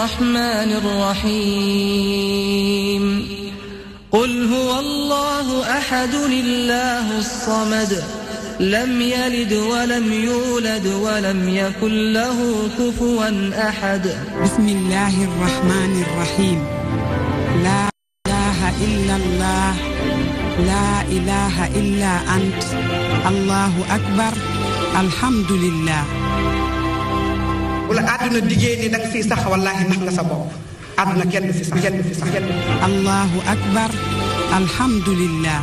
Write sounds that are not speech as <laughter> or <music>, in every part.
الرحمن الرحيم قل هو الله أحد الله الصمد لم يلد ولم يولد ولم يكن له كفوا أحد بسم الله الرحمن الرحيم لا إله إلا الله لا إله إلا أنت الله أكبر الحمد لله bu la àdduna diggée ni da nga fiy sax wallaahi nax nga sa bopp kenn fi sax allahu akbar alhamdulillah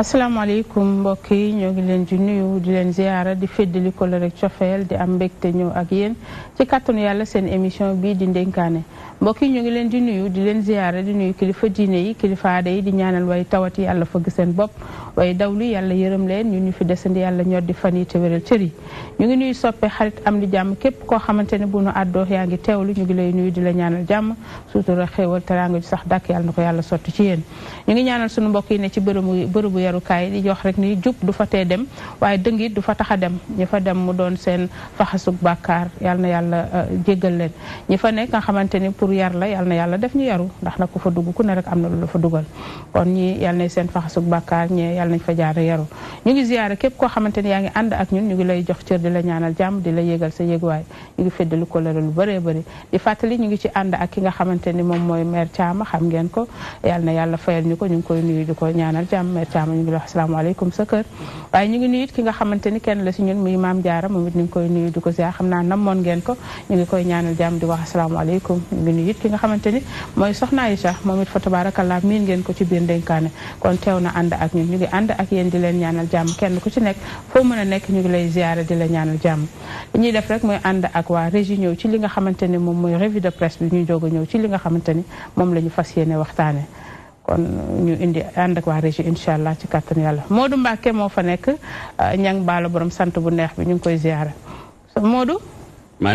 asalaamaaleykum mbokk yi ñoo ngi leen di nuyu di leen ziara di féddali ko cofeel di am mbégte ñëw ak yéen ci kàttanu yàlla seen émission bii di ndénkaane mbokk yi ñu ngi leen di nuyu di leen ziyaare di nuyu kilifa diine yi kilifa aada yi di ñaanal way tawat yi yàlla fëgg seen bopp way dawlu yàlla yërëm leen ñun ñu fi desandi yàlla ñor di fan yi te wéral cër yi ñu ngi nuyu soppe xarit am di jàmm képp koo xamante ne bu nu àddoo yaa ngi teewlu ñu ngi lay nuyu di la ñaanal jàmm suutura xéewal teraanga ju sax dakk yàlla na ko yàlla sotti ci yéen ñu ngi ñaanal suñu mbokk yi ne ci bërëbu bërëbu yarukaay di jox rek ni jub du fa tee dem waaye dëngit du fa tax a dem ñu fa dem mu doon seen faxasug bàkkaar yàlla na yàlla euh, jéggal leen pour yar la yal na yàlla def ñu yaru ndax nag ku fa dugg ku ne rek am na lu la fa dugal kon ñi yal nañ seen faxasug bàkkaar ñee yal nañ fa jaare yaru ñu ngi ziyaare képp koo xamante ni yaa ngi ànd ak ñun ñu ngi lay jox cër di la ñaanal jàmm di la yéegal sa yéeguwaay ñu la lu ñu ko ñu ñu ñaanal jàmm maire Thiama ñu ngi la wax asalaamaaleykum sa ñu ñu nuyu it ki nga xamante ni mooy soxna Aïcha moom it fa tabarakallah miin ngeen ko ci biir ndénkaane kon teew na ànd ak ñun ñu ngi ànd ak yéen di ñaanal jàmm kenn ku ci nekk foo mën a nekk ñu ngi lay ziyaare di la ñaanal jàmm li ñuy def rek mooy ànd ak waa régie ñëw ci li nga xamante ni moom mooy revue de presse bi ñuy doog a ñëw ci li nga xamante ni moom la ñu fas yéene waxtaane kon ñu indi ànd ak waa régie incha allah ci kàttan yàlla Modou Mbacke moo fa nekk euh, ñang baalo borom sant bu neex bi ñu ngi koy ziyaare Modou maa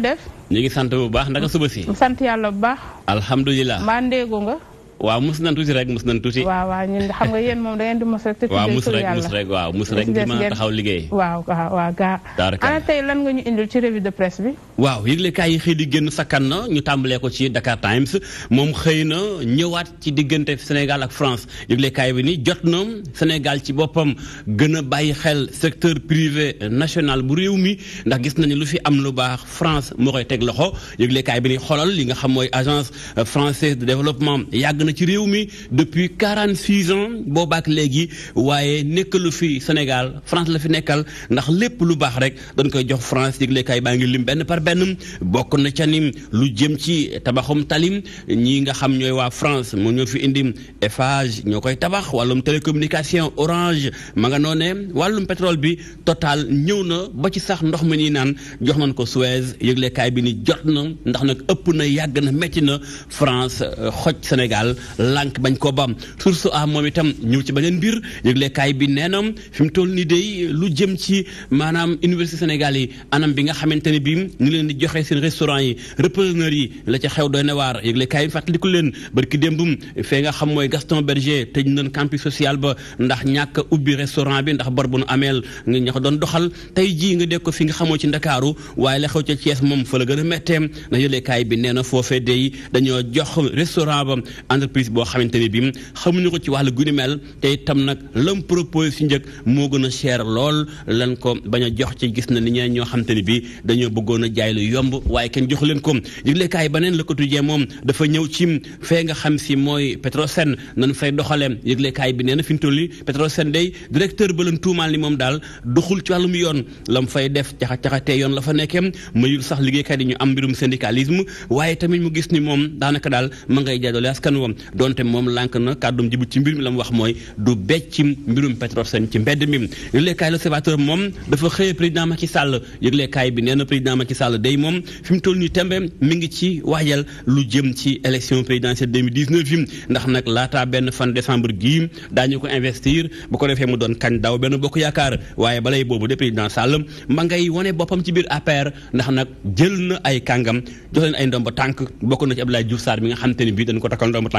def. ñu ngi sant bu baax naka suba si. sant yàlla bu baax. alhamdulilah maa ndéegu nga. waaw mus nan tuuti rek mus nan tuuti. waaw waaw ñun xam nga yéen moom da ngeen di mus rek. te tuddee tur waaw mus rek mus rek waaw mus rek di mën a taxaw liggéey. waaw waaw waaw gaa. ana tey lan nga ñu indil ci revue de presse bi. waaw yëglekaay yi xëy di génn sakkan na ñu tàmbalee ko ci Dakar Times moom xëy na ñëwaat ci diggante Sénégal ak France yëglekaay bi ni jot na Sénégal ci boppam gën a bàyyi xel secteur privé national bu réew mi ndax gis nañu lu fi am lu baax France moo koy teg loxo yëglekaay bi ni xolal li nga xam mooy agence française de développement yàgg na ci réew depuis 46 ans boobaak léegi waaye nekkalu fi Sénégal France la fi nekkal ndax lépp lu baax rek dañ koy jox France kay baa ngi lim benn par benn bokk na ca lu jëm ci tabaxum talim ñi nga xam ñooy waa France moom ñoo fi indi Eiffage ñoo koy tabax wàllum télécommunication Orange ma nga noonee pétrole bi Total ñëw na ba ci sax ndox mi nii naan jox nañ ko Suez kay bi ni jot na ndax nag ëpp na yàgg na metti na France euh, xoj Sénégal lànk bañ koo bam source a moom itam ñëw ci beneen mbir yëglekaay bi nee na fi mu toll nii day lu jëm ci maanaam université Sénégal yi anam bi nga xamante ne bi ñu leen di joxe seen restaurant yi repreneur yi la ca xew doy na waar yëglekaay bi fàttaliku leen barki démbum fee nga xam mooy Gaston Berger tëj nañ campus social ba ndax ñàkk ubbi restaurant bi ndax bor bu nu ameel nga ko doon doxal tey jii nga dégg ko fi nga xamoo ci Ndakaaru waaye la xew ca Thiès moom fa la gën a méttee na yëglekaay bi nee na foofee day dañoo jox restaurant ba entreprise boo xamante ne bi xamuñu ko ci wàllu guni mel te itam nag lam propose si njëg moo gën a cher lool lan ko bañ a jox ci gis na ni ñeen ñoo xamante ne bi dañoo bëggoon a jaay lu yomb waaye kenn jox leen ko yëglekaay baneen la ko tujjee moom dafa ñëw ci fee nga bi nee na fi mu toll nii Petrosen day directeur ba leen tuumaal ni moom daal doxul yoon lam fay def caxa caxatee yoon la fa nekkee mayul sax liggéeykat yi ñu am mbirum syndicalisme waaye tamit mu gis ni moom daanaka daal ma ngay jaay doole askan wam yoon donte moom lànk na kàddum jibut ci mbir mi la mu wax mooy du becc mbirum Petrosen ci mbedd mi yëglekaay l'Observateur moom dafa xëyee président Macky Sall yëglekaay bi nee na président Macky Sall day moom fi mu toll nii tembe mi ngi ci waajal lu jëm ci élection présidentielle 2019 yi ndax nag laataa benn fan décembre gii daañu ko investir bu ko defee mu doon kañ daw benn bokk yaakaar waaye balay boobu de président Sall ma ngay wane boppam ci biir na ay kàngam jox leen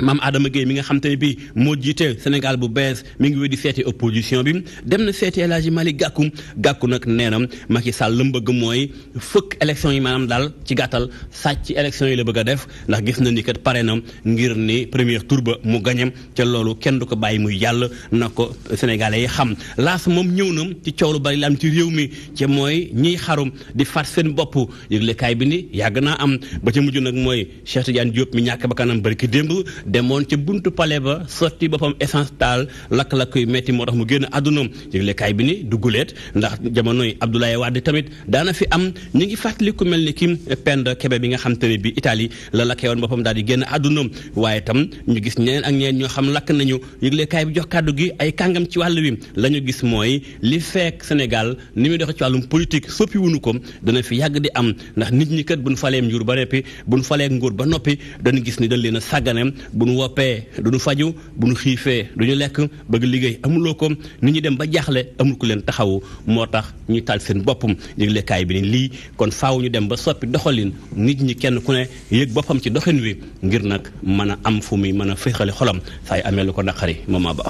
maam Adama Gueye mi nga xam te ne bii moo jiite Sénégal bu bees mi ngi wéy di seeti opposition bi dem na seeti El Hadji Malick gàkku nag nee na Sall la mu mooy fëkk élection yi maanaam daal ci gàttal sàcc ci élection yi la bëgg a def ndax gis na ni kat pare na ngir ni premier tour ba mu gañam ca loolu kenn du ko bàyyi muy yàlla na ko sénégalais yi xam laas moom ñëw na ci coow lu bari la am ci réew mi ci mooy ñiy xarum di faat seen bopp yëglekaay bi ni yàgg naa am ba ca mujj nag mooy Cheikh Tidiane Diop mi ñàkk bakkanam bari ki démb demoon ca buntu pale ba sotti boppam essence taal lakk-lakk yu metti moo tax mu génn àddunaam yëglekaay bi ni dugguleet ndax jamonoy Abdoulaye Wade tamit daana fi am ñu ngi fàttali ku mel ni ki Penda Kebe bi nga xam te bi Italie la lakkee woon boppam daal di génn àddunaam waaye tam ñu gis ñeneen ak ñeen ñoo xam lakk nañu yëglekaay bi jox kàddu gi ay kàngam ci wàll wi la ñu gis mooy li fekk Sénégal ni muy doxee ci wàllum politique soppi wuñu ko dana fi yàgg di am ndax nit ñi kat buñ faleem njur ba noppi buñ faleek nguur ba noppi dañu gis ni dañ leen a bu nu woppee du nu faju bu nu xiifee du ñu lekk bëgg liggéey amuloo ko nit ñi dem ba jaaxle amul ku leen taxawu moo tax ñuy taal seen boppam yëglekaay bi ni lii kon faaw ñu dem ba soppi doxalin nit ñi kenn ku ne yëg boppam ci doxin wi ngir nag mën a am fu muy mën a féexale xolam fay amee lu ko naqari mama ba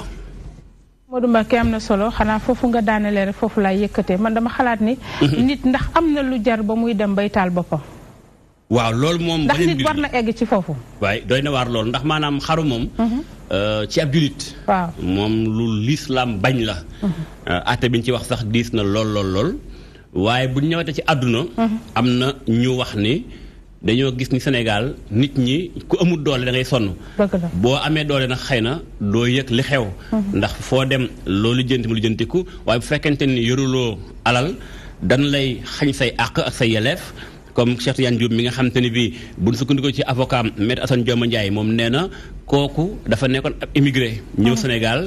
Modou Mbacke am na solo xanaa foofu nga daanelee rek foofu laay yëkkatee man dama xalaat ni. Mhm. nit ndax am na lu jar ba muy dem bay taal boppam. waaw loolu moom. ndax nit war na egg ci foofu. waaye doy na waar loolu ndax maanaam xaru moom. Mhm. Euh, ci ab julit. waaw moom lu lislaam bañ la. Mhm. Euh, atte bi ci wax sax diis na lool lool lool. waaye bu ñu ci àdduna. Mhm. am na ñu wax ni dañoo gis ni Sénégal nit ñi ku amul doole da ngay sonn. boo amee doole nag xëy na doo yëg li xew. ndax foo dem loolu jënti mu lu jëntiku waaye bu fekkente ni yoruloo alal dan lay xañ say àq ak say yeleef. comme Cheikh Tidiane Diop mi nga xam te ne bii bu ñu sukkandikoo ci avocat maître Assane Dioma Ndiaye moom nee na kooku dafa nekkoon ab immigré ñëw ah. Sénégal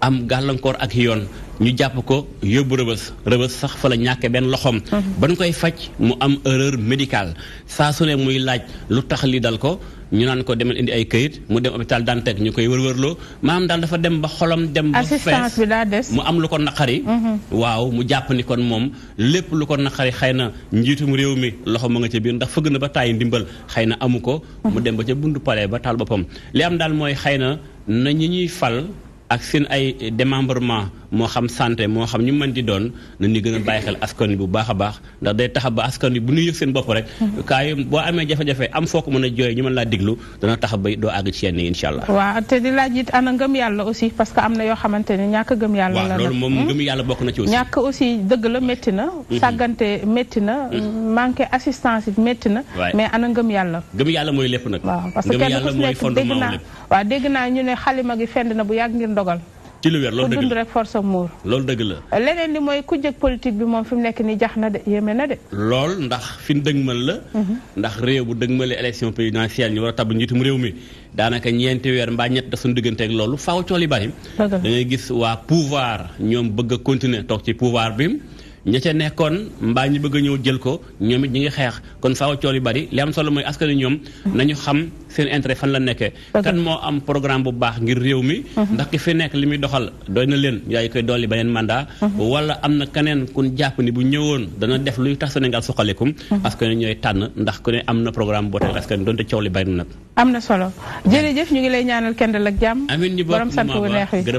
am gàllankoor ak yoon ñu jàpp ko yóbbu rëbës rëbës sax fa la ñàkkee benn loxoom. Ah. ba ñu koy faj mu am erreur médicale saa su ne muy laaj lu tax li dal ko. ñu naan ko demal indi ay këyit mu dem hôpital Dantec ñu koy wërwërloo maanaam daal dafa dem ba xolam dem ba fees mu am lu ko naqari mhm. waaw mu jàpp ni kon moom lépp lu ko naqari xëy na njiitum réew mi loxo ma nga ca biir ndax fëgg na ba tàyyi ndimbal xëy na amu ko mu dem ba ca bundu palais ba taal boppam li am daal mooy xëy na na ñi ñuy fal ak seen ay démembrement moo xam santé moo xam ñu mën di doon na ñu gën a bàyyi xel askan wi bu baax a baax ndax day tax ba askan bu ñu yëg seen bopp rek. kaa boo amee jafe-jafe am foo ko mën a jooy ñu mën laa diglu dana tax ba doo àgg ci yenn yi incha allah. waaw te di laaj it ana ngëm yàlla aussi parce que am na yoo xamante ne ñàkk gëm yàlla. la la loolu moom hmm? ngëm yàlla bokk na ci ñàkk aussi dëgg la métti na. Mhm. sàggante métti na. Mhm. manqué assistance it waaw dégg naa ñu ne xalima gi fend na bu yàgg ngir ndogal. ci lu wér loolu dëgg la dund rek force am muur. loolu dëgg la. leneen li mooy ku jëg politique bi moom fi nekk nii jax na de yéeme na de. lool ndax fi mu dëgmal la. Mhm. ndax réew bu dëgmalee élection présidentielle ñu war a tabb njiitum réew mi daanaka ñeenti weer mbaa ñett da suñu digganteeg loolu faaw cool yi bari. da ngay gis waa pouvoir ñoom bëgg a toog ci pouvoir bi. ña ca nekkoon mbaa ñi bëgg a ñëw jël ko ñoom it ñi ngi xeex kon sawa cool yu bari li am solo mooy askan wi ñoom nañu xam seen intérêt fan la nekkee kan moo am programme bu baax ngir réew mi mhm. ndax ki fi nekk li muy doxal doy na leen yaay koy dolli beneen mandat mhm. wala am na keneen kun jàpp ni bu ñëwoon dana def luy tax Sénégal suqalikum mhm. askan wi ñooy tànn ndax ku ne am na programme boo teg askan wi doonte coow li bari na nag am na solo jërëjëf ñu lay ñaanal kendal ak jàmm amiin ñu borom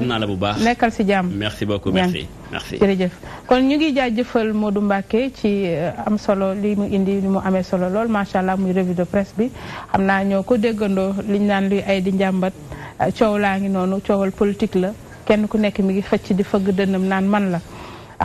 naa la bu baax nekkal si jàmm merci beaucoup merci merci jërëjëf kon ñu ngi jëfal moo du Mbacke ci euh, am solo li mu indi li mu amee solo lool macha allah muy revue de presse bi xam naa ñoo ko déggandoo liñ naan luy ay di njàmbat euh, coow laa ngi noonu coowal politique la kenn ku nekk mi ngi xëcc di fëgg dënnam naan man la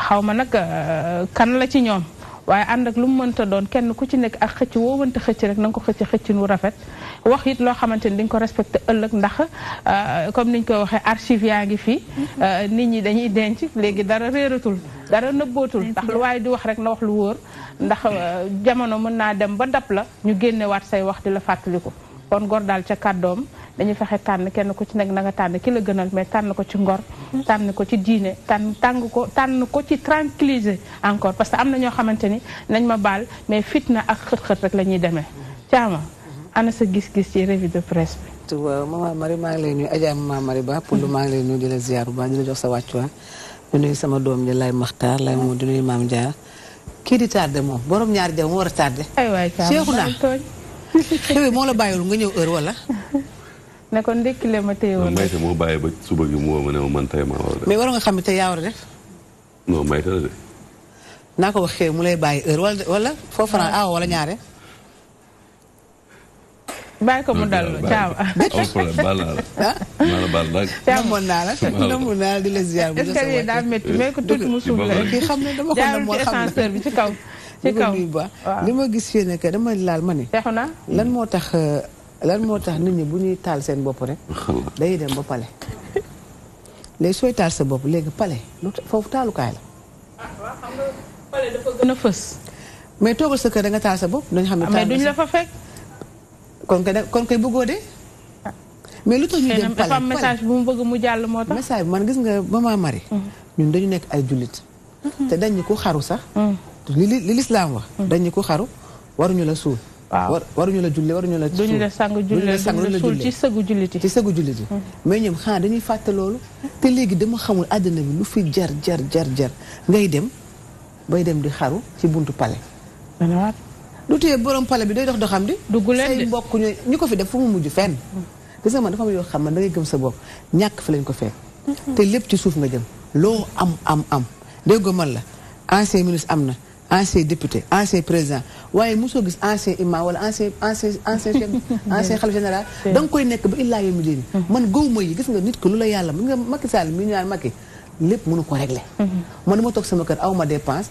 xaw ma nag euh, kan la ci ñoom waaye and ak lu mu mënta doon kenn ku ci nekk ak xëcc woo mënta xëcc rek na nga ko xëcc xëccin wu rafet wax it loo xamante ni di nga ko respecté ëllëg ndax euh, comme niñ koy waxee archive yaa ngi fi. Mm-hmm. Euh, nit ñi dañuy denc léegi dara réeratul dara nëbbootul ndax lu waaye di wax rek na wax lu wóor ndax euh, jamono mën naa dem ba dab la ñu génnewaat say wax di la fàttaliku kon gor daal ca kàddoom dañuy fexe tànn kenn ku ci nekk na nga tànn ki la gënal mais tànn ko ci ngor mm-hmm. tànn ko ci diine tànn tàng ko tànn ko ci tranquilliser encore parce que am na ñoo xamante ni nañ ma baal mais fitna ak xët la ñuy demee caama ana sa gis-gis ci revue de presse bi. waaw maman maa ngi lay ñuy Adja maman Marie Ba pour lu maa ngi lay nuyu di la ziar bu di la jox sa wàccuwaay di nuyu sama doom ji lay Maxtaar lay moom di nuyu maam Dia. kii di tardé moom borom ñaar jaww moo war a tardé. aywaay <laughs> la bàyyiwul nga ñëw heure wala. <laughs> ne ko ndekki ma téye bàyyi ba suba gi mu woo ma ne ma man tey maa war mais waroon nga xam ne tey yaa war a def. non Mayte de. naa ko wax xew mu lay bàyyi heure wala wala foofu naa ah. awa wala ñaare. bàyyi ko mu dal caam caamoon naa la ah. namoon naa la di la ziar bu mu ne dama ko namoon xam bi ci kaw <laughs> ci kaw li ma gis fii nekk dama laal ma ne lan moo tax euh, lan moo tax nit ñi bu ñuy taal seen bopp rek dem ba pale léegi sa bopp léegi pale foofu taalukaay la kër da taal sa bopp dañ xam ne ah, mais duñ la fa fekk kon kay kon kay bëggoo de. mais lu tax ñu dem pale pale message mu bëgg mu jàll moo tax. message man gis nga ba maa Marie. Mhm. ñun dañu nekk ay jullit. Mhm. te dañ ñu ko xaru sax. Mhm. li li li lislaam wax. dañ ñu ko xaru waruñu la suul. waaw waruñu la julli waruñu la. suul duñu la sang julli duñu la suul ci sëgu jullit yi. ci sëgu jullit yi. mais ñoom xanaa dañuy fàtte loolu. te léegi dama xamul àddina bi lu fi jar jar jar jar ngay dem bay dem di xaru ci buntu pale. lu tee borom pale bi day dox doxam di. say mbokk ñooy ñu ko fi def fu mu mujj fenn. Mm. gis nga man dafa am yoo xam ne da ngay gëm sa bopp ñàkk fi lañ ko fekk. te lépp ci suuf nga jëm. loo am am am dégg man la ancien ministre am na ancien député ancien président waaye mosoo gis ancien imam wala ancien ancien ancien chef <laughs> ancien xalif général. da nga koy nekk ba illaa yomi diini. man góob mooy yi gis nga nit ko lu la yàlla mu nga Macky Sall mi ñu naan Macky lépp mënu ko régler. man dama toog sama kër aw dépense.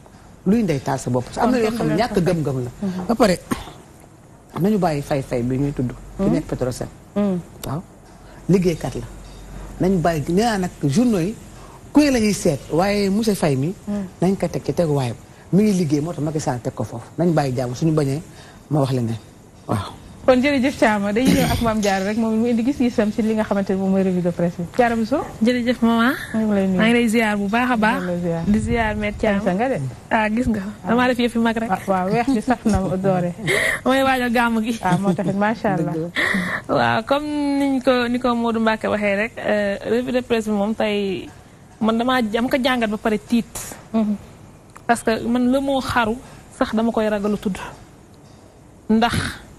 luy ndey taal sa bopp am na yoo xam ñàkk gëm-gëm la mhm. ba pare nañu bàyyi fay-fay bi ñuy tudd ki mhm. nekk Petrosen mhm. waaw liggéeykat la nañ bàyyi nee naa nag journaux yi kuy la ñuy seet waaye monsieur Faye mi nañ ko teg ci teguwaayam mu ngi liggéey moo tax Macky Sall teg ko foofu nañ bàyyi jàmm suñu bañee ma wax leneen waaw kon jërëjëf Thiama dañuy ñëw ak maam jaar rek moom mu indi gis-gisam ci li nga xamante ne moom mooy revue de presse bi Diarra Bousso. jërëjëf mama maa ngi lay ziar bu baax a baax di ziar met sa nga de ah gis nga ah. dama def yëf yu mag rek. Ah, waaw weex bi sax na doore. <laughs> mooy waajal gàmm gi. ah moo taxit macha <laughs> allah. waaw comme niñ ko ni ko Modou Mbacke waxee rek euh, revue de presse bi moom tey man dama dama ko jàngat ba pare tiit. Mhm. parce que man le moo xaru sax dama koy ragalu tudd ndax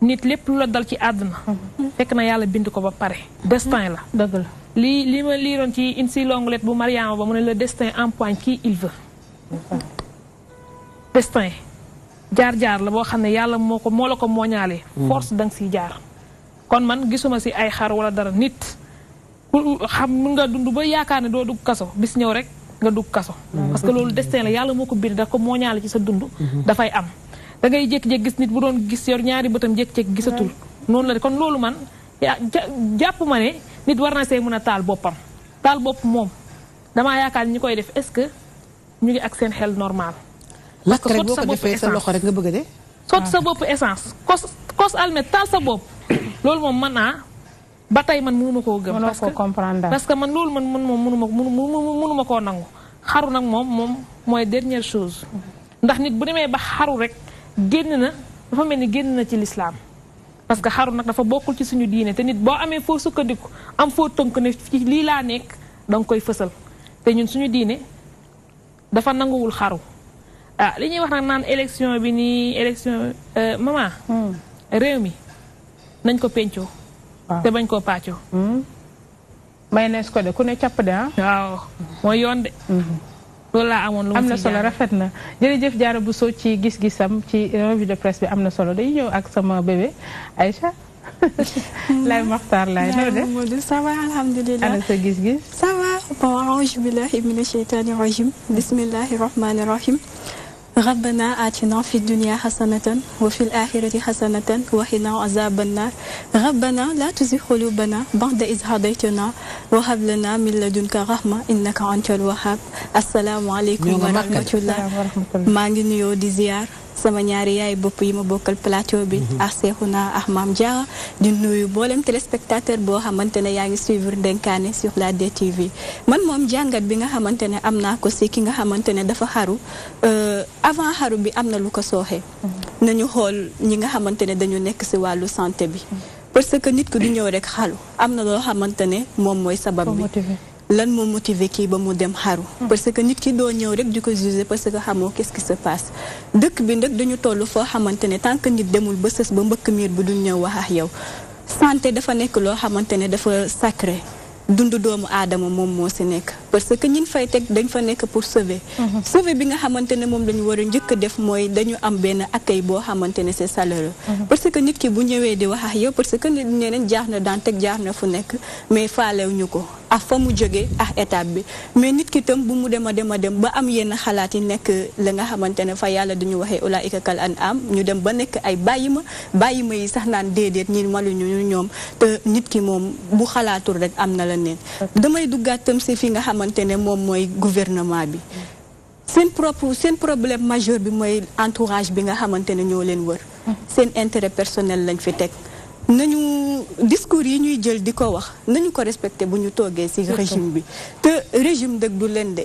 nit lepp lu la dal ci aduna mhm. fekk na yalla bind ko ba pare mhm. destin la deug la li li ma liiroon ci une si longue lettre bu Mariama ba mu ne le destin empoigne qui il veut mhm. destin jar-jar la bo xamne yalla moko mo la ko force dang nga jar kon man gisuma si ay xar wala dara nit xam nga dundu ba yakane do doo kasso kaso bis ñew rek nga kaso parce que lolu destin la yalla moko bind da ko mooñaale ci sa da fay am da ngay jek jek gis nit bu doon gis yor ñaari botam jek jek gisatul non la kon lolu man ya, japp ma ne nit warna sey mëna tal bopam tal bop mom. dama yaakaar ñi koy def est-ce que ñu ngi ak seen xel normal la ko sot ah, sa bëgg sot sa bop essence kos kos almet tal sa bop lolu mom man naa ah, batay man mënu ko gëm parce que parce que man lolu man mom mënu mom mënu mako nangu xaru nak mom mom moy dernière chose ndax nit bu démé ba xaru rek génn na dafa mel ni génn na ci lislaam parce que xaru nag dafa bokkul ci suñu diine te nit boo amee foo sukkandiku am foo tënk ne ci lii laa nekk da koy fësal te ñun suñu diine dafa nanguwul xaru ah li ñuy wax nag naan élection bi nii élection euh, mama hmm. réew mi nañ ko pencoo te bañ koo pàccoo hmm. may nees de ku ne capp de ah? waaw mooy yoon de hmm. loolu laa amoon lu am na solo rafet na jërëjëf Diarra Bousso ci gis-gisam ci revue de presse bi am na solo dañuy ñëw ak sama bébé Aïcha lay <laughs> Maxtaar lay noo def Modou ça va alhamdulilah ana sa gis-gis ça va bon aouzu billahi mina sheytaani rajim bismillahi rahmaani rahim ربنا آتنا في الدنيا حسنة وفي الآخرة حسنة وحنا عذاب النار ربنا لا تزغ قلوبنا بعد إذ هديتنا وهب لنا من لدنك رحمة إنك أنت الوهاب السلام عليكم ورحمة الله maa ngi nuyoo di sama ñaari yaay bopp yi ma bokkal plateau bi mhm. ak Seexuna ak Maam Jaara di nuyu boolem téléspectateur boo xamante ne yaa ngi suivre Ndenkaane sur la DTV man moom jàngat bi nga xamante ne am naa ko si ki nga xamante ne dafa xaru euh, avant xaru bi am na lu ko sooxe mhm. nañu xool ñi nga xamante ne dañu nekk si wàllu santé bi mhm. parce que nit ku du ñëw rek xalu am na loo xamante ne moom mooy sabab bi lan moo motiver kii ba mu dem xaru. Hmm. parce que nit ki doo ñëw rek di ko juger parce que xamoo qu'est-ce qui se passe dëkk bi nag dañu toll foo xamante ne tant que nit demul ba sës ba mbëkk miir bu duñ ñëw wax ak yow santé dafa nekk loo xamante ne dafa sacré. dundu doomu aadama moom moo si nekk parce que ñin fay teg dañ fa nekk pour sauver mhm. sauver bi nga xamante ne moom lañu war a njëkk def mooy dañu am benn accueil boo xamante ne c'est salaire mhm. parce que nit ki bu ñëwee di wax ak yow parce que nit ñeneen jaar na daan teg jaar na fu nekk mais faalew ñu ak fa mu jógee ak étape bi mais nit ki tam bu mu dem a dem ba am yenn xalaat yi nekk la nga xamante ne fa yàlla dañu waxee ulaika kal an am ñu dem ba nekk ay bàyyi ma bàyyi ma yi sax naan déedéet ñi maluñu ñoom te nit ki moom bu xalaatul rek am na la a neen damay duggaat tam si fi nga xamante ne moom mooy gouvernement bi seen propre seen problème majeur bi mooy entourage bi nga xamante ne ñoo leen wër seen intéret personnel lañ fi teg nañu discours yi ñuy jël di ko wax nañu ko respecté bu ñu toogee ci régime bi te régime dëgg du leen de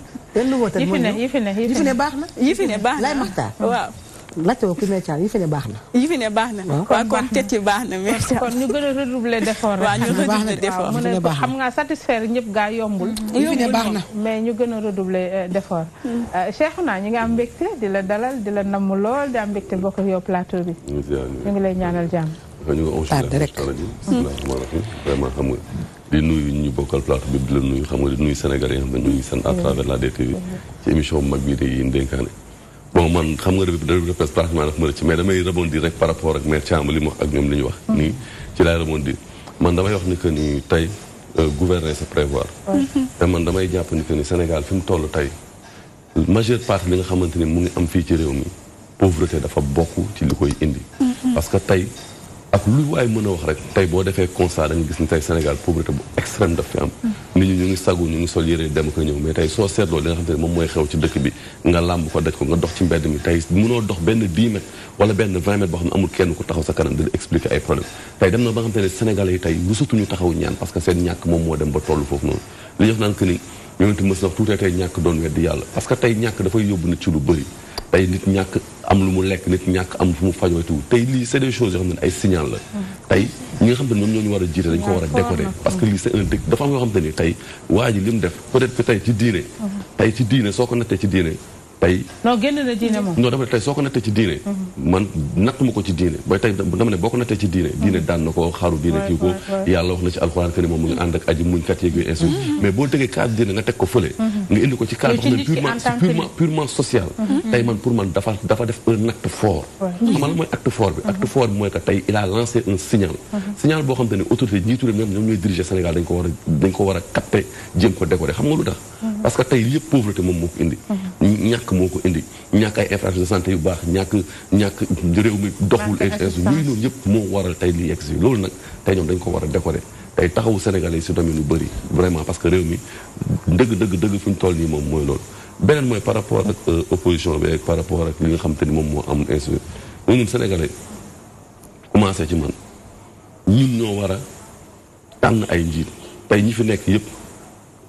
benn woote yi yi fi ne yi fi ne baax na yi fi ne baax na lay maxtaar waaw laajte woo premier yi fi ne baax na yi fi ne baax na waaw kon tëcc baax na merci kon ñu gën a redoubler d'effort waaw ñu redoubler d'effort mu xam nga satisfaire ñëpp gaa yombul mm-hmm. yi baax na mais ñu gën a redoubler euh, d'effort mm-hmm. euh, naa ñu ngi am mbégte di la dalal di la namm lool di am mbégte bokk ak yow plateau bi ñu ngi lay ñaanal jàmm ñu ngi rek di nuyu ñu bokkal plateau bi di la nuyu xam nga di nuyu Sénégalais yi nga xam ne ñu ngi seen à travers la DTV mm-hmm. ci émission bu mag bii day ndénkaane bon man xam nga revue de presse pratiquement daf ma rëcc mais damay rebondir rek par rapport ak maire Thiam li mu ak ñoom li wax mm-hmm. nii ci laay rebondir man damay wax ni que ni tey euh, gouverner c'est prévoir mm-hmm. te man damay jàpp ni que ni Sénégal fi mu toll tey majeure partie li nga xamante ni mu ngi am fii ci réew mi pauvreté dafa bokk ci li koy ak lu waay mën a wax rek tey boo defee constat da gis ni tey Sénégal pauvreté bu extrême daf fi am nit ñi ñu ngi sagu ñu ngi sol yére dem ko ñëw mais tey soo seetloo li nga xam moom mooy xew ci nga làmb ko dox mi tey mënoo dox benn 10 mètres wala benn 20 mètres xam ne amul kenn ku taxaw sa kanam di la expliquer ay problème tey dem na ba nga xam ne Sénégalais yi tey rusatuñu taxaw ñaan parce seen ñàkk moom moo dem ba toll foofu noonu li ñu wax naan que ni ñoom itam mës wax tuutee tey ñàkk doon weddi yàlla parce que tey ñàkk dafay yóbbu tey nit ñàkk am lu mu lekk nit ñàkk am fu mu fajootu tey lii c'est des choses yoo xam ne ay signal la tey ñi nga xam ne ñoom ñoo war a jiite dañ ko war a décorer parce que lii c'est un dëkk dafa am yoo xam te ni tey waa ji def peut-être tey ci diine mhm. tey ci diine soo ko nattee ci diine tey. non génn na diine moom. non dama soo ko nattee ci diine. man nattuma ko ci diine ba tey dama ne boo ko nattee ci diine. diine daan na ko xaru diine kii ko. yàlla wax na ci alxuraan que ni moom mu ngi ànd ak aji muñ kat yeeg yooyu ainsi mais boo déggee cadre diine nga teg ko fële. nga indi ko ci cadre boo xam ne purement social. Mhm. Mhm. tey man pour man dafa def un acte fort. xam nga mooy acte fort bi. Mhm. acte fort bi mooy que tey il a lancé un signal. signal boo xam ne autorité njiitu réew ñoom ñooy diriger Sénégal dañ ko war a dañ a capter jéem parce que tey yëpp pauvreté moom moo ko indi. Mhm. ñàkk moo ko indi ñàkk ay infrastructures de santé yu baax ñàkk ñàkk réew mi doxul. infrastructures yooyu noonu yëpp moo waral tey lii egg si loolu nag tey ñoom dañ ko war a décorer tey taxawu Sénégalais yi si domaine lu bëri vraiment parce que réew mi dëgg dëgg dëgg fu ñu toll nii moom mooy loolu. beneen mooy par rapport ak euh, opposition bi ak par rapport ak li nga xam te ni moom moo am institut ñun Sénégalais commencé ci man ñun ñoo war a tànn ay njiit tey ñi fi nekk yëpp.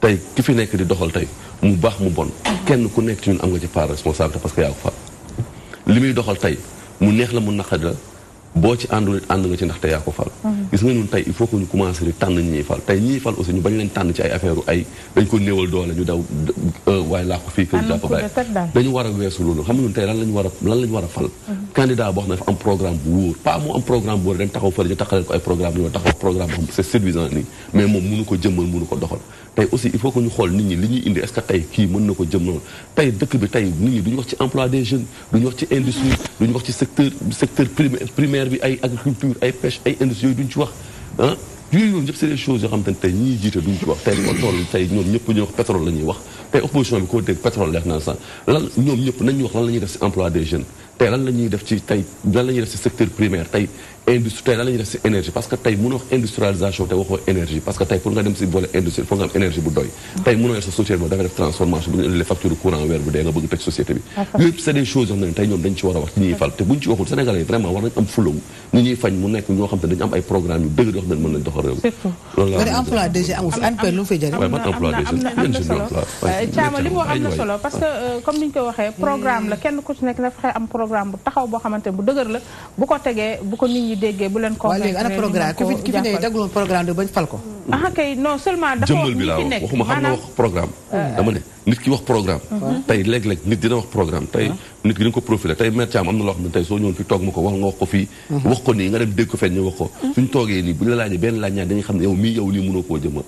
tey ki fi nekk di doxal tey mu baax mu bon kenn ku nekk ci ñun am nga ci part responsabilité parce que yaa ko fa li muy doxal tey mu neex la mu naqari la boo ci àndul nga ci ndaxte tey aussi il faut que ñu xool nit ñi li ñuy indi est-ce tey kii mën na ko jëmmal tey dëkk bi tey nit ñi duñu wax ci emploi des jeunes duñu wax ci industrie duñu wax ci secteur secteur primaire DER bi ay agriculture ay pêche ay industrie yooyu duñ ci wax ah yooyu yooyu yëpp c'est des choses yoo xam te ne tey ñiy jiite duñ ci wax tey kon tool tey ñoom ñëpp ñuy wax pétrole la ñuy wax tey opposition bi koo dégg pétrole leex naa sax lan ñoom ñëpp nañu wax lan la def ci emploi tey lan la ñuy def ci tey lan la ñuy def ci secteur primaire tey industrie tey lan la ñuy def si énergie parce que tey mënoo wax industrialisation te waxoo énergie parce que tey pour nga dem si boole industrie pour nga am énergie bu doy tey mënoo yor sa société bi dafa def transformation bu ñu les factures courant weer bu dee nga bëgg tëj société bi yëpp c'est des choses yoo xam ne tey ñoom dañ ci war a wax ci ñuy fal te buñ ci waxul Sénégalais yi vraiment war nañ am fulawu ni ñuy fañ mu nekk ñoo xam te dañu am ay programme yu dëgg yoo xam ne mën nañ doxal réew loolu la emploi déjà amu fi ANPE lu fi jëriñ waaye man emploi déjà yéen jeune emploi euh, Thiam li mu wax am na solo parce que comme ni ñu ko waxee programme la kenn ku ci nekk na fexe am programme bu taxaw boo xamante bu dëgër la bu ko tegee bu ko nit ñi ñu déggee bu leen. waaw léegi ana programme ki wax ñi fi nekk wax programme. Euh, dama ne nit mhm. wax programme. tey léeg-léeg wax programme tey nit ki ko profilé tey maire Thiam am na loo soo ñëwoon toog ma ko wax nga ko mhm. ko nii nga dem dégg mhm. bu ñu benn laaj ñaar dañuy xam ne yow mii yow lii mënoo koo jëmmal.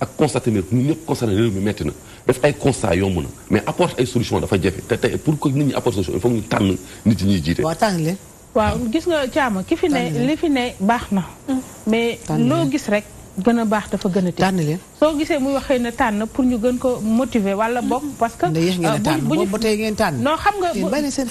ak constaté mbir ñun ñëpp constaté réew mi metti na def ay constat yomb na mais apporte ay solution dafa jafe te tey pour que nit ñi apporte solution il faut ñu tànn nit ñi jiite. waaw gis nga caama ki fi ne li fi ne baax na mm. mais loo gis rek gën a baax dafa gën a teel soo gisee muy waxee na tànn pour ñu gën ko motiver wala mm-hmm. bokk parce que euh, bu ñu ba tey ngeen tànn non xam nga bàyyi seen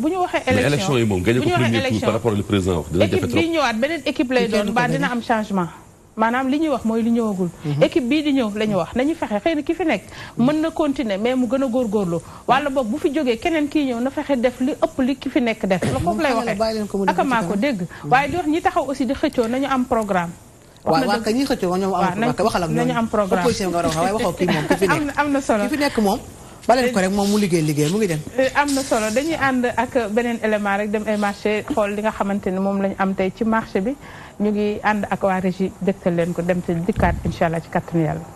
bu ñu waxee élection yi moom gagné ko premier tour par rapport au président wax dina jafe trop beneen équipe lay doon ba dina am changement maanaam li ñuy wax mooy li ñëwagul. Mhm. équipe bii di ñëw la ñu wax nañu fexe xëy na ki fi nekk mhm. mën na continuer mais mu gën a góorgóorlu wala boog bu fi jógee keneen kii ñëw na fexe def li ëpp li ki fi nekk def la foofu lay waxee ak maa ko dégg mhm. waaye di wax ñi taxaw aussi di xëccoo nañu am programme waaw waaw kay ñi xëccoo ñoom waxal ak ñoom a wax waaye waxoo kii moom ki fi <laughs> nekk am na solo ki fi nekk moom baleen ko rek moom mu liggéey liggéey mu ngi dem eh, am na solo dañuy ànd ak beneen élément rek dem ay marché xool li nga xamante ne moom lañu am tey ci marché bi ñu ngi ànd ak waa régie dégtal leen ko dem te dikkaat incha allah ci kattanu yàlla.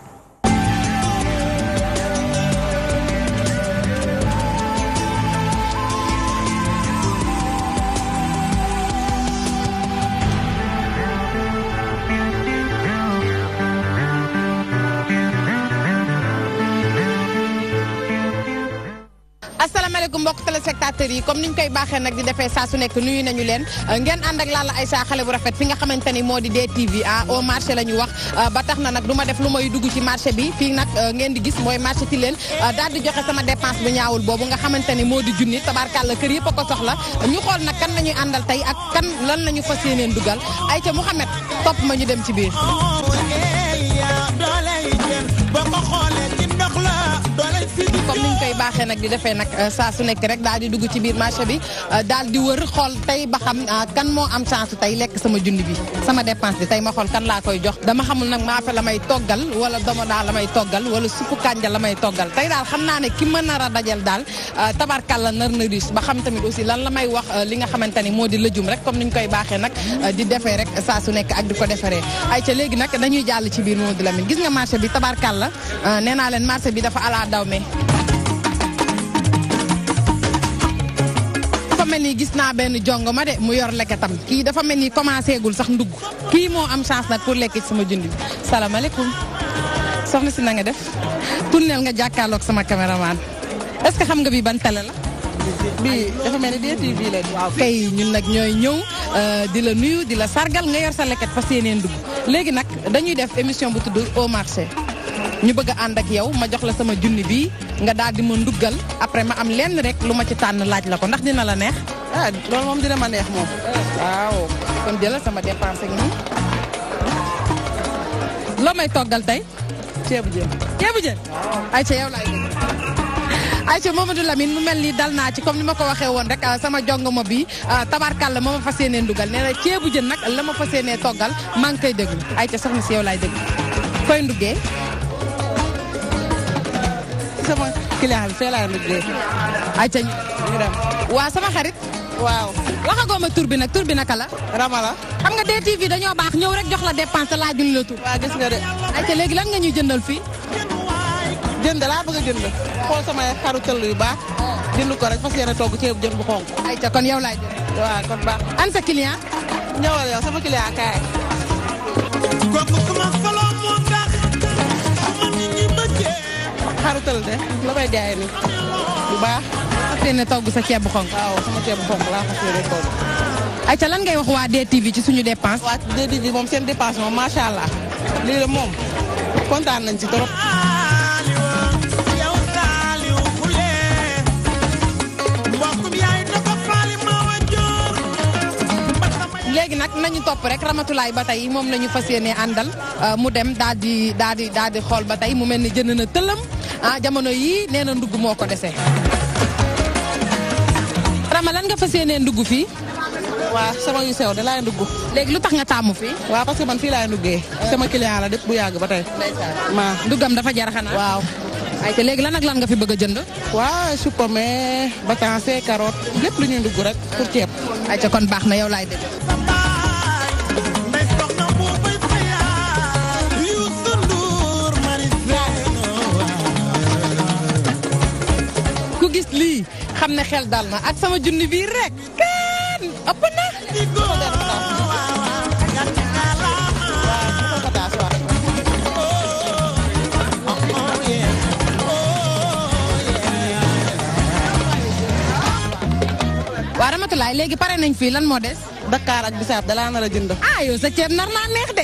donc mbokk téléspectateurs yi comme niñ koy baaxee nag di defee saa su nekk nuyu nañu leen euh, ngeen ànd ak Lalla Aïcha xale bu rafet fi nga xamante moo di DTV ah au marché la wax euh, ba tax na nag du def lu may dugg ci marché bi fii nag euh, ngeen di gis mooy marché ci leen daal joxe sama dépense bu ñaawul boobu nga xamante moo di junni tabarkàlla kër yëpp a ko soxla ñu xool nag kan la àndal tey ak kan lan la fas yéeneen dugal ayca Mouhamed topp comme ni ñu koy baaxe nag di defee nag euh, saa su nekk rek daal di dugg ci biir marché bi euh, daal di wër xool tey ba xam euh, kan moo am chance tey lekk sama junni bi sama dépense bi tey ma xool laa koy jox dama xamul nag maafe la may toggal wala domoda la may toggal wala suppu kànja la may toggal tey daal xam naa ne ki ma nar a dajal daal tabarkal la nar na ba xam tamit aussi lan la may wax li nga xamante ni moo di lëjum rek comme ni ñu koy baaxee nag di defee rek saa su nekk ak di ko defaree ay ca léegi nag dañuy jàll ci biir di la Lamine gis nga marché bi tabarkal la neena leen marché bi dafa ala daw me melni gis na ben jongo ma de mu yor leketam ki dafa melni commencé gul sax ndug ki mo am chance nak pour lekki sama jundi salam alaykum soxna si na nga def tunnel nga jakkalok sama kameraman est-ce xam nga bi ban tele la bi dafa melni dia tv la waaw kay ñun nak ñoy ñew euh, di la nuyu di la sargal nga yor sa leket fa yéeneen ndug legi nak dañuy def émission bu tuddu au marché ñu bëgg and ak yow ma jox la sama jundi bi nga daal di ma nduggal après ma am lenn rek lu ma ci tànn laaj la ko ndax dina la neex ah loolu moom dina ma neex moom waaw kon jëlal sama dépense ak lo may toggal tey ceebu jën ceebu jën ay ca yow laay ay Aïcha momadou Lamine mu mel ni dal naa ci comme ni ma ko waxee woon rek ah, sama jongoma bi ah, tabarkàlla ma ma fas yéenee ndugal nee na ceebu jën nag la ma fas yéenee toggal maa ngi koy déglu Aïcha soxna si yow laay déglu koy ndugee sama client bi fee laa liggéey. ayca ñu ngi dem. waaw sama xarit. waaw waxagoo ma tur bi nag tur bi naka la. Rama la. xam nga DTV dañoo baax ñëw rek jox la dépense laajul la tur. waaw gis nga de. ayca léegi lan nga ñuy jëndal fii. jënd laa bëgg a jënd. xool sama xaru tëll yu baax. jënd ko rek fas yéene togg ceeb jën bu xonk. ayca kon yow laay jënd. waaw kon baax. an sa client. ñëwal yow sama client kaay. xarital de la may jaay ni bu baax fas togg sa ceeb xonk waaw sama ceeb xonk lan ngay wax waa DTV ci suñu dépense waa DTV moom seen dépense moom macha allah lii la moom kontaan nañ ci trop léegi nag nañu topp rek ramatulaay ba tey moom la ñu fas euh, mu dem daal di daal di daal ah jamono yi neena na ndugg moo ko dese. Rama lan nga fas yéenee ndugg fii. waaw sama yu sew da laay ndugg. léegi lu tax nga taamu fi waaw parce que man fii laay nduggee. Eh. sama client la depp bu yàgg ba tey. ma ndugam dafa jar xanaa. waaw. ay te léegi lan ak lan nga fi bëgg a jënd. waaw su batancé carotte lépp lu ñuy ndugg rek pour ceeb. ay te kon baax na yow laay dégg. li xamne xel dalna ak sama junni bi rek kan Apa na waa Ramatulaay léegi nañ fi lan mo dess Dakar ak bisaab dalaa na la jënd ah yo sa ceeb nar na neex de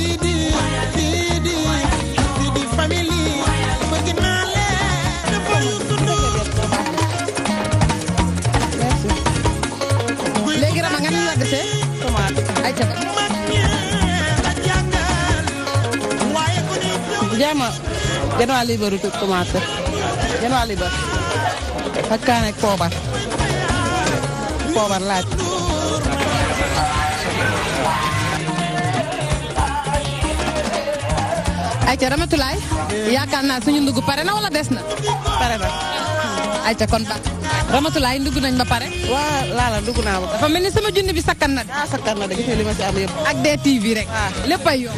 ca jaama genn waa liibaru tuut tomate genn waa liibar ak kaane poobar poobar laaj ayca Ramatulaay yaakaar naa suñu ndugg pare na wala des na pare na ayca kon baax Ramatulaay dugg nañ ba pare. waa la dugg naa ba dafa melni sama junni bi sakkan na da ah sakkan na da gis li ma ci am yëpp. ak tv rek. lepp ay yom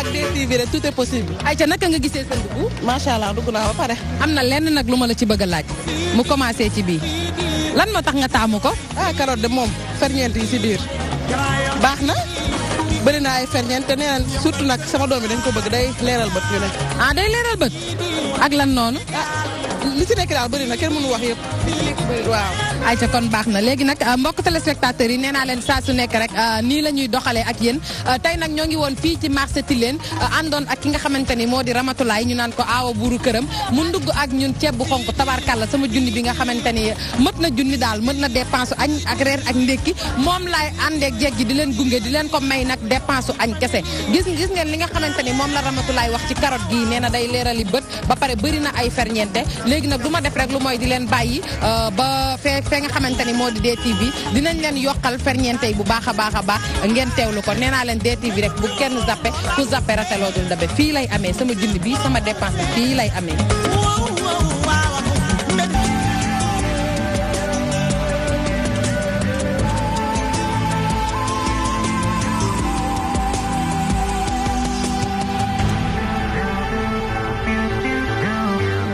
ak tv rek tout est possible. ca naka nga gisé sa ma sha allah dugg na ba paré amna na lenn nag lu la ci bëgg laaj. mu commencé ci bi lan mo tax nga tamu ko. ah carotte de mom ferñeent yi si biir. baxna na. bëri na ay ferñeent te nee surtout nak sama doomi dañ ko bëgg day léral bëtt ñu ne. ah day léral bëtt ak lan noonu. Ah, li si nekk daal bëri na kenn mënu wax yëpp. waaw ayca kon baax na léegi nag euh, mbokk téléspectateurs yi nee naa leen saa su nekk rek euh, nii la ñuy doxalee ak yéen euh, tey nag ñoo ngi woon fii ci marché Tilène àndoon ak ki nga xamante ni moo di Ramatulaay ñu naan ko aawa buuru këram mu ndugg ak ñun ceeb bu xonk tabarkàlla sama junni bi nga xamante ni mët na junni daal mët na dépense añ ak reer ak ndékki moom laay àndeek jeeg ji di leen gunge di leen ko may nag dépense su añ kese gis gis ngeen li nga xamante ni moom la Ramatulaay wax ci carotte gii nee na day leerali bët ba pare bëri na ay ferñeente léegi nag du ma def rek lu mooy di leen bàyyi euh, ba fee nga xamante ni moo di DTV dinañ leen yokkal ferñeente yi bu baax a baax a baax ngeen teewlu ko nee naa leen DTV rek bu kenn zappe ku zappe rateloo dul dabe fii lay amee sama junni bi sama dépense bi fii lay amee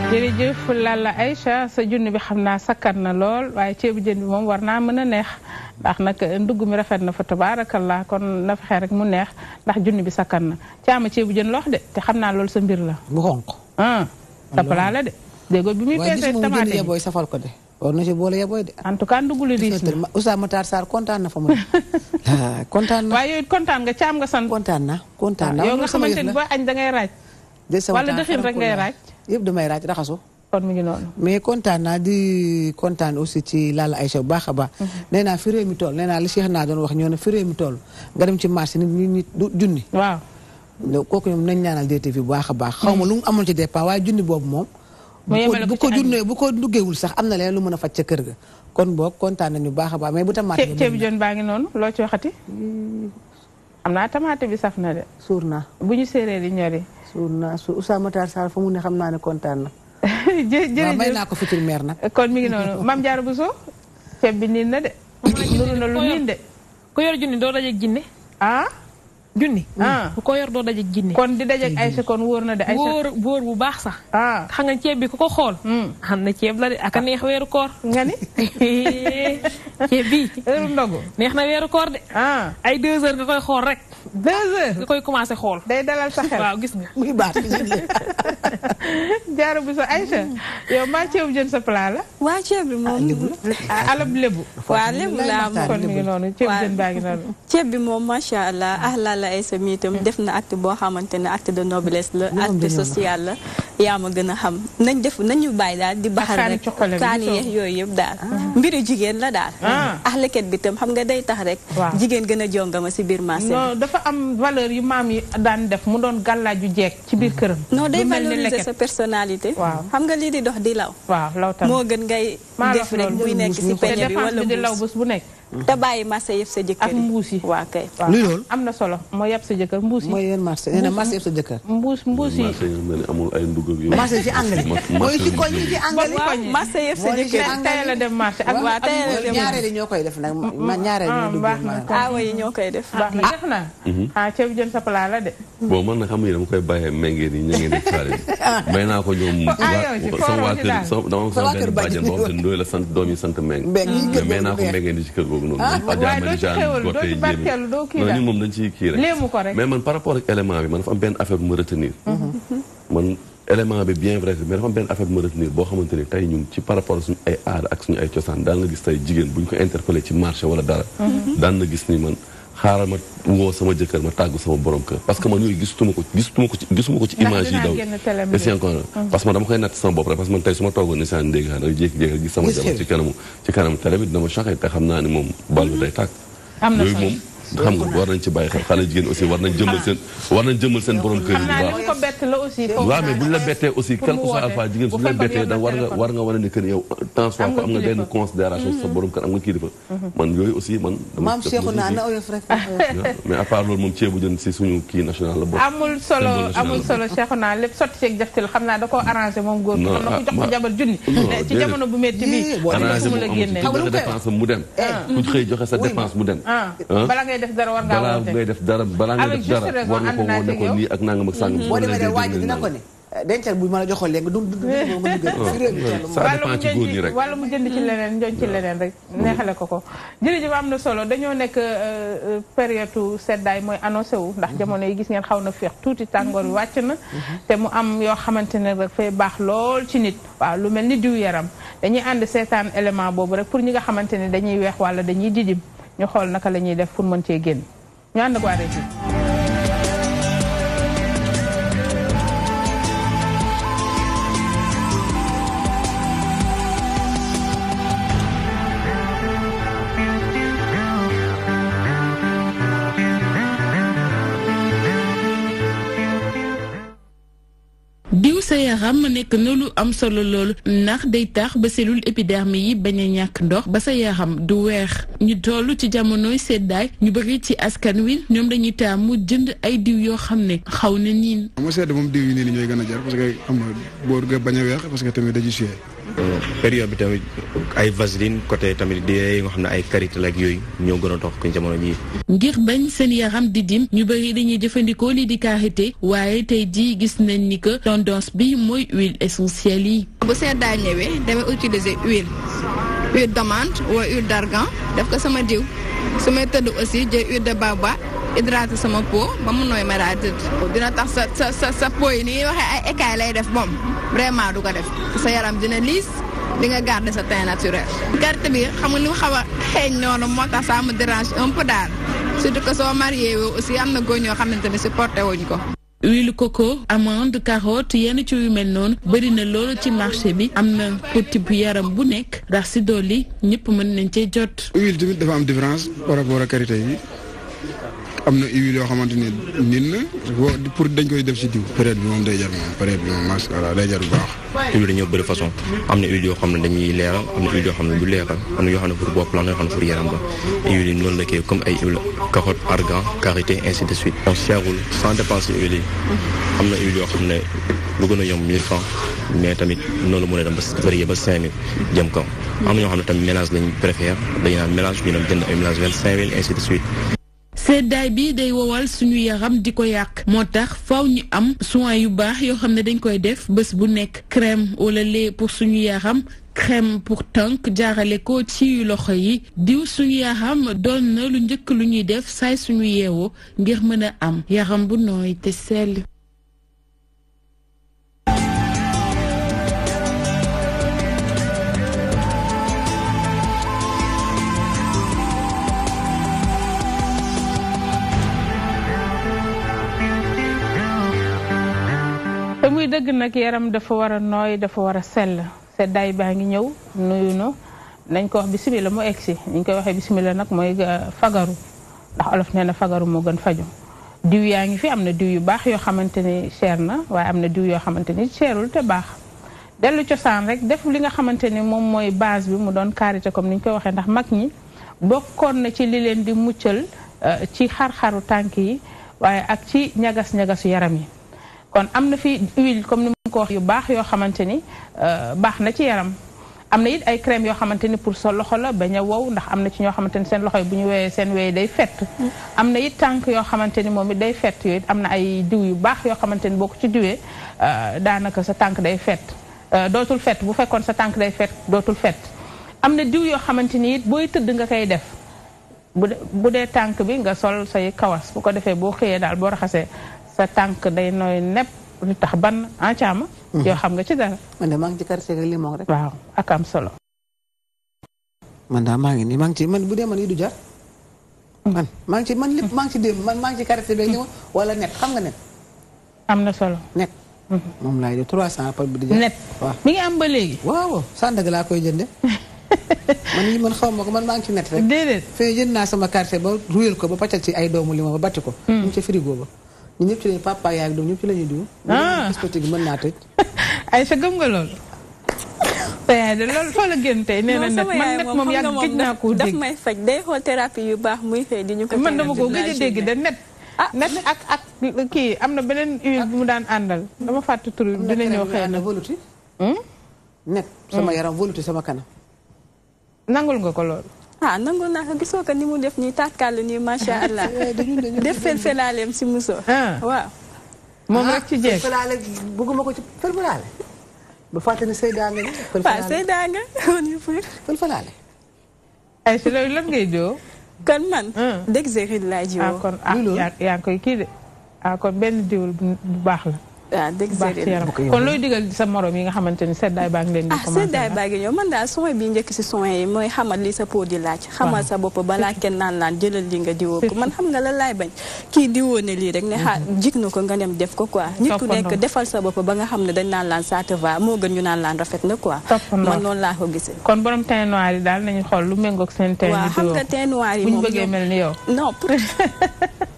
jërëjëf Lalla Aïcha sa junni bi xam naa sakkan na lool waaye ceebu jën bi moom war naa mën a neex ndax nag ndugg mi rafet na fa tabaarakallah kon na fexe rek mu neex ndax junni bi sakkan na caama ceebu jën loox de te xam naa loolu sa mbir la. mu xonq. a ah, tapalaa la de. déggoo bi muy peesee tamaate yi booy safal ko de. war na si boole yebooy tout cas ndugg lu diis na Oustaz Matar Sarr kontaan na fa mu ne. <laughs> Ah, kontaan na kontaan nga caam nga sant. na kontaan na ah, yow nga xamante ni boo añ da ngay raaj. wala dëxin rek ngay raaj yëpp damay raaj raxasu kon mi ngi mais kontaan naa di kontaan aussi ci Lalla ay bu baax a baax. Mhm. nee naa fi mi toll nee naa li Cheikh naa doon wax ñoo ne fi réew mi toll nga dem ci marché nit ñi nit junni. kooku ñoom nañ ñaanal DTV bu baax a baax. Mhm. xaw ma lu mu amoon ci départ waaye junni boobu moom. bu ko junnee bu ko duggeewul sax am na leen lu mën a faj ca kër ga. kon boog kontaan nañu baax a baax mais bu tamaate. ceeb jën baa ngi noonu loo ci waxati. am naa tamaate bi saf na de. suur naa bu ñu séeréer yi ñori su naa su Oustaz Matar Sarr fa mu ne xam naa ne kontaan na. <laughs> jërëjëf may naa ko futur maire mi ngi noonu <laughs> Mame Diarra Bousso. ceeb bi niin na de. lu <coughs> na lu niin de. ku yor doo dajeeg jinne ah. junni. Ah. ku ko yor doo daje jinni kon di daje ay Aïcha kon wóor na de. ay wóor wóor bu baax sax. Ah. xam nga ceeb bi ku ko xool. Hmm. xam na ceeb la de ak a neex weeru koor. nga ni <laughs> ceeb bi heure ndogu neex na weeru de. Ah. ay deux heures xool rek. deux koy commencé xool. day dalal sa gis nga. muy baax jaaru bu sa Aïcha hmm. yow maa sa plat la. waa ceeb bi moom. alab lébu. waaw lébu allah la ay sami itam mm. def na acte boo xamante ne acte de noblesse la acte social la yaa ma gën a xam nañ def nañu bàyyi daal di baxal rek kaani yeex yooyu yëpp daal ah. mbiru jigéen la daal ax ah. ah, leket bi tam xam nga day tax rek jigéen gën a jongama si biir marché non dafa am valeur yu maam yi daan def mu doon gàllaaju jeeg ci biir mm. këram non day valoriser sa personnalité xam nga lii di dox di law moo gën ngay def rek muy nekk si peñe bi wala bu nekk te bàyyi marché yëpp sa jëkkër ak mbuus yi waa kay. luy loolu am na solo mooy yëpp sa jëkkër mbuus yi. mooy yéen marché nee na marché yëpp sa jëkkër. mbuus mbuus yi marché yi mel ni amul ay ndugg ak yow. marché ci àngali mooy ci koñ yi ci àngali. marché yëpp sa jëkkër tey la dem marché ak waa tey la dem ñaareel ñoo koy def nag ma ñaareel ñu dugg aawa yi ñoo koy def. baax na def ah. naa. Mm-hmm. ah ceeb jën sa plat la de. bon man nag xam nga dama koy bàyyee méngéen yi ñu ngeen di xaar yi <laughs> ah. may naa ko ñoom ah, sama waa kër dama sama benn bàjjan boo xam <laughs> ne la sant doom yi sant meng mais may naa ko méngéen yi ci kër googu noonu. Ah, waaye doo kii la moom dañ ciy kii rek. mais man par rapport ak élément bi man dafa am benn affaire bu ma retenir. Mhm. man élément bi bien vrai mais dafa am benn affaire bu ma retenir boo xamante ni tey ñun ci par rapport ak suñu ay aada ak suñu ay cosaan daan na gis tey jigéen buñ ko interpellé ci marché wala dara. Mhm. daal na gis ni man. xaaral ma woo sama jëkkër ma tàggu sama borom kër parce que man yooyu gisatuma ko gisatuma ko ci gis ko ci image yi daw esi encore ah. parce que man dama koy natt sama bopp rek parce que man ma toogoon nisaan ndéegi xaa da jékki-jékki gis sama jabar ci kanamu ci kanamu télé bi dama choqué te xam naa ne moom mhm. bal bi day tàkk yooyu moom xam nga war nañ ci bàyyi xel xale jigéen aussi war nañ jëmmal seen war nañ jëmmal seen borom ko bett la da war nga war ko mm-hmm. mm-hmm. <laughs> si suñu kii national la xam naa da koo arrangé moom na ko ah, jox ko jabar junni ci jamono bu métti bi arrangé mu dem eh. ku xëy ngay def dara war ngaa woote balaa ngay def dara balaa ngay def dara war nga ko wane ko nii ak nangam ak sàngam. boo demee de waaj dina ko ne. dencal bu ma la joxoon léegi du du du ma dugal. ça dépend ci góor ñi rek wala mu jënd ci leneen njoñ ci leneen rek. neexale ko ko jërëjëf am na solo dañoo nekk période seddaay mooy annoncé wu. ndax jamono yi gis ngeen xaw na féex tuuti tàngoor wi wàcc na. te mu am yoo xamante ne rek fay baax lool ci nit. waaw lu mel ni diw yaram dañuy ànd seetaan élément boobu rek pour ñi nga xamante ne dañuy weex wala dañuy didim. ñu xool naka la ñuy def pour mën cee génn ñu ànd ak waa yaram nekk na lu am solo loolu ndax day tax ba cellule épiderme yi bañ a ñàkk ndox ba sa yaram du weex ñu toll ci jamonoy seddaay ñu bëri ci askan wi ñoom dañuy taamu jënd ay diw yoo xam ne xaw na niin. xam nga sedd moom diw yi nii ñooy gën a jar parce que xam nga boor bañ a weex parce que tamit dañuy suyee. Euh, période ay vaseline côté tamit di nga xam ne ay karité ak yooyu ñoo gën a dox ko jamono jii. ngir bañ seen yaram di dim ñu bëri dañuy jëfandikoo lii di karité waaye tey jii gis nañ ni que tendance bi mooy huile essentielle yi. bu seddaay ñëwee damay utiliser huile huile d'amande wala huile d'argan def ko sama diw su may tëdd aussi jël huile de baobab hydraté sama peau ba mu nooy ma tëdd dina tax sa sa sa peau yi ni waxee ay écailles lay def moom vraiment du ko def sa yaram dina liis. li nga garder sa teint naturel. gerte bi xam nga li mu xaw a xeeñ noonu moo tax ça me dérange un peu daal surtout que soo marié woo aussi am na góor ñoo xamante ne porté wuñ ko. huile coco amande carotte yenn ci yu mel noonu bëri na loolu ci marché bi am na petit bu yaram bu nekk ndax si dool yi ñëpp mën nañ cee jot. huile tamit dafa am différence par rapport ak karité yi. am na huile yoo xamante ne nin na pour dañ koy def si diw. période bi moom day jar moom période bi moom macha allah day jar bu baax. huile dañoo bëri façon am na huile yoo xam ne dañuy leeral am na huile yoo xam ne du leeral am na yoo xam ne pour bopp la am na yoo xam ne pour yaram la huile yi noonu la kii comme ay huile carotte argan karité ainsi de suite. donc seerul sans dépenser huile yi am na huile yoo xam ne lu gën a yomb 1000 francs mais tamit noonu mën a dem ba varié ba 5000 jëm kaw am na ñoo xam ne tamit mélange lañ préfère dañu naan mélange ñu dem jënd ay mélange 25000 ainsi de suite. seddaay bi day wowal suñu yaram di ko yàq moo tax faw ñu am soin yu baax yoo xam ne dañ koy def bés bu nekk crème wala lait pour suñu yaram crème pour tànk jaarale ko ci loxo yi diw suñu yaram doon na lu njëkk lu ñuy def saay suñu yeewoo ngir mën a am yaram bu nooy te sell te muy dëgg nag yaram dafa war a nooy dafa war a sell seddaay baa ngi ñëw nuyu na nañ ko wax bisimila mu egsi ñu koy waxee bisimila nag mooy euh, fagaru ndax olof nee na fagaru moo gën faju diw yaa ngi fi am na diw yu baax yoo xamante ni cher na waaye am na diw yoo xamante ni cherul te baax dellu cosaan rek def li nga xamante ni moom mooy base bi mu doon karité comme ni ñu koy waxee ndax mag ñi bokkoon na ci li leen di muccal euh, ci xar-xaru tànk yi waaye ak ci ñagas-ñagasu yaram yi kon am na fi huile comme ni mu ko yu baax yoo xamante ni euh, baax na ci yaram am na yit ay crème yoo xamante ni pour sa loxo la bañ a wow ndax am na ci ñoo xamante ni seen loxo yi bu ñu weyee seen weye day fett mm. am na it tànk yoo xamante ni moom it day fet yooyu am na ay diw yu baax yoo xamante ni boo ko ci diwee euh, daanaka sa tànk day fett euh, dootul fet bu fekkoon sa tànk day fet dootul fet am na diw yoo xamante ni it booy tëdd nga koy def bu dee tànk bi nga sol say kawas bu ko defee boo xëyee daal boo raxasee sa tànk day nooy nepp lu tax ban ah caama. Hmm. xam nga ci dara. man de ngi ci quartier gi rek. waaw ak am solo. man ngi ci man bu man yi du hmm. man maa ci man lépp maa ci démb man maa ci quartier bi ñëw wala net xam nga net. am solo net. Hmm. moom laay def 300 par bi di jar. net mi ngi am ba léegi. waaw Sandaga laa koy jënde <laughs> man li man xaw man ci net rek. sama quartier ba ko ba ay doomu lima ba ci frigo ba ñu ñëpp ci lañu papa yaay ak doom ñëpp ci lañu diw discothèque mën naa tëj ay sa gëm nga loolu sa <laughs> de loolu fa la gën tey nee na nag man nag moom yàgg gëj naa koo dégg daf may faj day xool thérapie yu baax muy xëy di ñu ko man dama ko gëj a dégg da net ah. net ak ak kii am na beneen huile mu daan àndal dama fàtte tur dina ñëw xëy na voluti hmm? net sama hmm. yaram voluti sama kanam nangul nga ko loolu ah nangu naa ko gisoo ko ni mu def nii tàkkaale nii macha allah. <laughs> Eh, def felfelaaleem si muso. Ah. waaw. moom rek ci jeex felfelaale ko ci felfelaale. ba fàtte ne Seydanga la. felfelaale waaw Seydanga woon ñu fër. felfelaale. lan ngay joo. kon man. Ah. dëgg Zéhir laa jiwoo. ah ah yaa koy kii de ah kon benn diwul bu baax la. waaw dëgg séeréer kon looy digal sa morom yi nga xamante ni seddaay baa ngi leen di ah seddaay ah. baa ngi ñëw man daal soin bi njëkk si soin yi mooy xamal li sa peau di laaj xamal sa bopp balaa kenn naan laan jëlal li nga diwoo ko man xam nga la laay bañ kii diwoo ne lii rek ne xaar ah, mm-hmm. jig na ko nga dem def ko quoi nit ku nekk defal sa bopp ba nga xam ne dañ naan laan ça te va moo gën ñu naan laan rafet na quoi man noonu laa ko gisee kon borom teint noir yi daal nañu xool lu méngoog seen teint waaw xam nga teint noir yi moom bu ñu bëggee mel ni yow non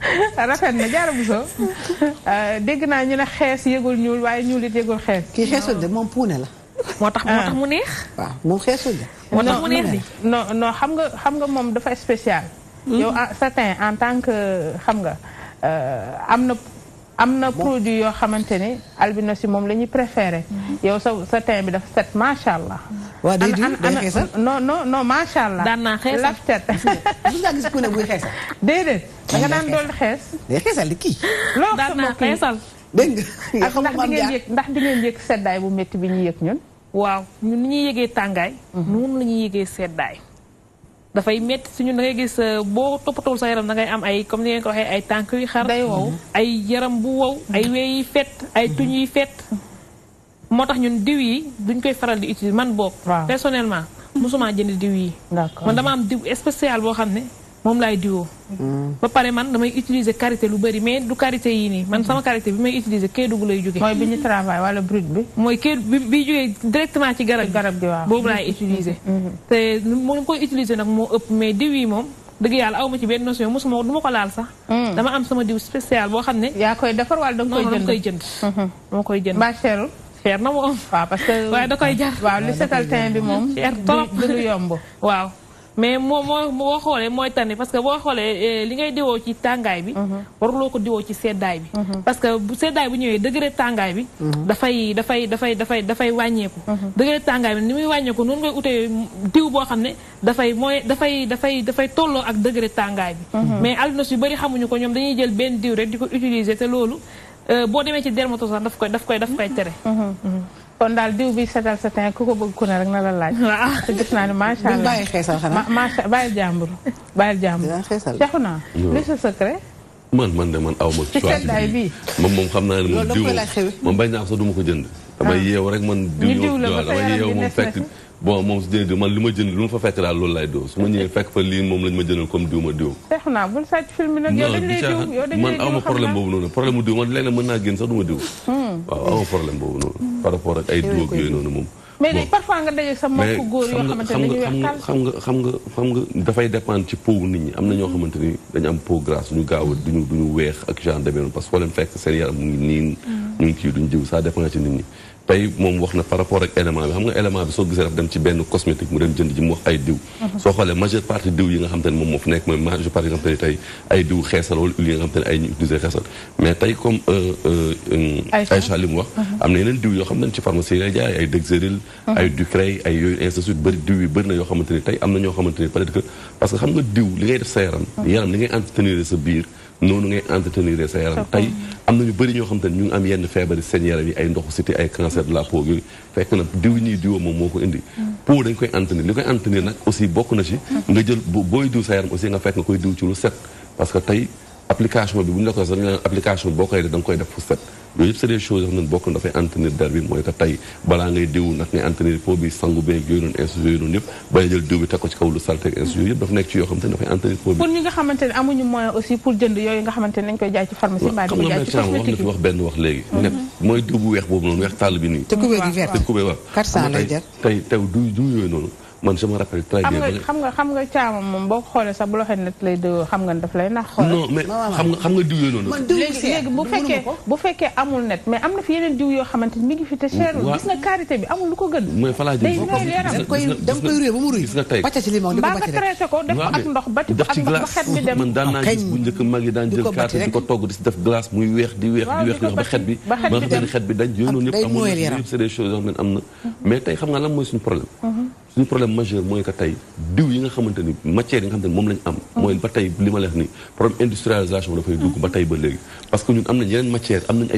<laughs> rafet na jaara bu so <laughs> euh, dégg naa ñu ne xees xees yëgul ñuul waaye ñuul it yëgul xees. kii xeesul de moom puune la. moo tax moo tax mu neex. Ah. waaw moom xeesul de. moo tax mu neex bi non non xam nga xam nga moom dafa spécial. Hmm. yow sa ah, certain en tant que xam nga euh, am na. am na produit yoo xamante ne albinos yi moom la ñuy préféré. Hmm. yow sa sa teint bi dafa set macha allah. waa day du naa xeesal laf set. bu nga xeesal. <laughs> déedéet da nga daan doon xees. day xeesal di kii. loo xam ne kii daan naa xeesal. dégg nga ndax di ngeen yëg seddaay bu métti bi ñuy yëg ñun. waaw ñun ni ñuy yëgee tàngaay. Mhm. noonu la ñuy yëgee seddaay. dafay métti suñu da ngay gis euh, boo toppatoo sa yaram da ngay am ay comme ni ngeen ko waxee ay tànk yu xar. day wow ay yaram bu wow. ay mhm. wee yi ay tuñ mhm. yi fett. moo tax ñun diw yi duñ koy faral di utiliser man boog. personnellement mosuma jënd diw yi. man dama diw spécial boo xam ne. moom laay diwoo. ba pare man damay utiliser karité lu bëri mais du karité yii nii man sama karité bi may utiliser kéedugu lay jógee. mooy bi ñu travail wala brut bi. mooy kéedu bi bi jógee directement ci garab garab gi waaw boobu laay utiliser. Mm-hmm. Mm-hmm. te mu ngi koy nag moo ëpp mais diw moom. dëgg yàlla aw ma ci benn notion mosuma du ma ko laal sax. Mm. dama am sama diw spécial boo xam ne. yaa koy defar wala da nga koy jënd moo mm-hmm. koy jënd. mbaa cherul. cher na mu am. waaw parce que <laughs> waaye da koy jar. waaw li setal teint bi moom. cher trop du lu yomb waaw. mais moo moo boo xoolee mooy tane parce que boo xoolee eh, li ngay diwoo ci tàngaay bi mhm. waruloo ko diwoo ci seddaay bi mhm. parce que bu seddaay bu ñëwee degré tàngaay bi mhm. dafay dafay dafay dafay dafay wàññeeku degré tàngaay bi ni muy wàññeeku noonu ngay utee diw boo xam ne dafay mooy dafay dafay dafay tolloo ak degré tàngaay bi mais albinos yu bëri xamuñu ko ñoom dañuy jël benn diw rek di ko utiliser te loolu euh, boo demee ci dermatologue sax daf koy daf koy daf koy tere kon daal diw bi setal sa teint ku ko bëgg ku ne rek na la laaj. <laughs> waaw te gis naa ne macha a bàyyi xeesal a macha bàyyi jàmbur bàyyi jàmbur. ceexu naa sa secret. man man de man aw ma. ci seddaay bi moom moom xam naa ne moom diw moom bañ naa sax du ko jënd. damay ah. yeew rek man diw la ba sa yaram bi nekk bon moom su dee diw man li ma jënd lu ma fa fekk daal loolu laay diw su ma ñëwee fekk fa lii moom lañ ma jëndal comme diw ma diw. fex naa bul sàcc film nag yow dañ lay diw yow dañ lay diw man aw ma problème boobu noonu problème mu diw man léeg-léeg mën naa génn sax du ma diw. Hmm. waaw aw ma problème boobu noonu. par rapport ak ay diw ak yooyu noonu moom. mais nag parfois nga daje sa mbokku góor yoo xamante ne dañuy wax xam nga xam nga xam nga dafay dépendre ci peau nit ñi am na ñoo hmm. xamante ni dañu am peau grasse ñu gaaw a duñu duñu weex ak genre demee parce que foo leen fekk seen yaram mu ngi niin ñu hmm. ngi kii duñu diw ça dépend ci nit ñi tay mom wax na par rapport ak élément bi xam nga élément bi so gisee dafa dem ci benn cosmétique mu dem jënd ji mu wax ay diw so xolé majeure partie diw yi nga xamantene mom ne moom moo fi majeure partie nga tay ay diw xéssal wol huile yi nga xamantene ay ñu utiliser xéssal mais tay comme euh euh ay mu wax am na yeneen diw yo xamantene ci pharmacie lay jaay ay Dexeril ay Ducrey ay yoy et de suite bëri diw yi bëri na yo xamantene tay tey am na ñoo xamante peut-être que parce que xam nga diw li ngay def sa yaram yaram li ngay entretenir sa biir noonu ngay entretenir sa yaram tey am na ñu bëri ñoo xam te ne ñu ngi am yenn feebari seen yaram yi ay ndoxu cité ay cancer de la peau yooyu fekk na diw ñuy diwa moom moo ko indi hmm. peau dañ koy entretenir li koy entretenir nag aussi bokk na ci hmm. nga jël booy diw sa yaram aussi nga fekk nga koy diw ci lu set parce que tey application bi bu ñu la boo koy def fu set yooyu yëpp c'est des choses yoo xam ne dafay entretenir der bi mooy que tey balaa ngay diw nag ngay entretenir foo sangu beeg yooyu noonu yëpp bañ nga xamante amuñu moyen aussi pour jënd yooyu nga xamante ne koy jaay ci pharmacie mbaa di jaay ci cosmétique wax na fi wax mhm. tey tey diw yooyu noonu man sama rappel très bien. xam nga xam nga caama moom boo xoolee sax bu la xoolee lay diw xam daf lay nax. xoolal non mais xam nga xam nga diw yooyu bu fekkee bu fekkee amul net am na fi yeneen xamante ni mi ngi fi te seerul. gis nga ko gis nga tey bàcce ci limon di ko def ak ndox ba xet bi dem. man daan naa bu njëkk mag yi daan jël karité di ko di def glace muy weex di weex di weex di wax ba xet bi ba xet bi dañ yooyu noonu yëpp amoon na yëpp c'est des choses yoo xam ne am na mm-hmm. mais tey xam nga lan mooy suñu problème mm-hmm. suñu problème majeur mooy que tey diw yi nga xamante matière yi nga xamante moom lañ am mm. mooy ba tey li ni problème industrialisation dafay dugg ba tey ba léegi parce que ñun am na ñu ko mettre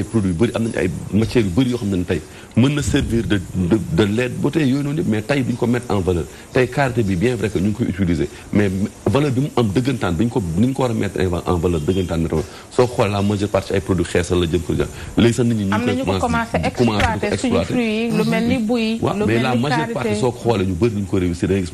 exploité lu mel ni buy waaw mais la majeure soo xoolee bëri duñ ko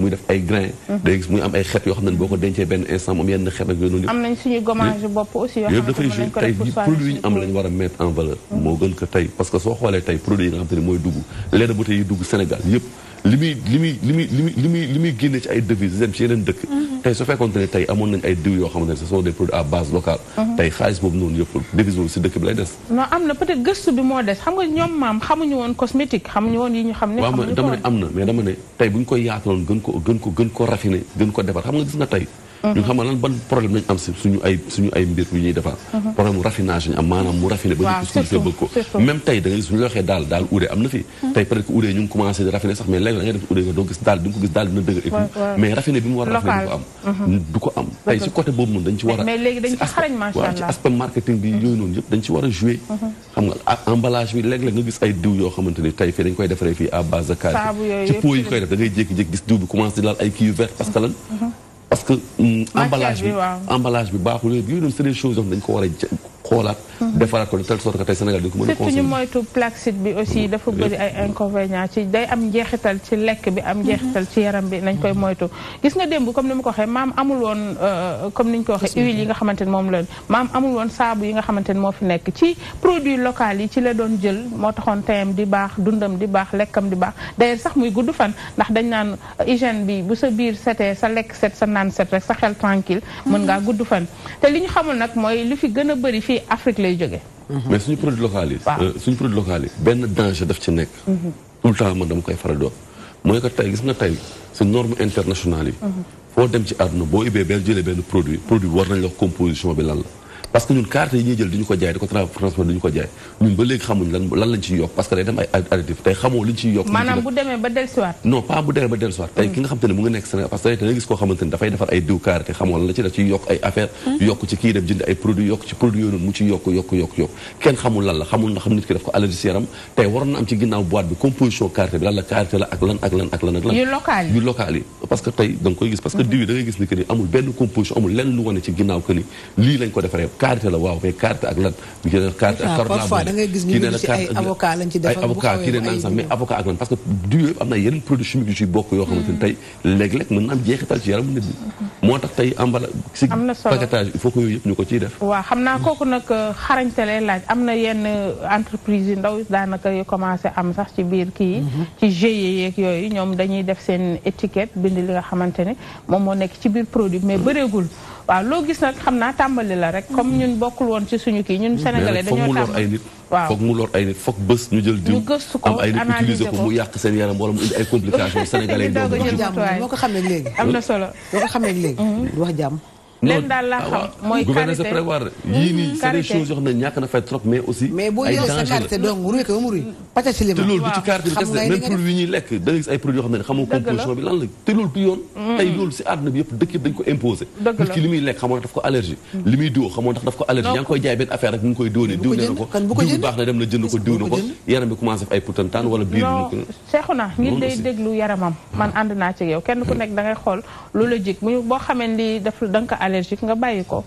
muy def ay grain mhm. da gis muy am ay xet yoo xam ne boo ko dencee benn instant moom yenn xet ak yooyu noonu am nañ suñu gommage bopp aussi yooyu dafay joué tey produit yi ñu am lañ war a mettre en mhm. moo gën que tey parce que soo xoolee tey produit yi nga xam te ne mooy dugg leena bouteille yi dugg Sénégal yëpp li muy li muy li muy li muy li muy li muy génne ci ay devises dem ci yeneen dëkk mhm. tey su fekkoon ne tey amoon nañ ay diw yoo xamante ne ce sont des produits à base locale mhm. tey xaalis boobu noonu yëpp devise boobu si dëkk bi lay des non am na peut-être gëstu bi moo des xam nga ñoom maam xamuñu woon cosmétique xamuñu woon yi ñu xam ne waaw dama ne am na mais dama ne tey bu ñu koy yaataloon gën ko gën ko gën ko raffiné gën ko defar xam nga gis nga tey Mm-hmm. ñu xam nga lan ban problème lañ am si suñu ay suñu ay mbir yu ñuy defar mm-hmm. problème mu raffinage lañ am maanaam mu raffiné ba nit ko gis daal mm-hmm. di raffiné sax gis daal di nga ko gis xam nga ay diw yoo xamante ni tey fii dañ koy defaree fii à base de ci pot yi koy def da jékki-jékki diw bi commencé di laal ay kii yu vert parce lan que emballage bi emballage bi baaxul yooyu noonu c'est des choses yoo xam dañ ko war a xoolaat. defaraat ko de telle sorte que tey Sénégal di ko mën a. surtout ñu moytu plastique bi aussi mm-hmm. dafa bëri ay mm-hmm. inconvénients ci day am njeexital ci lekk bi am mm-hmm. njeexital ci yaram bi nañ koy moytu. gis nga démb comme ni ma ko waxee maam amul woon euh, comme ni ñu ko waxee huile yi nga xamante ne moom la maam amul woon saabu yi nga xamante ne moo fi nekk ci produit local yi ci la doon jël moo taxoon teyam di baax dundam di baax lekkam di baax d'ailleurs sax muy gudd fan ndax dañ naan euh, hygiène bi bu sa biir setee sa lekk set sa naan set rek sa xel tranquille mën ngaa gudd fan te li ñu xamul nag mooy li fi gën a bëri fii Afrique lay jóge mais suñu produit local yi. Euh, suñu produit local yi benn danger daf ci nekk. Mhm. tout le temps man dama koy faral doon mooy que tey gis nga tey si norme international yi. Mhm. foo dem ci àdduna boo ubbee benn jële benn produit. produit war nañ la composition bi lan la. parce que ñun carte yi ñuy jël duñu ko jaay di ko transport duñu ko jaay ñun ba léegi xamuñ lan lañ ci yokk na am ci ginnaaw parce que tey koy gis parce que mm-hmm. diw yi da gis ni que amul benn composition amul lenn lu wane ci ginnaaw que lii lañ ko defaree carité ak lan bu jëlee ak ah, carotte parfois da ngay gis ñu ne ci ay avocat lañ ci defar ay avocat am na yeneen produit chimique yu ci bokk yoo xamante ne mm. tey léeg na am jeexital ci yaramu bi moo tax tey emballa si paquetage il faut que yooyu yëpp ñu ko ciy def euh, am na yenn euh, ci biir kii mm-hmm. ci GIE yooyu ñoom dañuy def seen étiquette bind li moom moo nekk ci biir produit mais mm-hmm. bëreegul waaw loo gis nag xam naa tàmbali la rek comme ñun bokkul woon ci suñu kii ñun sénégalais dañoo tàmbali waaw mu lor ay nit foog bës ñu jël diw am ay nit utiliser ko mu yàq seen yaram wala mu indi ay complications <laughs> sénégalais yi a jël jàmm moo ko xamee léegi am na solo moo ko xamee léegi mm-hmm. wax jàmm leen daal laa ah, xam mooy carité prévoir yii nii mm-hmm. c'est des choses yoo xam trop mais boo yoree sa carité te loolu du ci carité da ngay yoo xam ne xamoo composition bi lan la te loolu mm-hmm. yëpp dëkk yëpp dañ mm-hmm. koy jaay benn affaire rek mu koy diw nee diw baax na ko yaram bi commencé def ay putantaan wala biir ah. hmm. mu boo xamee li daf da nga ko allergique nga bàyyi ko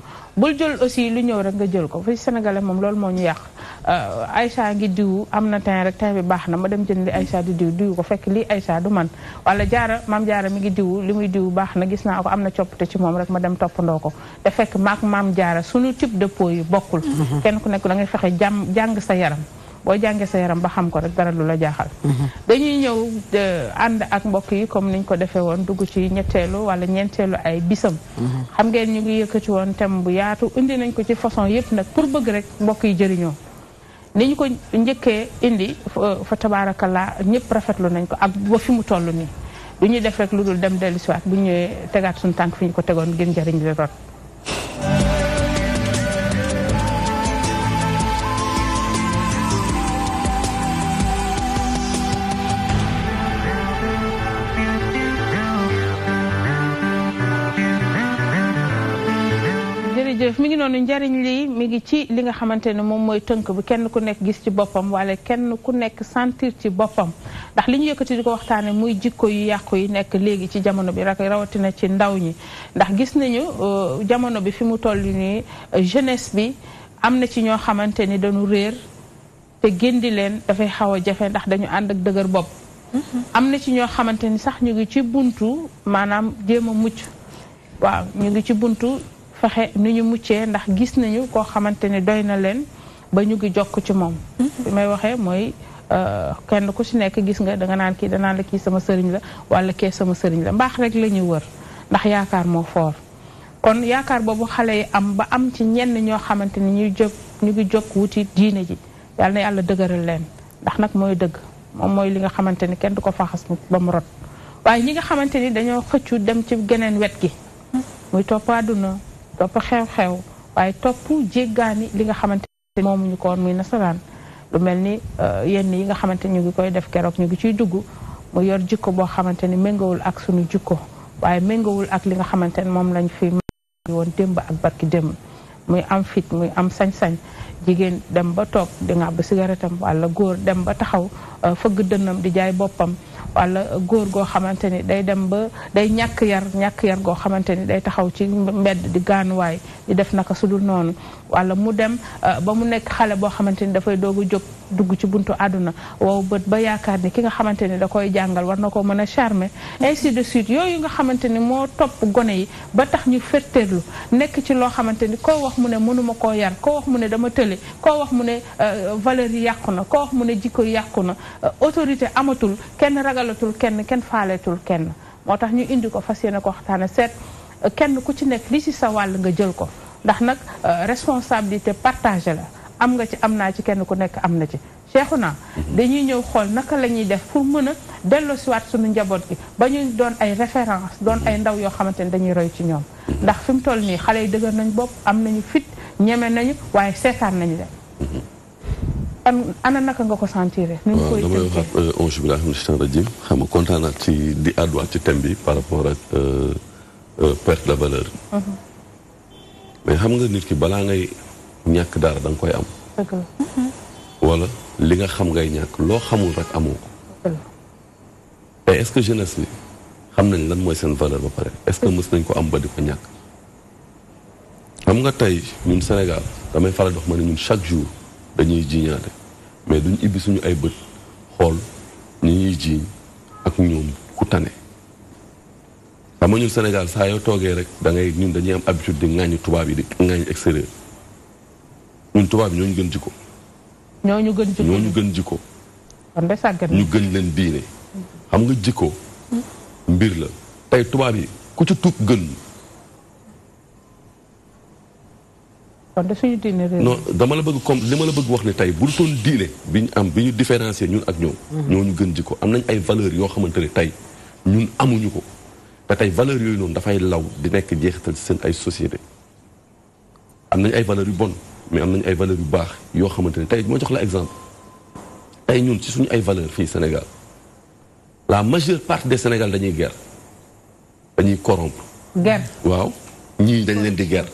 bul jël aussi lu ñëw rek nga jël ko fi sénégalais moom loolu moo ñu yàq euh, Aïcha ngi diw am na teint rek teint bi baax na ma dem jënd li Aïcha di diw diw ko fekk lii Aïcha du man wala jaara maam jaara mi ngi diw li muy diw baax na gis naa ko am na coppite ci moom rek ma dem toppandoo ko te fekk maak maam jaara suñu tipp de peau yi bokkul mhm. ku nekk da ngay fexe jàmm jàng sa yaram boo jàngee sa yaram ba xam ko rek dara lu la jaaxal. Mhm. dañuy ñëw ànd ak mbokk yi comme niñ ko defee woon dugg ci ñetteelu wala ñeenteelu ay bisam. Mhm. xam ngeen ñu ngi yëkkati woon thème bu yaatu indi nañ ko ci façon yëpp nag pour bëgg rek mbokk yi jëriñoo. ni ñu ko njëkkee indi fa tabaarakallaa ñëpp rafetlu nañ ko ak boo fi mu toll nii. du ñuy def rek lu dul dem dellusiwaat bu ñëwee tegaat suñu tànk fi ñu ko tegoon ngir jariñ li rot. jërëjëf mi ngi noonu njariñ lii mi ngi ci li nga xamante ne moom mooy tënk bu kenn ku nekk gis ci boppam wala kenn ku nekk sentir ci boppam ndax li ñu yëkkati di ko waxtaane muy jikko yu yàqu yi nekk léegi ci jamono bi rek rawatina ci ndaw ñi ndax gis nañu euh, jamono bi fi mu toll nii euh, jeunesse bi am na ci ñoo xamante ni dañu réer te géndi leen dafay xaw a jafe ndax dañu ànd ak dëgër bopp mm-hmm. am na ci ñoo xamante ni sax ñu ngi ci buntu maanaam jéem a mucc waaw ñu ngi fexe nu ñu muccee ndax gis nañu koo xamante ne doy na leen ba ñu ngi jokk ci moom mooy may waxee mooy euh, kenn ku si nekk gis nga danga naan kii danaan la kii sama sëriñ la wala kee sama sëriñ la mbaax rekk la ñuy wër ndax yaakaar moo foor kon yaakaar boobu xale yi am ba am ci ñenn ñoo xamante ni ñuy jóg ñu ngi jóg wuti diine ji yàlla na yàlla dëgëral leen ndax nag mooy dëgg moom mooy li nga xamante ni kenn du ko faxas ba mu rot waaye ñi nga xamante dañoo xëccu dem c geneen wet gi topp xew-xew waaye topp jéggaani li nga xamante ni moomu ñu ko nasaraan lu mel ni euh, yenn yi nga xamante ñu ngi koy def keroog ñu ngi ciy dugg mu yor jikko boo xamante ni méngawul ak suñu jikko waaye méngawul ak li nga xamante ni moom lañ fi woon démb ak barki démb muy am fit muy am sañ-sañ jigéen dem ba toog di nga ba sigaretam wala góor dem ba taxaw euh, fëgg dënnam di jaay boppam wala góor goo xamante ni day dem ba day ñàkk yar ñàkk yar goo xamante ni day taxaw ci di gaanuwaay di def naka su dul noonu walla mu dem euh, ba mu nekk xale boo xamante ni dafay doog a jóg dugg ci buntu àdduna wow bët ba yaakaar ni ki nga xamante ni da koy jàngal war na koo mën a charmer ainsi de suite yooyu nga xamante ni moo topp gone yi ba tax ñu ferteerlu nekk ci loo xamante ni koo wax mu ne mënuma koo yar koo wax mu ne dama tële koo wax mu ne euh, valeur yi yàqu na koo wax mu ne jikko yi yàqu na euh, autorité amatul kenn ragalatul kenn kenn faaletul kenn moo tax ñu indi ko fas yéene ko waxtaane seet kenn ku ci nekk li ci sa wàll nga jël ko ndax nag euh, responsabilité partage la am nga ci am naa ci kenn ku nekk am na ci cheikhu naa mhm. dañuy ñëw xool naka lañuy ñuy def pour mën a delloosiwaat suñu njaboot gi ba ñu doon ay référence doon ay ndaw yoo xamante ne dañuy rey ci ñoom mhm. ndax fi mu toll nii xale yi dëgër nañ bopp am nañu fit ñeme nañu waaye seetaan nañu dem mhm. ana naka nga ko sentiré nu ñu koy damay waxaat onze bi laa xam ne xam nga kontaanaat ci di àdduwaat ci thème bi par rapport ak euh, euh, perte de valeur mais xam nga nit ki balaa ngay ñàkk daal da koy am. Mm-hmm. wala li nga xam ngay ñàkk loo xamul rek amoo ko. te est-ce que jeunesse bi xam nañ lan mooy seen valeur ba pare est-ce que mës nañ ko am ba di ko ñàkk. xam nga tey ñun Sénégal damay faral dox ma ne ñun chaque jour dañuy jiiñaate mais duñ ibbi suñu ay bët xool ñi ñuy jiiñ ak ñoom ku tane. xam nga ñun saa yoo toogee rek da ngay ñun dañuy am habitude di ŋàññi tubaab yi di ŋàññi extérieur ñun tubaab yi ñooñu gën jikko. ñooñu gën jikko ñooñu gën jikko. kon de sàggan ñu gën leen diine. xam nga jikko. mbir la tey tubaab yi ku ci tuub gën. kon de suñu diine réew dama la bëgg comme li ma la bëgg wax ne tey bu toon diine bi ñu am bi ñu différencier ñun ak ñoom. Mhm. ñu gën jikko am nañ ay valeurs yoo xamante ne tey ñun amuñu ko. ba tey valeurs yooyu noonu dafay law di nekk jeexital ci seen ay société am nañ ay valeur yu bon mais am nañ ay valeur yu baax yoo xamante ne tey moo jox la exemple tey ñun ci suñu ay valeur fii Sénégal la majeure partie des Sénégal dañuy guerre dañuy corrompre. guerre waaw ñii dañ leen di guerre.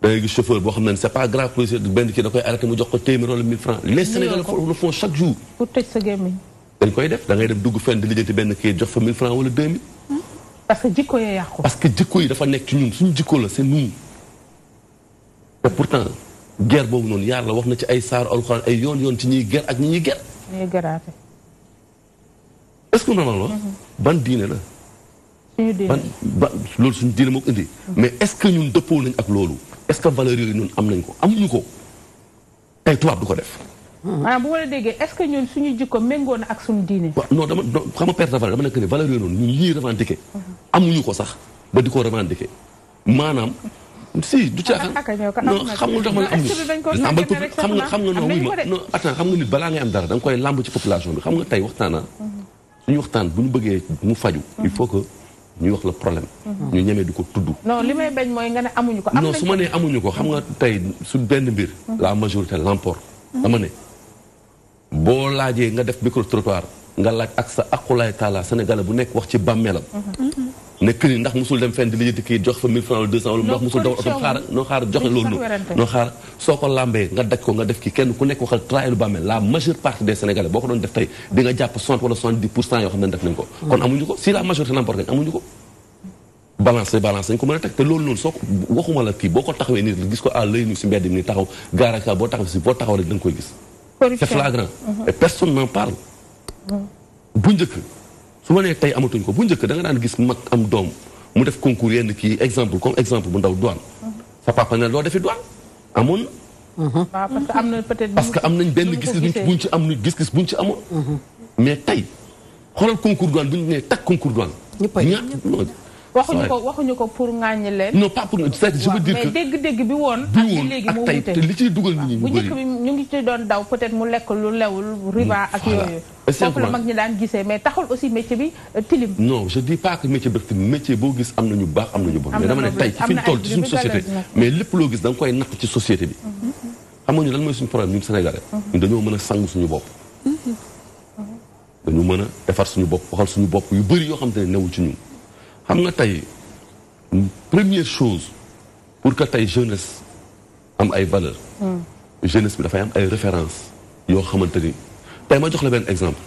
da ngay gis chauffeur boo xam ne c'est pas grave police benn kii da koy arrêté mu jox ko téeméer wala 1000 francs les Sénégalais le font chaque jour. pour tëj sa gémmiñ dañ koy def da ngay dem dugg fenn di lijjanti benn kii jox fa 1000 francs wala 2000 parce que jikko yee parce que Djiko yi dafa nekk ci ñun suñu jikko la c'est nous Et pourtant guerre bobu non yar la wax na ci ay sar alcorane ay yoon yoon ci ñuy guerre ak ñi ñuy guerre. ñuy gëraate. est-ce que noonu la. Mm-hmm. ban diine la. suñu diine ban ban loolu suñu diine moo ko indi. Mm-hmm. mais est-ce que ñun dëppoo nañ ak loolu. est-ce que valeur yooyu ñun am nañ ko amuñu ko. ay tubaab du ko def. maanaam bu ma la déggee est-ce que ñun suñu jikko méngoo na ak suñu diine. non dama xam nga perte valeur dama nekk ne valeur yooyu noonu mhm. amuñu ko sax ba di ko revendiquer maanaam. si ah, xam nga lu tax ma la xam nga xam nga non wuy ma non attends xam nga balaa ngay am koy làmb ci population bi xam nga tey waxtaanaa mhm. suñu waxtaan bu ñu bëggee mu faju il mhm. faut que ñu wax la problème ñu di ko tudd li may bañ mooy nga ne amuñu ko non su ma nee amuñu ko xam nga tey su benn mbir la majorité l'emporte dama ne boo laajee nga def micro trottoir nga laaj ak sa aqulaay taala sénégalais bu nekk wax ci bàmmeelam nekk ni ndax musul dem fenn di lijjanti kii jox fa 1000 francs wala 200 xaar soo ko làmbee nga daj ko nga def kii kenn ku nekk waxal traayelu bàmmeel la majeure partie des sénégalais boo ko doon def tey di nga jàpp 60 wala 70 pour cent yoo xam ne def nañ ko mm. kon amuñu ko si la majorité l'emporte gañ amuñu ko balance balance dañ ko mën a te loolu la kii boo ko taxawee nii gis ko à lay nu boo taxaw si boo taxaw rek da nga koy gis c'est flagrant. Mhm. et personne n'en parle. Mhm. bu njëkk su ma nee tey amatuñ ko bu njëkk da nga daan gis mag am doom mu def concours yenn kii exemple comme exemple bu ndaw douane. Mhm. sa papa ne loo defi douane amoon na. parce que am na peut-être. parce que am nañ benn gis-gis ñu ci am gis-gis bu buñ ci amoon. mais tey xoolal concours douane bu ñu nee tag concours douane. ñëpp waxuñu ko waxuñu ko pour ŋàññi leen. non pas pour cest à dégg-dégg bi woon. ak léegi moo wute te li ciy dugal nit ñi bu njëkk ñu ngi ci doon daw peut-être mu lekk lu lewul riba mm. ak yooyu. foofu la mag ñi daan gisee mais taxul aussi métier bi euh, tilim. non je dis pas que métier bi tilim métier boo gis am na ñu baax am na ñu bon. mais dama ne tey fi ñu toll ci suñu mais lépp loo gis da nga koy natt ci société bi. Mm-hmm. xam nga ñu lan mooy suñ problème ñun Sénégalais. Mm-hmm. ñun dañoo mën a sang suñu bopp. Mm-hmm. dañu mën a defar suñu bopp suñu bopp yu bëri yoo xam te ne newul ci xam nga tey première chose pour que tey jeunesse am ay valeur hmm. jeunesse bi dafay am ay référence yoo xamante ni tey ma jox la benn exemple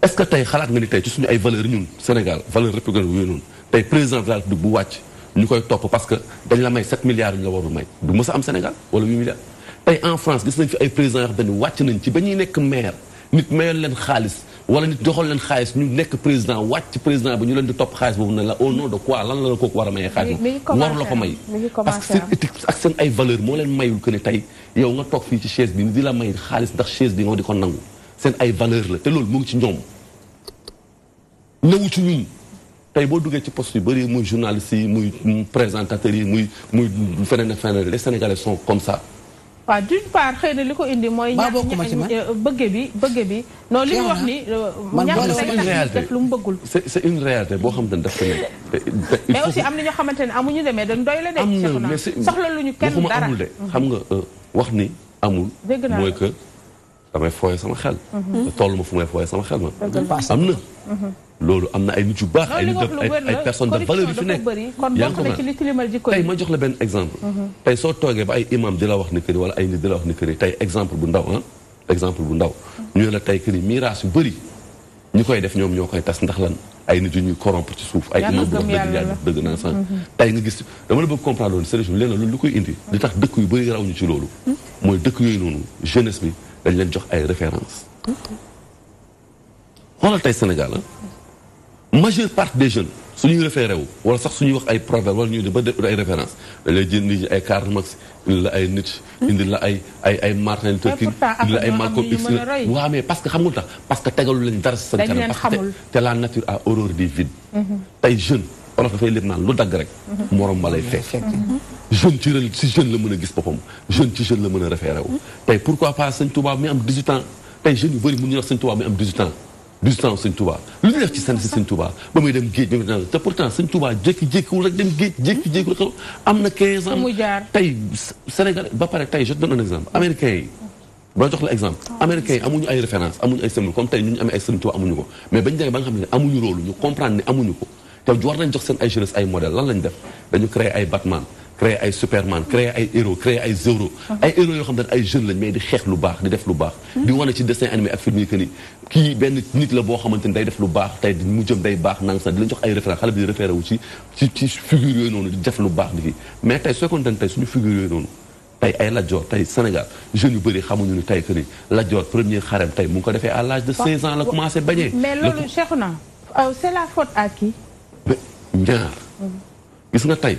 est-ce que tey xalaat nga ni tey ci suñu ay valeurs ñun Sénégal valeur républicaine yooyu noonu tey président de la République bu wàcc ñu koy topp parce que dañ la may 7 milliards nga la warul may du mës a am Sénégal wala 8 milliards tey en France gis nañ fi ay président yoo xam ne wàcc nañ ci ba ñuy nekk maire nit mayal leen xaalis wala nit doxal leen xaalis ñu nekk président wàcc président ba ñu leen di topp xaalis boobu ne la au nom de quoi lan la la kooku war a mayee xaalis waru la ko may parce que seen ay valeur moo leen mayul que ne tey yow nga toog fii ci chaise bi di la may xaalis ndax chaise bi nga di ko nangu seen ay valeur la te loolu mu ngi ci ñoom newu ci ñun tey boo duggee ci post yu bëri muy journaliste yi muy présentateurs yi muy muy feneen ak feneen les sénégalais sont comme ça waaw d'une part xëy na li ko indi mooy. waaw ci man euh, bëgge bi bëgge bi. non li mu wax ni euh, ñàkk say def lu mu bëggul. c'est une réalité boo xam ne def ko nekk. <laughs> mais aussi am na ñoo xamante ne amuñu demee dañ doy la de. am na mais soxla luñu kenn dara amul de xam nga euh, wax ni amul. dëgg mooy que. damay fooye sama xel. toll ma fu may fooye sama xel ma. am na. loolu am na ay nit yu baax. ay nit ay personne de valeur yu fi nekk. yaa ngi ko naan tey ma jox la benn exemple. tey soo toogee ba ay imam di la wax ni que wala ay nit di la wax ni que tey exemple bu ndaw ah exemple bu ndaw. ñu la tey que ni miraas yu bëri ñu koy def ñoom ñoo koy tas ndax lan ay nit yu ñuy corrompre ci suuf. ay imam bu wax dëgg yàlla dëgg naa sax. tey nga gis dama la bëgg comprendre loolu sérieux bi leneen loolu lu koy indi. li tax dëkk yu bëri raw ñu ci loolu. mooy dëkk yooyu noonu jeunesse bi dañ leen jox ay références. xoolal tey Sénégal ah. majeure partie des jeunes suñuy référé wu wala sax suñuy wax ay proverbe wala ñu def ba ay référence dañ lay jënd ay Karl Marx indi la ay nit indi la ay ay ay Martin Luther King indi la ay Malcolm X waaw mais parce que xamul tax parce que tegalu leen dara si seen kanam parce que te la nature a horreur des vides. Mm-hmm. tey jeune olof dafay lépp naan lu dagg rek. Mm-hmm. moroom ma lay fekk. jeune ci jeune si jeune la mën a gis boppam jeune ci jeune la mën a référé wu. tey pourquoi pas sëñ Touba mi am 18 ans tey jeunes yu bëri mën ñu wax sëñ Touba mi am 18 ans 18 ans sëñ Touba lu ñu def ci seen si sëñ Touba ba muy dem géej ba te pourtant sëñ Touba jékki-jékkiwul rek dem géej jékki-jékkiwul rek am na 15 ans tey Sénégal ba pare tey je te donne un exemple américain yi. ba jox la exemple ah, américain yi amuñu ay référence amuñu ay symbole comme tey ñu ñu amee ay sëñ Touba amuñu ko mais bañ demee ba nga xam ne amuñu loolu ñu comprendre ne amuñu ko te war nañ jox seen ay jeunesse ay modèle lan lañ def dañu créer ay Batman créer ay superman créer ay héros créer ay zéro ay héros yo xam ne ay jeune lañ mais di xex lu baax di def lu baax di wone ci dessin animé ak film yi que ni ki ben nit la bo xamanteni day def lu baax tey mu jëm day baax nang sa di lañ jox ay référence xale bi di référé wu ci ci ci figure yooyu nonu di def lu baax di fi mais tey soo kontaan tey suñu figure yooyu nonu tay ay la Dior tay Sénégal jeune yu bëri xamuñu ni tay que ni la Dior premier xarem tay mu ko defé à l'âge de 16 ans la commencé bañé mais loolu Cheikhouna c'est la faute à qui ñaar gis nga tay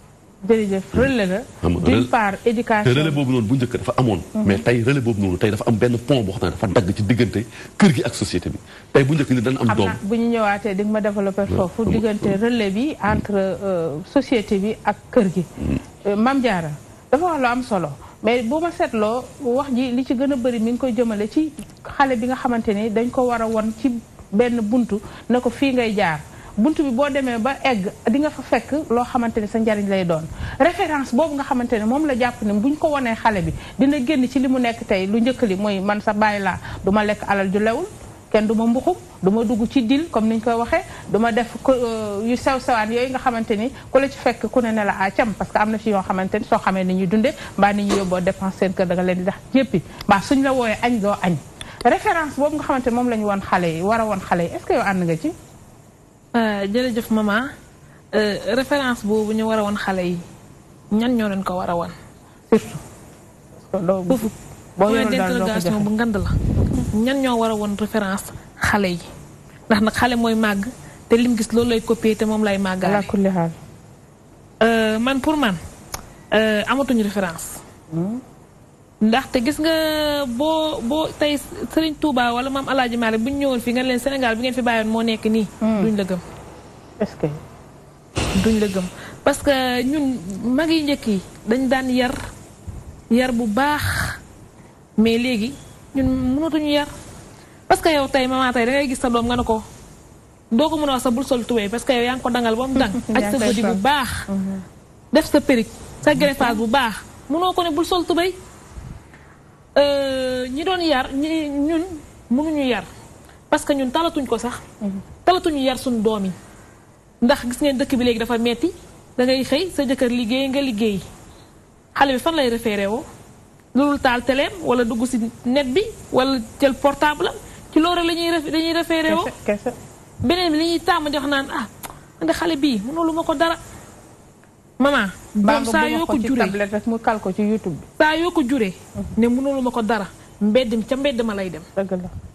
jërëjëf relais la. xam éducation te relais boobu noonu bu njëkk dafa amoon. Mhm. mais tey relais boobu noonu tey dafa am benn pont boo xam ne dafa dagg ci diggante kër gi ak société bi tey bu njëkk ni dañ am doom. xam bu ñu ñëwaatee di nga ma développé foofu diggante relais bi mm. entre euh, société bi ak kër gi. Mm. Euh, mam Diarra dafa wax lu am solo mais bu ma seetloo wax ji li ci gën a bëri mi ngi koy jëmale ci xale bi nga xamante ni dañ ko war a won ci benn buntu ne ko fii ngay jaar. buntu bi boo demee ba egg di nga fa fekk loo xamante ni sa njariñ lay doon référence boobu nga xamante ne moom la jàpp ne buñ ko wanee xale bi dina génn ci li mu nekk tey lu njëkk li mooy man sa bàyyi laa du ma lekk alal ju lewul kenn du ma mbuxum du ma dugg ci dil comme niñ koy waxee du ma def euh, yu sew sewaan yooyu nga xamante ni ku la ci fekk ku ne ne la acam parce que am na fi yoo xamante ni soo xamee ni ñuy dundee mbaa ni ñu yóbboo dépense seen kër da nga leen di tax jéppi boobu nga xamante moom la ñu woon xale yi war a woon xale yi est-ce que yow ànd nga ci Euh, jërëjëf maman euh, référence boobu ñu war woon xale yi ñan ñoo leen ko war a woon. surtout. foofu point d'interrogation bu ngand la. ñan ñoo war woon référence xale yi ndax nag xale mooy màgg te lim gis loolu lay copier te moom lay màggaale. Euh, man pour man amatuñu référence. Hmm? ndaxte gis nga boo boo tey Serigne Touba wala maam Alaaji Maalik bu ñu fi nga leen Sénégal bi ngeen fi bàyyoon moo nekk nii. Hmm. duñ la gëm. est-ce que duñ la gëm parce que ñun mag yi njëkk yi dañ daan yar yar bu baax mais léegi ñun mënatuñu yar parce que yow tey maman tey da ngay gis sa doom nga ne ko. doo ko mën a wax sa bul sol tubéy parce que yow yaa ngi ko dangal ba mu dang hmm. ak sa bu baax hmm. def sa périg sa greffage bu baax mënoo ne bul sol Euh, ñi doon yar ñi ñun mënuñu yar parce que ñun talatuñ ko sax talatuñu yar suñu doom yi ndax gis ngeen dëkk bi léegi dafa metti da ngay xëy sa jëkkër liggéey nga liggéey xale bi fan lay référé woo loolu taal teleem wala dugg si net bi wala jël portable ci loolu lañuy ñuy dañuy référé woo beneen bi li ñuy tàmm jox naan ah man de xale bii mënoo lu ma ko dara Mama, doom sa yo ko jure tablette rek mu kal ko ci youtube sa yo ko jure ne mënulu ma ko dara mbedd ca mbedd ma lay dem la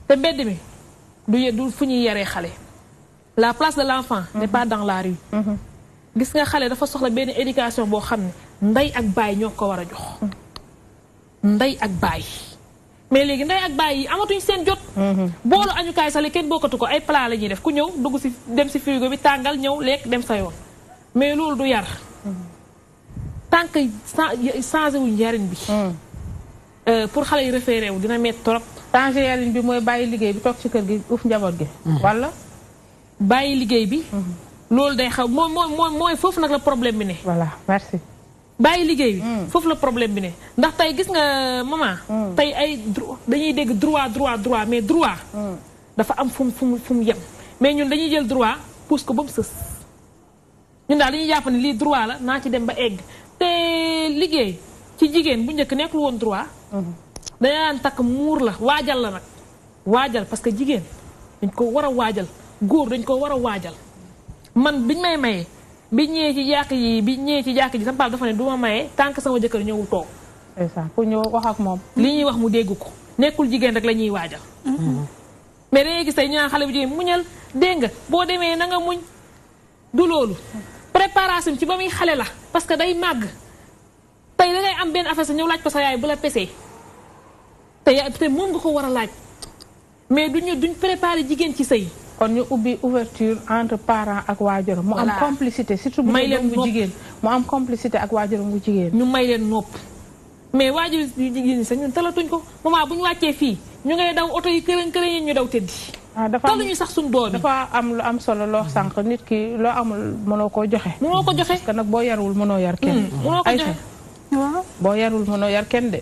te mbedd mi du ye du fuñu yare xalé la place de l'enfant, enfant n'est pas dans la rue mm-hmm. gis nga xalé dafa soxla ben éducation bo xamné nday ak bay ñoo ko war jox mm-hmm. nday ak bay mais légui nday ak bay yi amatuñ sen jot mm-hmm. boolu añu kay la kenn bokatu ko ay plan lañuy def ku ñew dugg si dem ci frigo bi tangal ñew lek dem sa yoon mais lool du yar tant que changé wuñ njariñ bi mm. euh, pour xale yi référé wu dina metti trop changé njariñ bi mooy bàyyi liggéey bi toog ci kër gi uuf njaboot gi mm-hmm. wala bàyyi liggéey bi mm-hmm. loolu day xaw moom mooy mooy foofu nag la problème bi ne voilà merci bàyyi liggéey bi mm. foofu la problème bi ne ndax tey gis nga maman mm. tey ay dañuy dégg droit droit droit mais droit dafa am fu mu fu mu fu yem mais ñun dañuy jël droit pousse ko ba mu sës ñun daal dañuy jàpp ne lii droit la na ci dem ba egg te liggéey ci jigen bu njëkk nekkul won droit. Mhm. dañu daan tak mur la wajal la nak wajal parce que jigen dañ ko wara wajal goor dañ ko wara wajal man biñ may may bi ñëwee ci jàkk yi bi ñëwee ci jàkk yi sama pal dafa ne duma maye tank sama jëkkër ñëwul c'est ça ku ñëw wax ak mom li ñi wax mu dégg ko nekkul rek lañuy wajal mhm. mais ñaan xalé bu muñal dénga bo démé na nga muñ du lolou préparation ci ba muy xale la parce que day màgg tey da am benn affaire sa ñëw laaj ko sa yaay bu la pesee te ya te moom nga ko war a laaj mais duñu duñ préparé jigéen ci sëy kon ñu ubbi ouverture entre parents ak waajuram mu am complicité surtout may leen bu jigéen mu am complicité ak waajuram bu jigéen ñu may leen nopp mais waajur yu jigéen ñi sax ñun talatuñ ko moment bu ñu wàccee fii ñu ngay daw oto yi kërën kërën yi ñu daw tëddi Ah, dafa am sax suñu doom dafa am lu am solo loo sànq nit ki loo amul mënoo koo joxe. mënoo ko joxe parce que nag boo yarul mënoo yar kenn. Mm, mënoo ko joxe waaw boo yarul mënoo yar kenn de.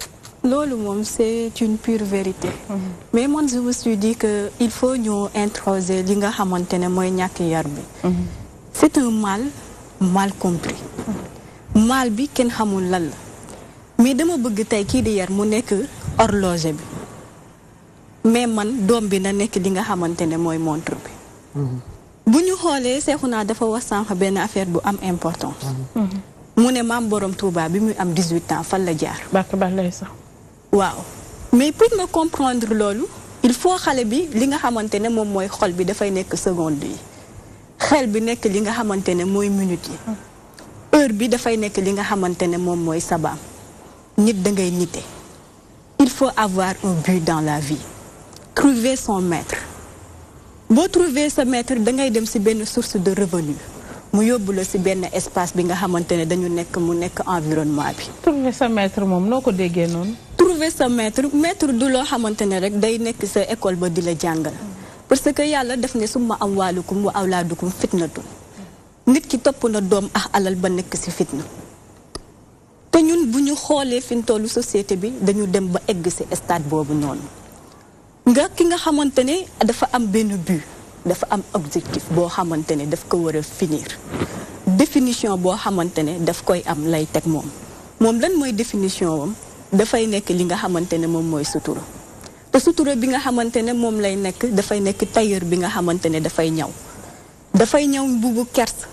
loolu moom c'est une pure vérité. Mm-hmm. mais man je me suis dit que il faut ñu introser li nga xamante ne mooy ñàkk yar bi. Mm-hmm. c'est un mal mal compris. Mm-hmm. mal bi kenn xamul lan la mais dama bëgg tey kii di yar mu nekk horloger bi mais man doom bi na nek li nga xamantene moy montre bi mhm. buñu xolé qu'on a dafa wax sànq ben affaire bu am importance mhm. Mhm. mu mam borom Touba bi muy am 18 ans fan la jaar waaw mais pour me comprendre lolu, il faut xalé bi li nga xamantene mom moy xol bi fay nek seconde yi xel bi nek li nga xamantene moy minute yi heure bi fay nek li nga xamantene mom moy mooy nit da ngay nité il faut avoir un but dans la vie trouver son maître boo trouver sa maître da ngay dem si benn source de revenu mu yóbbu la ci benn espace bi nga xamante ne dañu nekk mu nekk environnement bi. trouver sa maître moom noo ko déggee noonu. trouver sa maître maître du loo xamante ne rek day nekk sa école ba di la jàngal. parce que yàlla def ne summa am waalukum wa awlaadukum fitnatu nit ki topp na doom ax alal ba nekk ci fitna te ñun bu ñu xoolee fi ñu tollu société bi dañu dem ba egg si stade boobu noonu. nga ki nga xamante ne dafa am benn but dafa am objectif boo xamante ne daf ko war a finir définition boo xamante ne daf koy am lay teg moom moom lan mooy définition wam dafay nekk li nga xamante ne moom mooy sutura te sutura bi nga xamante ne moom lay nekk dafay nekk tailleur bi nga xamante ne dafay ñaw dafay ñaw mbubu kers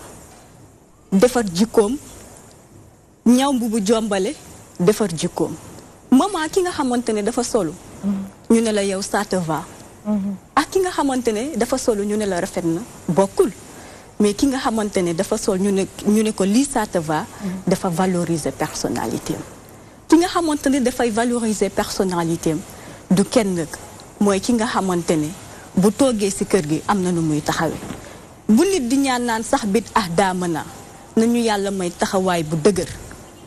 defar jikkoom ñaw mbubu jombale defar jikkoom maman ki nga xamante ne dafa solu ñu ne la yow ça te va. Mm-hmm. ak ki nga xamante ne dafa solu ñu ne la rafet na bokkul mais ki nga xamante ne dafa sol ñu ne ñu ne ko lii ça te va. Mm-hmm. dafa valoriser personnalité ki nga xamante ne dafay valoriser personnalité am du kenn mooy ki nga xamante ne bu toogee ci kër gi am na nu muy taxawe bu nit di ñaan naan sax bit ah daama naa nañu yàlla may taxawaay bu dëgër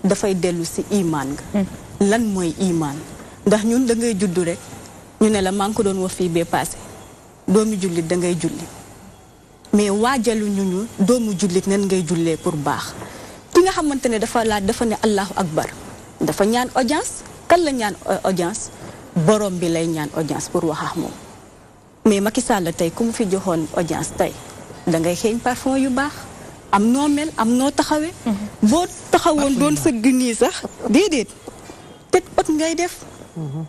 dafay dellu ci imaan nga mm-hmm. lan mooy imaan ndax ñun da juddu rek ñu ne la maa ngi ko doon wax fii bee paase doomu jullit da ngay mais waajaluñu ñu doomu jullit nan ngay jullee pour baax ki nga xamante ne dafa laaj dafa ne allahu akbar dafa ñaan audience kan la ñaan euh, audience borom bi lay ñaan audience pour wax moom mais Macky Sall tey ku mu fi joxoon audience tey da ngay xeeñ parfum yu baax am noo mel am noo taxawee. Mhm. boo taxawoon doon sëgg nii sax déedéet te ot ngay def.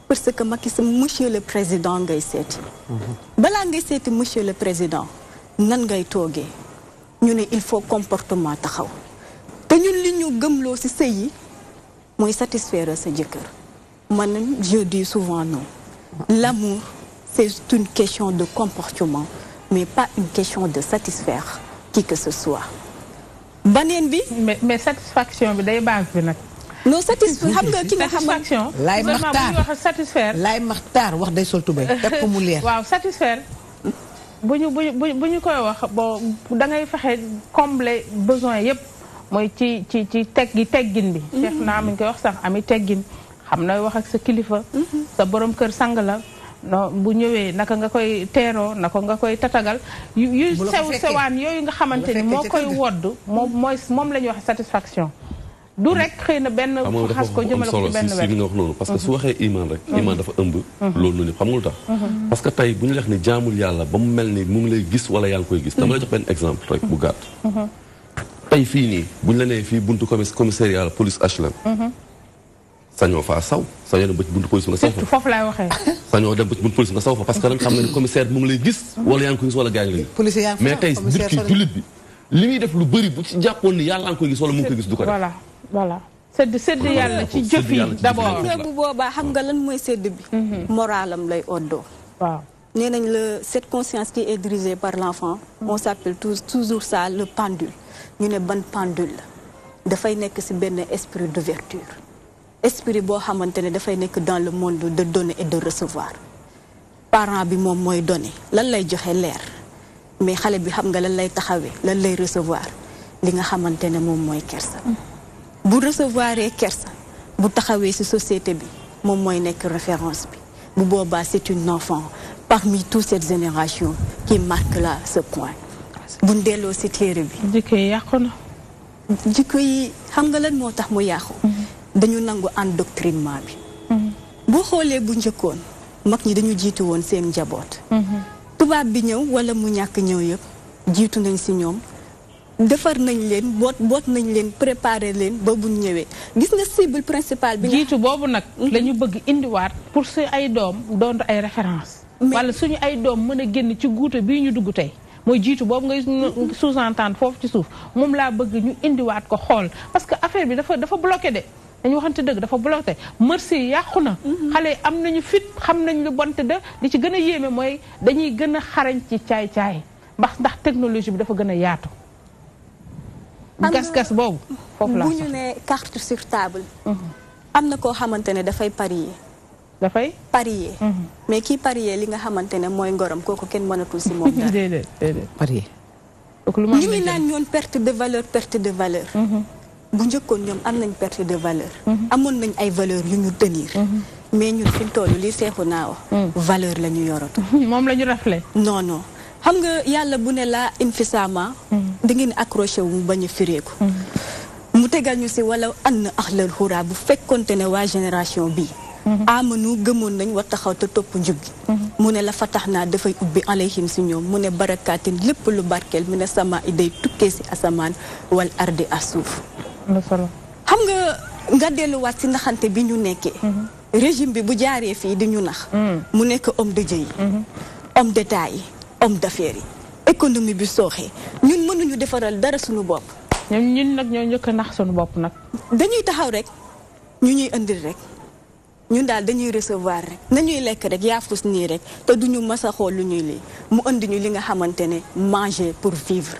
parce que Macky Sall monsieur le président ngay seeti. balaa monsieur le président nan ngay toogee il faut comportement taxaw nous ñun li ñu gëmloo ci c'est yi mooy satisfaire sa je dis souvent non l'amour c'est une question de comportement mais pas une question de satisfaire qui que ce soit. mais mais satisfaction C'est day non satisfait xam nga ki nga xam laay maxtaar laay maxtaar wax day sol tubéy teg ko mu leer waaw satisfaire bu ñu bu bu ñu koy wax bo da ngay fexe combler besoin yépp mooy ci ci ci teg gi teggin bi mhm. Cheikh naa mi ngi koy wax sax ami teggin xam nay wax ak sa kilifa mhm. sa borom kër sang la no bu ñëwee naka nga koy teeroo naka nga koy tatagal yu sew sewaan yooyu nga xamante ni moo koy wodd moom mooy moom la ñuy wax satisfaction du rek xëy na benn xas ko jëmale ko ci benn parce que su waxee iman rek mm-hmm. iman dafa ëmb mm-hmm. loolu noonu xam nga lu tax mm-hmm. parce que tey bu ñu lex ni jaamul yàlla ba mu mel ni mu ngi lay gis wala yaa ngi gis dama la jox benn exemple fii nii bu ñu la nee fii buntu commissariat la police HLM sañoo faa saw sañoo nga saw fa foofu laay waxee <laughs> sañoo dem ba ci buntu police nga saw fa parce mu ngi lay gis wala yaa ngi koy gis wala gaañ la mais tey jullit bi li muy def lu bëri bu ci jàppoon ni yàlla ngi koy gis wala mu ngi koy gis du ko def voilà sedd sedd yàlla ci jëf yi d'abord bu boobaa xam nga lan mooy sedd bi mhm. moralam lay oddoo waaw nee nañ cette conscience qui est dirigée par l'enfant mhm. on s'appelle toujours ça le pendule ñu ne ban pendule la dafay nekk ci benn esprit d'ouverture esprit boo xamante ne dafay nekk dans le monde de donner et de recevoir parent bi moom mooy donner lan lay joxe leer mais xale bi xam nga lan lay taxawee lan lay recevoir li nga xamante ne moom mooy kersa mhm. bu recevoir kersa bu taxawee ci société bi moom mooy nekk référence bi bu boobaa c'est une enfant parmi toute cette génération qui marque là ce point buñ delloo ci téere bi jikko yi na jikko yi xam nga lan moo tax mu yàqu mm-hmm. dañu nangu en endoctrinement bi mm-hmm. boo xoolee bu njëkkoon mag ñi dañu jiitu woon seen njaboot mm-hmm. tubaab bi ñëw wala mu ñàkk ñëw yëpp jiitu nañ ci ñoom defar nañ leen boot boot nañ leen préparer leen ba buñ ñëwee gis nga cible principale bi jiitu boobu nag mhm. la ñu bëgg indiwaat pour su ay doom doon ay référence wala suñu ay doom mën a génn ci guuta bii ñu dugg tey mooy jiitu boobu ngay mhm. sous-entendre foofu ci suuf moom laa bëgg ñu indiwaat ko xool parce que affaire bi dafa dafa bloqué de dañu waxante dëgg dafa bloqué merci yàqu na mhm. xale yi am nañu fit xam nañ lu bonte de li ci gën a yéeme mooy dañuy gën a xarañ ci caay-caay ndax ndax technologie bi dafa gën a yaatu gas-gas boobu foofu la bu ñu nee carte sur table. Mhm. am na koo xamante ne dafay parier. dafay parier. Mhm. mais kii parier li nga xamante ne mooy ngorom kooku kenn mënatul si moom dara. <laughs> déedéet déedéet parier. ñu ngi naan ñoon perte de valeur perte de valeur. Mhm. bu njëkkoon ñoom am nañ perte de valeur. amoon nañ ay valeur yu ñu tenir. mais ñun fi mu lii seexu naaw. valeur la ñu yoratu. <laughs> moom la ñu raflé. non non. xam nga yàlla bu ne laa infisaama mm. da ngeen accroché wu mu bañ a fireeku mm. mu tegal ñu si wala ann axlal xuraa bu fekkonte ne waa génération bii mm-hmm. amanu gëmoon nañ war taxaw te topp njub gi mm-hmm. mu ne la fatax naa dafay ubbi alayhim si ñoom mu ne barakaatin lépp lu barkeel mu ne sama iday tukkee si asamaan wal ardi ak suuf xam nga nga delluwaat si naxante bi ñu nekkee mm-hmm. régime bi bu jaaree fii di ñu nax mm. mu nekk homme de Dieu yi homme d'État yi homme d'affaires yi économie bi sooxee ñun mënuñu defaral dara suñu bopp. ñun ñun nag ñoo njëkk a nax suñu bopp nag. dañuy taxaw rek ñu ñuy indil rek ñun daal dañuy recevoir rek nañuy lekk rek yaafus nii rek te duñu mës a xool lu ñuy lii mu indi ñu li nga xamante ne manger pour vivre.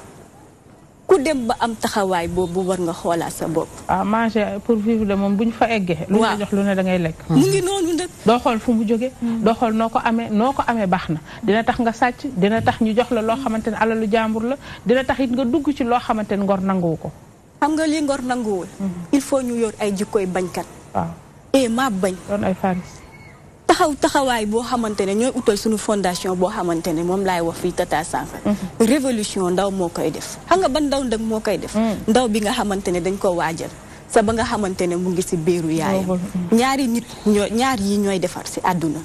ku dem ba am taxawaay boobu war nga xoolaat sa bopp. ah manger pour vivre moom bu ñu fa eggee. lu ñu jox lu ne da ngay lekk. mu ngi noonu nag. doo xool fu mu jógee. Hmm. doo xool noo ko amee noo ko amee baax na. dina tax nga sàcc dina tax ñu jox la loo xamante ne alalu jàmbur la dina tax it nga dugg ci loo xamante ne ngor nanguwu ko. xam nga li ngor nanguwul. Hmm. il faut ñu yor ay jikkoy bañkat. waaw eh maa bañ. doon ay faris. taxaw taxawaay boo xamante ne ñooy utal suñu fondation boo xamante ne moom laay wax fii tata sànq mhm. révolution ndaw moo koy def xam nga ban ndaw ndëg moo koy def mm. ndaw bi nga xamante ne dañ koo waajal sa ba nga xamante ne mu ngi si biiru yaayam ñaari nit ñoo ñaar yi ñooy defar si àdduna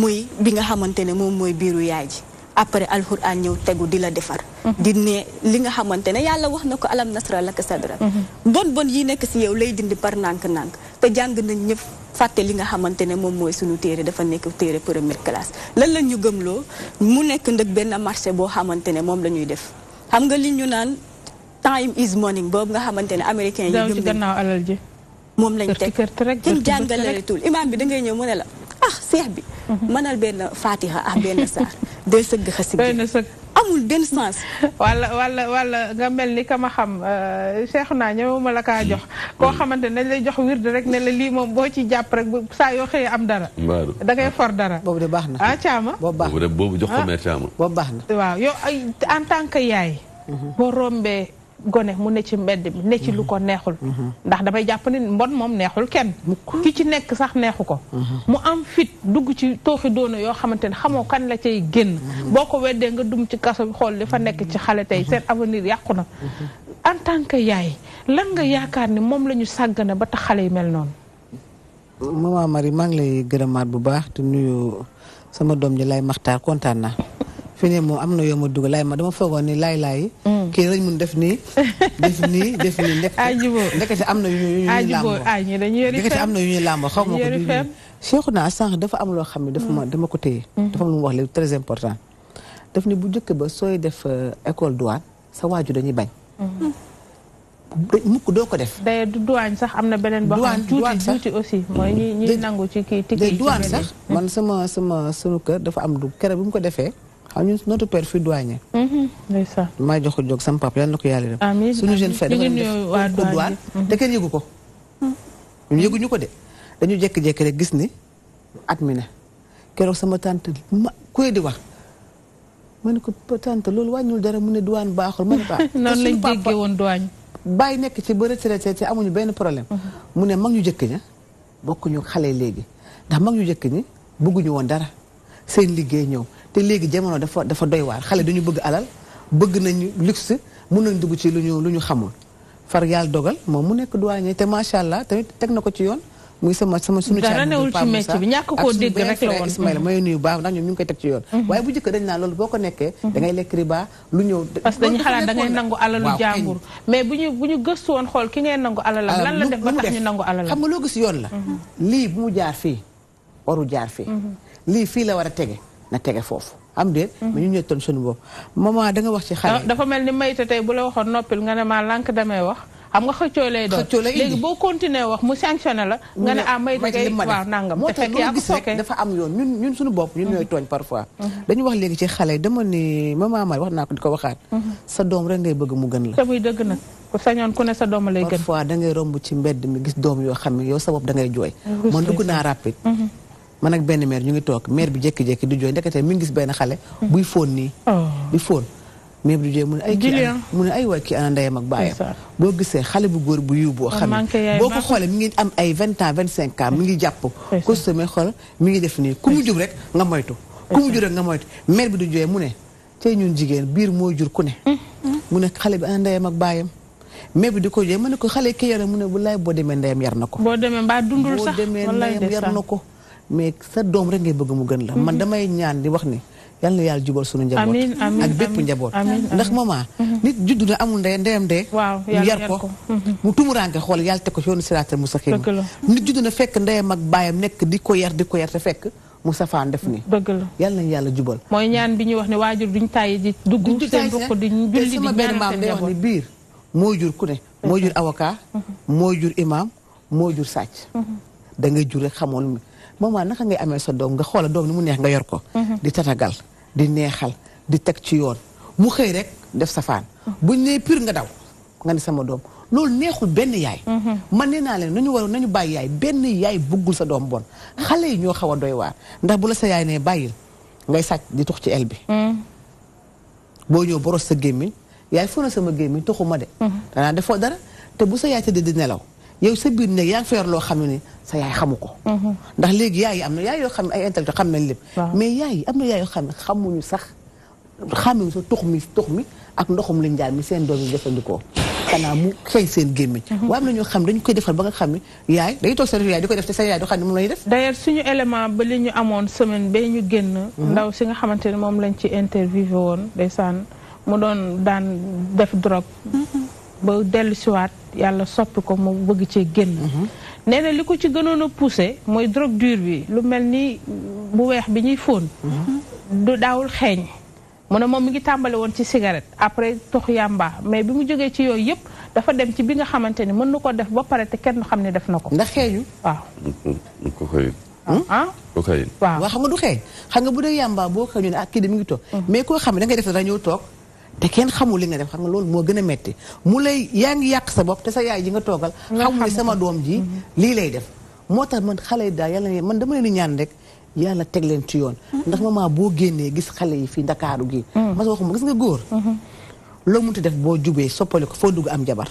muy bi nga xamante ne moom mooy biiru yaay ji après alxuraan ñëw tegu di la defar. Mhm. di ne li nga xamante ne yàlla wax na ko alam nasra laka sadra mhm. bon bon yi nekk si yow lay dindi par nànk-nànk te jàng nañ ñëpp fàtte li nga xamante ne moom mooy sunu téere dafa nekk téere première classe lan la ñu gëmloo mu nekk ndëg benn marché boo xamante ne moom la def xam nga li ñu naan time is morning boobu nga xamante ne américain yi gëm nañ moom lañ teg kenn jàngaleetul imaam bi da ngay ñëw mu la ah seex bi mënal benn fatiha ah benn saar day sëgg xasib amul benn sens. wala wala wala nga mel ni kama xam Cheikh naa ñëwuma la kaa jox koo xamante nañ lay jox wird rek ne la lii moom boo ci jàpp rek saa yoo xëyee am dara da ngay for dara boobu de baax na ah caama boobu jox ko mère caama boobu baax na waaw yow en tant que yaay boo rombee gone mu ne ci mbedd mi ne ci lu ko neexul mhm. Mhm. ndax damay jàpp ni mbon moom neexul kenn ki ci nekk sax neexu ko mhm. mu am fit dugg ci tooxi doona yoo xamante ne xamoo kan la cay génn boo ko weddee nga dum ci kaso bi xool dafa nekk ci xale tey seen avenir yàqu na en tant que yaay lan nga yaakaar ni moom lañu ñu ba tax xale yi mel noonu maman Marie maa ngi lay gërëmaat bu baax te nuyu sama doom ji lay maxtaar kontaan naa fi ne moom am na yoo ma dugal laay ma dama foogoon ni laay laay. Mm. kii lañ mun def nii def nii def nii <laughs> nekk. ndekete am na yu ñuy làmboo ndekete am na yu ñuy ko du dafa am loo xam ne dafa ma mm. dama ko téye. Mm. dafa am lu mu wax bu njëkk ba sooy def euh, école douane sa waajur dañuy bañ. mukk doo ko def. day douane sax am na beneen boo xam tuuti tuuti aussi. mooy ñi ñi nangu ci kii tiki. douane sax man sama sama sunu kër dafa am du kere bi mu ko defee. xam ñun notre père fut douanier. Mm-hmm. ndeysaan maa jox ko jóg sama papa yàlla na ko yàlla def. suñu jeune frère ko douane te kenn yëgu ko. Mm-hmm. ñun yëguñu ko de dañu jékki-jékki rek gis ni at mi na keroog sama tante ma di wax. ma ne ko tante loolu wàññul dara mu ne douane baaxul ma ne baax. Ah, <laughs> noonu lañ déggee woon douane. nekk ci ba retraité ci amuñu benn problème. Mm-hmm. mu ne mag ñu jëkk ña bokkuñu xale léegi ndax mag ñu jëkk ñi bëgguñu woon dara seen liggéey ñëw. te léegi jamono dafa dafa doy waar xale dañu bëgg alal bëgg nañu luxe mun nañ dugg ci lu ñu lu ñu xamul far yàlla dogal moom mu nekk douanier te macha allah tamit teg na ko ci yoon mu sama sama sunu dara newul ci métier bi ñàkk koo dégg rek la woon Ismaïla mooy nuyu baax ndax ñoom koy teg ci yoon mhm. waaye bu jëkk dañ naa loolu boo ko nekkee mhm. da ngay lekk riba lu ñëw parce que xalaat da ngay nangu alalu jàmbur mais bu ñu bu ñu gëstu woon xool ki ngay nangu alalam lan la def ba tax ñu nangu alalam xam nga loo gis yoon la mhm. lii bu mu jaar fii waru jaar fii lii fii la war a tege na tege foofu am déet mm-hmm. mais ñu ñettoon suñu bopp maman da nga wax ci xale ah, dafa bu la waxoon noppil nga ne maa lànk damay wax xam nga xëccoo lay boo continuer wax mu sanctionné la nga ne ah mayta kay waaw nangam moo tax loo gis rek dafa am yoon ñun ñun suñu bopp ñun ñooy mm-hmm. tooñ parfois mm-hmm. dañu wax léegi ci xale dama ne maman Amar wax di ko waxaat sa doom rek ngay bëgg mu gën la muy dëgg nag ku sañoon ku sa doom lay gën da ngay romb ci mbedd mi gis doom yoo xam ne yow sa bopp da ngay jooy man dugg naa rapide man ak benn maire ñu ngi toog maire bi jékki-jékki di jooy ndekete mi ngi gis benn xale. buy fóon nii. Oh. di fóon bi mu ne ay. mu ne ay waay kii ana ndeyam ak boo gisee xale bu góor bu yiw boo. xam ne boo ko xoolee mi ngi am ay vingt ans vingt cinq mi ngi jàpp. ko semé xool mi ngi def nii ku mu jub rek nga moytu. ku nga moytu maire bi di jooy mu ne. te ñun jigéen biir moo jur ku ne. Mm. mu ne xale bi ana ndeyam ak baayam. mais bi di ko jooy mu ne ko xale ki yar mu ne bu wallaay boo demee ndeyam yar na ko. boo demee mbaa dundul sax wallaay de sax boo demee ndeyam yar na ko mais sa doom rek ngay bëgg mu gën la. man mhm. damay ñaan di wax ni yal na yàlla jubal sunu njaboot. ak bépp njaboot. ndax maman. Mhm. nit juddu na amul ndey ndeyam de. waaw yar ko mhm. mu tumuraanke xool yàlla teg ko ci yoonu siraatal mustaqim nit juddu na fekk ndeyam ak baayam nekk di ko yar di ko yar te fekk. mu safaan def ni dëgg la yal nañu yàlla jubal. mooy ñaan bi ñuy wax ne waajur duñ tàyyi di dugg seen ruq di julli di ñaanal seen njaboot sama benn maam day wax ni biir moo jur ku ne. moo jur avocat. moo jur imam da ngay jur rek maman naka ngay amee sa doom nga xoola doom ni mu neex nga yor ko. Mhm. di tatagal di neexal di teg ci yoon mu xëy rek def safaan buñ nee pur nga daw nga ni sama doom loolu neexul benn yaay. Mhm. man nee naa leen nañu war nañu bàyyi yaay benn yaay buggul sa doom bon xale yi ñoo xaw a doy waar ndax bu la sa yaay nee bàyyil ngay sàcc di tux ci el bi. Mhm. boo ñëw boros sa gémmiñ yaay foo na sama gémmiñ tuxuma de. danaa defoo dara te bu sa yaay tëddee di nelaw. yow sa biir néeg yaa ngi loo xam ne sa yaay xamu ko. Mhm. ndax léegi yaay yi am na yaay yoo xam ne ay intellectuel xam nañ lépp. mais yaay yi am na yaay yoo xam ne xamuñu sax xamuñu sa tux mi tux mi ak ndoxum li njaar mi seen doom yi jëfandikoo. xanaa mu xëy seen gémmiñ. Mhm. waaye am na ñoo xam dañu koy defal ba nga xam ne yaay dañuy toog seen def te seen yaay du xam ne moom la ñuy def. d'ailleurs suñu élément ba li ñu amoon semaine bee ñu génn. Mhm. ndaw si nga xamante ne moom lañ ci interviewé woon ndeysaan mu doon daan def drogue. ba dellusiwaat yàlla soppi ko mu bëgg cee génn mhm. nee na li ko ci gënoon a mooy drogue dure bi lu mel nii bu weex bi ñuy fóon mhm. du daawul xeeñ mu ne moom mu ngi tàmbale woon ci cigarette après tox yàmba mais bi mu jógee ci yooyu yëpp dafa dem ci bi nga xamante ni mën na ko def ba pare te kenn xam ne def na ko ndax xeeñu waaw cocaïne ah, hmm? ah? cocaïne xam nga du xeeñ xam nga bu dee yàmba boo xeeñu ne ak ah, kii de mi ngi toog mm. mais koo xam ne da def dara ñëw toog te kenn xamul li nga def xam nga loolu moo gën a metti mu lay yaa ngi yàq sa bopp te sa yaay ji nga toogal xamul sama doom ji mm-hmm. lii lay def moo tax man xale yi daal yàlla man dama leen ñaan rek yàlla teg leen ci yoon mm-hmm. ndax maman boo génnee gis xale yi fii ndakaaru gi mm-hmm. mas waxuma gis nga góor loo munti def boo jubee soppali ko foo dugg am jabar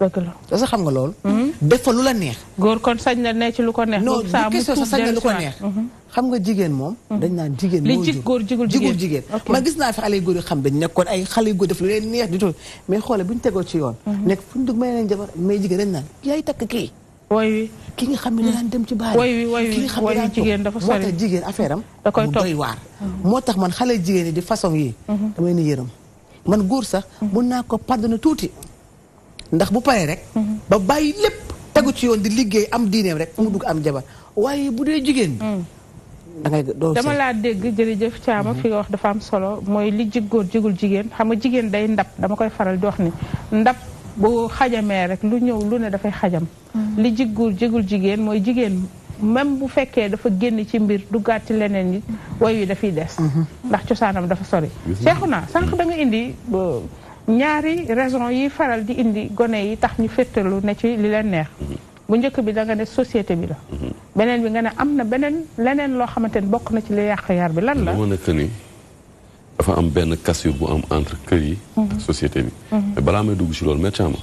dëgg la parce que xam nga loolu. dafa lu la neex. góor kon sañ na ne ci lu ko neex. non bu question sax sañ na lu ko neex. Mhm. xam nga jigéen moom. Mhm. dañ naan jigéen moo jig góor jigul jigéen man gis naa fi xale yu góor yi xam dañ nekkoon ay xale yu góor def lu leen neex di tuuti mais xoole bu ñu tegoo ci yoon. Mhm. nekk fu ñu dugg may leen jabar naan yaay takk da daan dem jigéen da koy topp mu doy waar. yi di façon yërëm man góor sax mun naa ko pardonner tuuti ndax bu paree rek. Mhm. ba bàyyi lépp tegu ci yoon di liggéey am diineem rek mu dugg am jabar waaye bu dee jigéen bi. Mhm. dama laa dégg jërëjëf Thiam mhm. fi wax dafa am solo mooy li jig góor jigul jigéen xam nga jigéen day ndab dama koy faral di wax ni ndab boo xajamee rek lu ñëw lu ne dafay xajam li jig góor jigul jigéen mooy jigéen même bu fekkee dafa génn ci mbir duggaat ci leneen yi way wi dafiy des ndax cosaanam dafa sori seexu naa sànq da indi ñaari raison yi faral di indi gone yi tax ñu féttalu ne ci li leen neex mhm. bu njëkk bi da nga ne société bi la mhm. beneen bi nga ne am na beneen leneen loo xamante ne bokk na ci li yàq yar bi lan la moo nekk ni dafa am benn cassure bu am entre kër yi ak mhm. société bi balaa may dugg ci loolu méttiama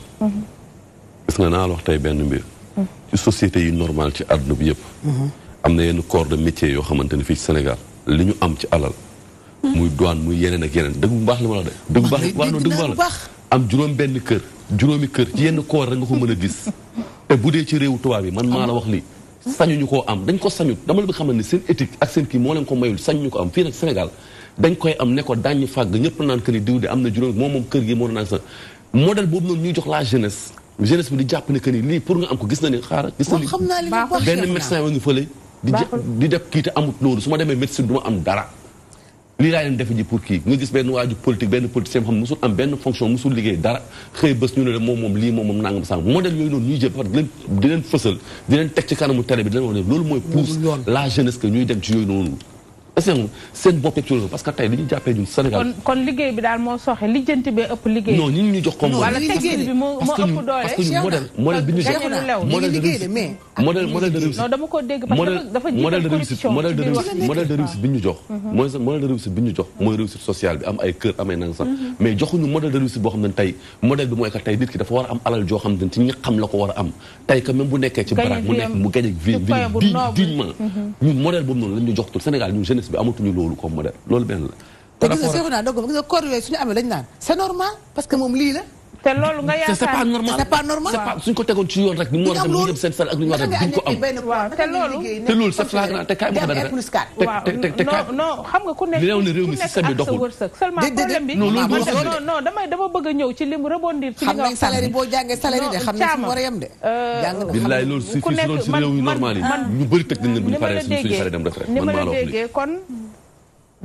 gis nga naa la wax tey benn mbir ci société yi normal ci àdduna bi yëpp am na yenn corps de métier yoo xamante ne fii ci Sénégal li ñu am ci alal muy douane muy yeneen ak yeneen dëgg bu baax la ma la wax de. dëgg bu baax la am juróom benn kër juróomi kër ci yenn koor rek nga ko mën a gis te bu dee ci réew tubaab yi man maa la wax li sañu ñu ko am dañ ko sañu dama la bëgg xamal ne seen éthique ak seen kii moo leen ko mayul sañu ñu ko am fii nag Sénégal dañ koy am ne ko daañu fàgg ñëpp naan kër yi diw de am na juróom moom moom kër gi moo naan sa modèle boobu noonu ñuy jox la jeunesse jeunesse bi di jàpp ne que ni lii pour nga am ko gis na ni xaaral gis na ni benn médecin wa ngi def kii amut loolu su ma demee médecine du ma am dara lii laa leen defe ji pour kii nga gis benn waaju politique benn politicien xam musul am benn fonction musul liggéey dara xëy bés ñu ne la moom moom lii moom moom nangam sànq modèle yooyu noonu ñuy jël di leen di di leen teg ci kanamu télé bi di leen wax ne loolu mooy pousse la jeunesse que ñuy dem ci yooyu noonu seen seen bopp ñu jàppee ñun Sénégal. kon kon liggéey bi daal moo soxe lijjanti bee ëpp liggéey. bi moo jox mooy modèle mm-hmm. sociale bi am ay kër amee nang sax. Mm-hmm. mais joxuñu modèle de réussite boo xam ne tey modèle bi mooy que tey nit ki dafa war am alal joo ne ci ñi la ko war am tey que même nekkee ci baraak mu nekk mu gañ ak vie vie dignement mm-hmm. ñun modèle boobu noonu lañ ñu jox Sénégal ñun jeunesse jeunesse bi amatuñu loolu comme modèle loolu benn la. par rapport ak te gis nga Seydou naa dëgg fa gis nga corps yooyu suñu amee lañu naan c'est normal parce que moom lii la. te loolu nga yaakaar normal c'est pas tegoon ci yoon rek ni war a seen fel ak lu loolu te loolu c'est flagrant te xam dara te te kaay non xam nga ku nekk ku nekk ak sa wërsëg seulement problème dama bëgg a ñëw ci lim rebondir ci li boo jàngee salaire de xam ne fi mu war a yem de euh, jàng na billaay loolu si fii bëri teg nañ leen bu dem def rek man kon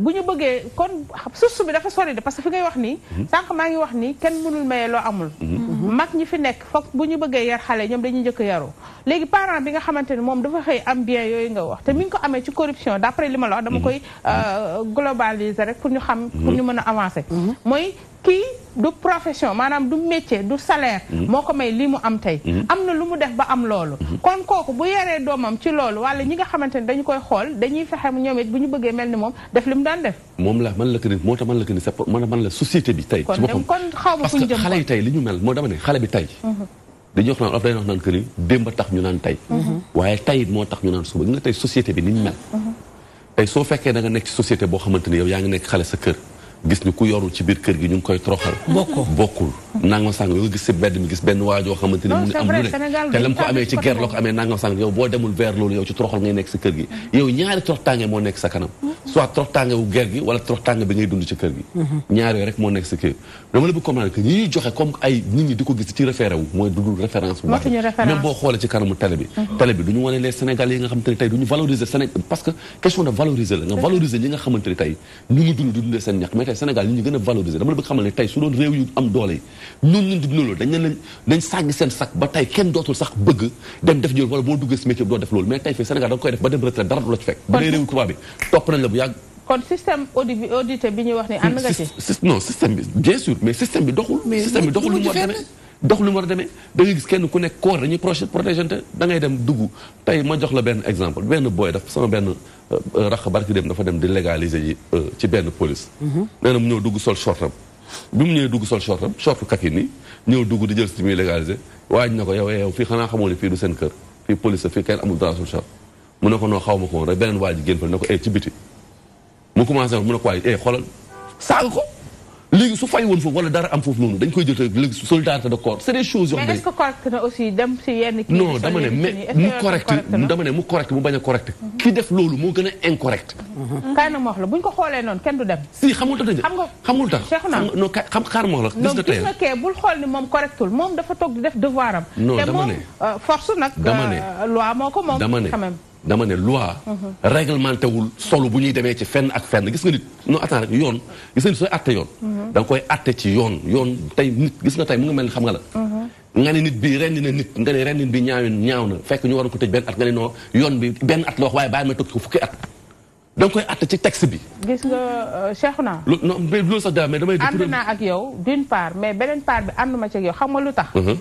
bu ñu bëggee kon suuf bi dafa sori de parce que fi ngay wax nii. Mhm. sànq maa ngi wax nii kenn mënul maye loo amul. Mhm. mag ñi fi nekk foog bu ñu bëggee yar xale ñoom dañuy njëkk a yaru léegi parent bi nga xamante ne moom dafa xëy am bien yooyu nga wax te mi ngi ko amee ci corruption d'après li ma la dama mhm. koy euh, globaliser rek pour ñu xam. pour ñu mën a avancer. mooy kii du profession maanaam du métier du salaire mhm. moo ko may lii mu am tey mhm. am na lu mu def ba am loolu mhm. kon kooku bu yaree doomam ci loolu wala ñi nga xamante ne dañu koy xool dañuy fexe ñoom it bu ñu bëggee mel ni moom def li mu daan def moom la man la ko moo tax man la ko sa man man la bi tey ci boppam kon xaw tey li ñu mel moo dama xale bi tey dañuy wax naan of day wax naan que ni démb tax ñu naan tey waaye tey moo tax ñu naan suba ñu nga tey société bi ni ñu mel tey soo fekkee da nga nekk ci société boo xamante ne yow yaa ngi nekk xale sa kër gis ni ku yoru ci biir kër gi ñu ngi koy troxal bokkul nangam sàng yoo gis si bedd mi gis benn waajoo xamante ni mu ne te lam ko amee ci ger la ko amee nangam sàng yow boo demul vers loolu yow ci toroxal ngay nekk kër gi yow ñaari torox tànge moo nekk sa dund ci kër gi mhm. ñaar yooyu rek moo nekk sa kër dama la bëgg comprendre que ñi ñuy joxe comme ay nit ñi di ko gis mhm. ñu nga xamante ni ñu ngi dund di dundee seen ñàkk mais tey Sénégal ñi ñu gën a valoriser la bëgg xamal ne tey su doon réew yu am doole ñun ñun dugg loolu dañ leen dañ seen sac ba tey kenn dootul sax bëgg dem def jël wala boo duggee si métier bi doo def loolu mais tey fii Sénégal da nga koy def ba dem retraite dara du la ci fekk. ba léegi réew tubaab bi topp la bu yàgg. kon système a demee doxul lu mu war a gis kenn ku nekk koor dañuy proche protégente dem dugg tey ma jox la benn exemple benn booy daf sama benn euh, rax barki dem dafa dem di légaliser ji euh, ci benn police. Mhm. nee na mu ñëw dugg sol shortam bi mu ñëwee dugg sol short am short kaki ni ñëw dugg di jël si muy légalisé waaj na ko yow yow fii xanaa xamoo ne fii du seen kër fii police fii kenn amul droit sol short mu ne ko noo xaw ma ko rek beneen waa ji génn fa ne ko eh ci biti mu commencé mu ne ko waay eh xoolal saaga ko léegi su fay woon foofu wala dara am foofu noonu dañ koy jël te léegi solidarité de corps c' est des choses yoo xam ne correct na aussi dem si yenn kii non ne noonu kenn du dem si xamul tax xam nga xamul tax non xam xaar ma wax la gis nga tey gis nga bul xool ni moom correctul moom dafa toog di def devoir am non euh, dama ne force euh, nag loi moo ko moom dama ne dama ne loi réglementé wul solo bu ñuy demee ci fenn ak fenn gis nga nit non attends rek yoon gis nga nit sooy atte yoon mhm. da nga koy atte ci yoon yoon tey gis nga tey mu ngi mel ni xam nga la mhm. nga nit bi rendi na nit nga ne rendi bi ñaaw ñaaw na fekk ñu waroon ko tëj benn at nga ne non yoon bi benn at la wax waaye bàyyi ma toog ko fukki at da koy atte ci texte bi gis nga euh, Cheikhouna non mais loolu sax daa mais damay ànd ak yow d'une part mais beneen part bi ànduma ci ak yow xam nga lu tax mhm.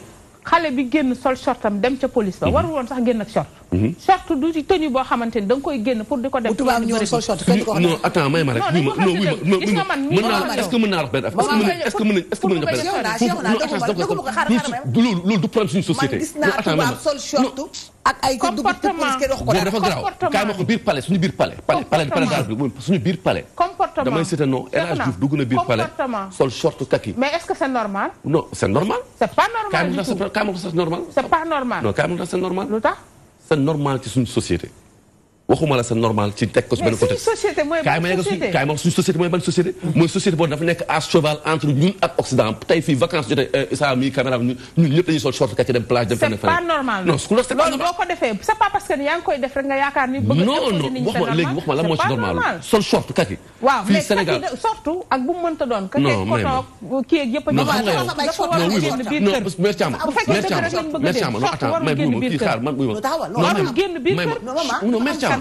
xale bi génn sol shortam dem ca police ba waru woon sax génn ak short surtout mhm. du ci tenue boo xamante ni da nga koy génn pour di ko dem. bu tubaab ñëwoon sol short kenn ko non attends may ma rek. non non oui ma non mën naa est-ce que mën naa rafet est-ce que mën nañ est-ce que mën nañ rafet loolu loolu du problème suñu société. man gis naa tubaab sol short ak ay ko dugg te police kenn wax ko dara. comportement kaay ma ko biir palais suñu biir palais. comportement palais palais suñu biir palais. comportement damay seetlu non El Hadj Diouf dugg na biir palais. sol short kaki. mais est-ce que c'est normal. non c'est normal. c'est pas normal du tout kaay ma ko sax normal. c'est pas normal. non kaay ma ko sax normal. lu tax normal ci suñu société waxuma la sa normal ci teg ko su benn côté kaay ma yegg suñu kaay ma suñu société mooy ban société mooy société boo dafa nekk à cheval entre ñun ak Occident tey fii vacances jotee euh, Issa mi caméra bi ñun ñëpp dañuy sol short kàcce dem plage dem feneen feneen c'est pas normal non su loolu c'est pas normal loolu boo ko defee c'est pas parce que yaa ngi koy def rek nga yaakaar ni bëgg non non wax ma léegi wax ma lan moo ci normal sol short kàcce waaw fii Sénégal surtout ak bu mu mënta doon ka teg ko toog kii ak yëpp a dafa war a génn biir kër bu fekkee dëgg rek lañ bëgg a def short warul génn biir kër warul génn biir kër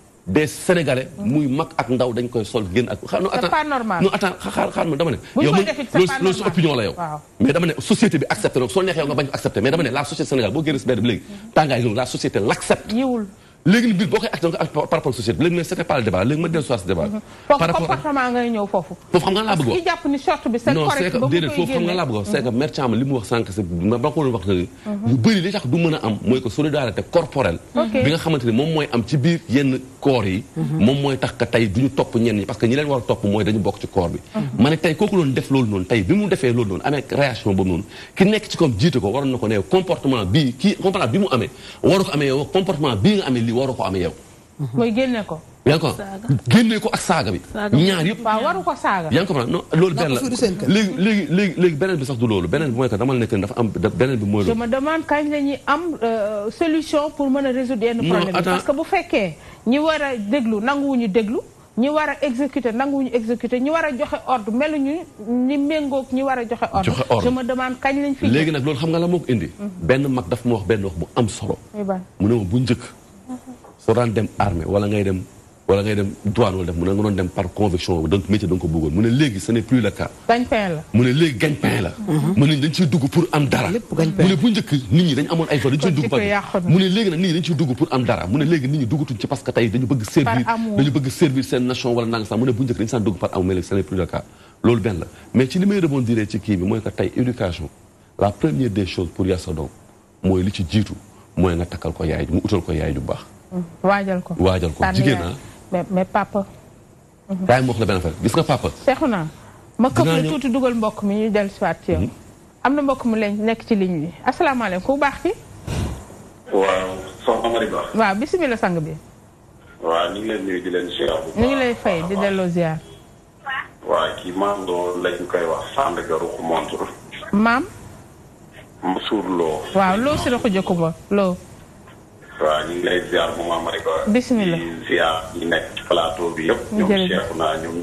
des sénégalais muy mag ak ndaw dañ koy sol génn ak. c'est pas normal non attends xaar xaar man nga bañ ko accepté mais dama ne la société boo génnee si benn bi léegi. tàngaay gi la société l' ma dellu si débat. par rapport comportement ngay ñëw foofu. foofu xam nga mhm. ma ba ko doon wax léegi. lu mhm. bëri li tax du mën a am mooy que solidarité corporelle. bi nga xamante moom mooy am ci biir yenn koor yi moom mooy tax que tey du ñu topp ñenn ñi parce que ñi leen war a topp mooy dañu bokk ci koor bi ma ne kooku doon def loolu noonu tey bi mu defee loolu noonu amee réaction boobu noonu ki nekk ci comme jiite ko waroon na ko ne comportement bi mu amee waru ko amee yow comportement bii nga amee lii waru ko amee yow yaa ngi ko génne ko ak saaga bi. ñaar yëpp waaw waru ko saaga. yaa ngi loolu benn la léegi léegi léegi léegi beneen bi sax du loolu beneen bi mooy que dama la nekk dafa am beneen bi mooy loolu. je demande kañ la ñuy am euh, solution pour mën a résoudre yenn problème que bu fekkee ñi war a déglu nanguwuñu déglu. ñi war a exécuter nanguwuñu exécuter ñi war a joxe ordre meluñu ni méngoog ñi war a joxe ordre. joxe ordre je me demande kañ lañ fi. léegi nag loolu xam nga la moo ko indi. Mhm. benn mag daf ma wax benn wax bu am solo. Eh mu ne ma bu njëkk mhm. soo dem armée wala ngay dem wala ngay dem douane wala def mu ne nga doon dem par conviction donc métier da nga ko bëggoon mu ne léegi ce est plus le cas. gagne la mu ne léegi gagne-pain la. Mhm. mu ne dañ ciy dugg pour am dara. mu ne bu njëkk nit ñi dañ amoon ay fa dañ ciy dugg par mu ne léegi nag nit ñi dañ ciy dugg pour am dara mu ne léegi nit ñi duggatuñ ci parce que tey dañu bëgg servir dañu bëgg servir seen nation wala nang sax mu ne bu njëkk dañ saan dugg par amu mais léegi ce est plus le cas loolu benn la mais ci li may rebondir ci kii bi mooy que tey éducation la première des choses pour yar sa doom mooy li ci jiitu mooy nga takkal ko yaay mu utal ko yaay ju baax waajal ko waajal ko jigéen mais mais papa. daañu mhm. wax gis nga papa. seexu naa ma këpp tuuti dugal mbokk mi ñu dellusiwaat ci yow. Mhm. am na mbokk mu lañ nekk ci ligne bi asalaamaaleykum ku baax ki waaw soxna Mari sang bi. waaw ñu ngi lay fay di delloo ziar. waaw kii maam loo lañ koy wax sànd garu ku montre. maam. Mansour Lo. waaw loo si la ko jëkku ba loo. waaw ñu ngi lay ziar bu ma may ko. bisimilah di ziar ñu nekk ci plateau bi yëpp. ñoom seeku naa ñoom.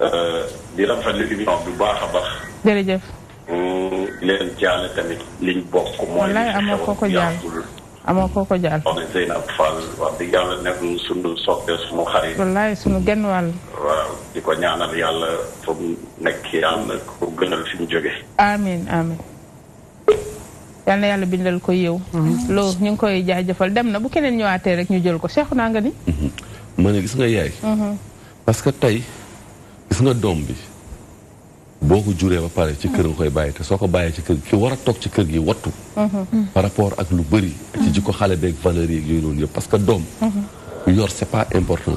Euh, di rafetlu émission bi bu baax a baax. jërëjëf. Mm, di leen jaale tamit liñ bokk. mooy li amoo ko ko jaal amoo ko ko jaal. soxna Zeynab Fall wax dëgg yàlla nekk sunu soppe sunu xarit. wallaay sunu genn wàll. waaw di ko ñaanal yàlla fa mu nekk yàlla ko gënal fi mu jóge. amiin amiin. yal na yàlla bindal ko yëw mhm. loolu ñu ngi koy jaajëfal dem na bu keneen ñu ñëwaatee rek ñu jël ko seexu naa nga ni mhm. ma ne gis nga yaay mhm. parce que tey gis nga doom bi boo ko juree ba pare ci kër nga koy bàyyi te soo ko bàyyee ci kër gi ki war a toog ci kër gi wattu par rapport ak lu bëri ci jikko xale beeg valeurs yi yooyu noonu yëpp parce que doom yor c'est pas important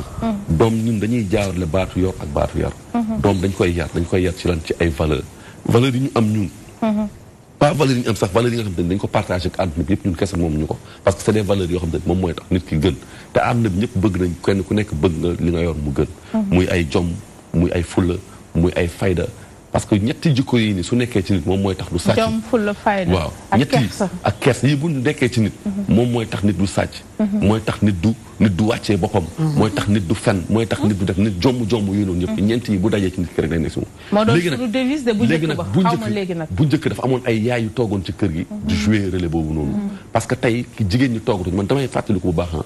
doom ñun dañuy jaawale baatu yor ak baatu yar doom dañ koy yar dañ koy yar ci lan ci ay valeur valeurs yi am ñun pas valeur yi ñu am sax valeur yi nga xam te dañ ko partagé ak àdduna bi yëpp ñun kese moom ñu ko parce que c'est des valeurs yoo xam te ne moom mooy tax nit ki gën te àdduna bi ñëpp bëgg nañ kenn ku nekk bëgg nga li nga yor mu gën mhm. muy ay jom muy ay fulla muy ay fayda parce que ñetti jikko yi ni su nekkee ci nit moom mooy tax du sàcc jom fulla fayda waaw ñetti ak yi bu nekkee ci nit mhm. moom mooy tax nit du sàcc mhm. mooy tax nit du nit du wàccee boppam mhm. mooy tax nit du fen mooy tax nit du def nit jomm jomm yooyu noonu ñëpp ñeent yi bu dajee ci nit ki rek day ne si léegi nag bu njëkk dafa amoon ay yaay yu toogoon ci kër gi di jouer boobu noonu parce que tey ki jigéen ñi toogatuñ man damay fàttaliku bu baax ah.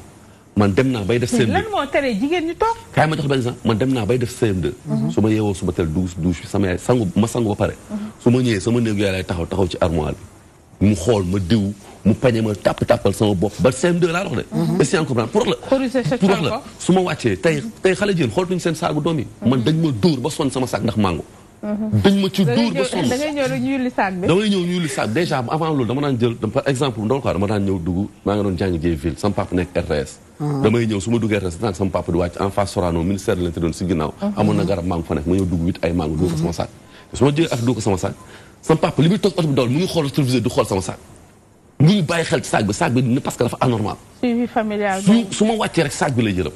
man dem naa bay def CM2 lan moo ma dem naa bay def CM2. Mhm. su ma yeewoo su ma teel si douche bi sama yaay sangu ma sangu ba pare. Mhm. su ma ñëwee sama néegu yaay lay taxaw taxaw ci armoire mu xool ma diw mu pañe ma tàpp tàppal sama bopp ba cm laa dox de. Mhm. est-ce su ma wàccee tey tey xale jigéen xoolatuñu seen saagu doom yi. man dañ ma dóor ba sonn sama saag ndax mango. dañ ma ci dóor ba sonn da ngay ñëw rek ñuy li saag bi. dama daan exemple dama daan ñëw dugg maa nga doon jàngi Ville sama papa nekk RTS Uh-huh. damay ñëw su ma duggee res naag sama papa di wàcc en face Sorano ministère de l'intérieur si ginnaaw uh-huh. amoon na garab mango fa nekk ma ñëw dugg huit ay mango dugg ko uh-huh. sama sac su ma papa li muy toog oto bi dawal mu ngi xool téléviseur di xool sama sac bi sac bi parce que dafa anormal suivi familial su ma wàccee rek sac bi lay jëlam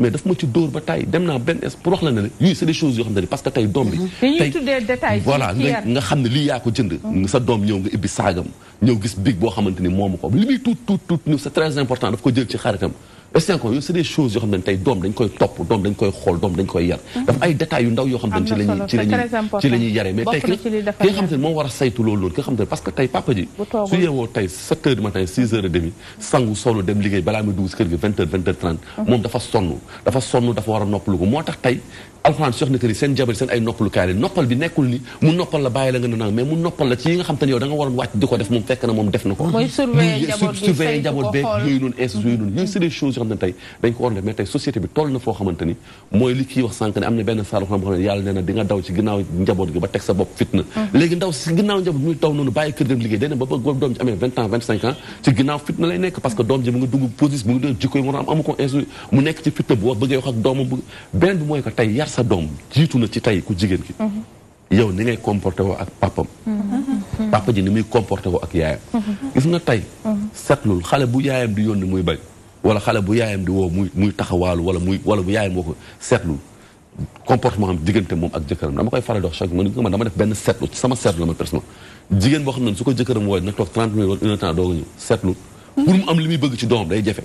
mais daf ma ci dóor ba tay dem na benn es pour wax la ne la yii c'est des choses yoo xam ne parce que tey doom bi mhm. tey voilà nga xam ne lii yaa ko jënd mhm. sa doom ñëw nga ibbi saagam ñëw gis big boo xamante ni moomu ko li muy tuut tuut tuut c'est très important daf ko jël ci xaritam instant quoi yooyu c'est des choses yoo xam ne tey doom dañ koy topp doom dañ koy xool doom dañ koy yar mhm. dafa ay détails yu ndaw yoo xam ne ci lañuy yare mais tey ki xam ne moom war a saytu loolu loolu ki xam ne parce que papa ji su yeewoo tey 7 heures matin 6 heures demi sangu solu dem liggéey balaa muy dugg si kër gi mhm. moom dafa sonn dafa sonn dafa war a noppalu ko moo tax tey alxuraan soxna kër yi seen jabar seen ay noppalukaay la noppal bi nekkul ni mu noppal la bàyyi la nga ne naan mais mu noppal la ci yi nga xam te ne yow da nga waroon wàcc di ko def moom fekk na moom def na ko mooy surveiller njaboot beeg yooyu noonu institut yooyu noonu yooyu c'est des choses yoo xam ne tey dañ ko waroon def mais tey société bi toll na foo xamante ni mooy li kii wax sànq ne am na benn saal boo xam ne yàlla nee na di nga daw ci ginnaaw njaboot gi ba teg sa bopp fitna mm-hmm. léegi ndaw si ginnaaw njaboot muy daw noonu bàyyi kër dem liggéey dana ba ba doom ji amee vingt ans vingt cinq ans ci ginnaaw fitna lay nekk parce que doom ji mu ngi dugg position mu ngi dugg jikko yi mu am amu ko institut mu nekk ci fitna bu wax bëggee wax ak doomam beneen bi mooy ko tey yar sa doom jiitu na ci tey ku jigéen ki mhm. yow ni ngay comporté woo ak papam mhm. Mhm. papa ji ni muy comporté woo ak yaayam gis nga tey setlul xale bu yaayam di yoon yónni muy bañ wala xale bu yaayam di woo muy muy taxawaalu wala muy wala bu yaayam woo ko setlul comportement am diggante moom ak jëkkëram dama koy faral di wax chaque man man dama def benn seetlu sama seetlu la ma personnel jigéen boo xam ne su ko jëkkëram wooye na toog 30 minutes wala une heure temps dooga am li muy bëgg ci doomam day jafe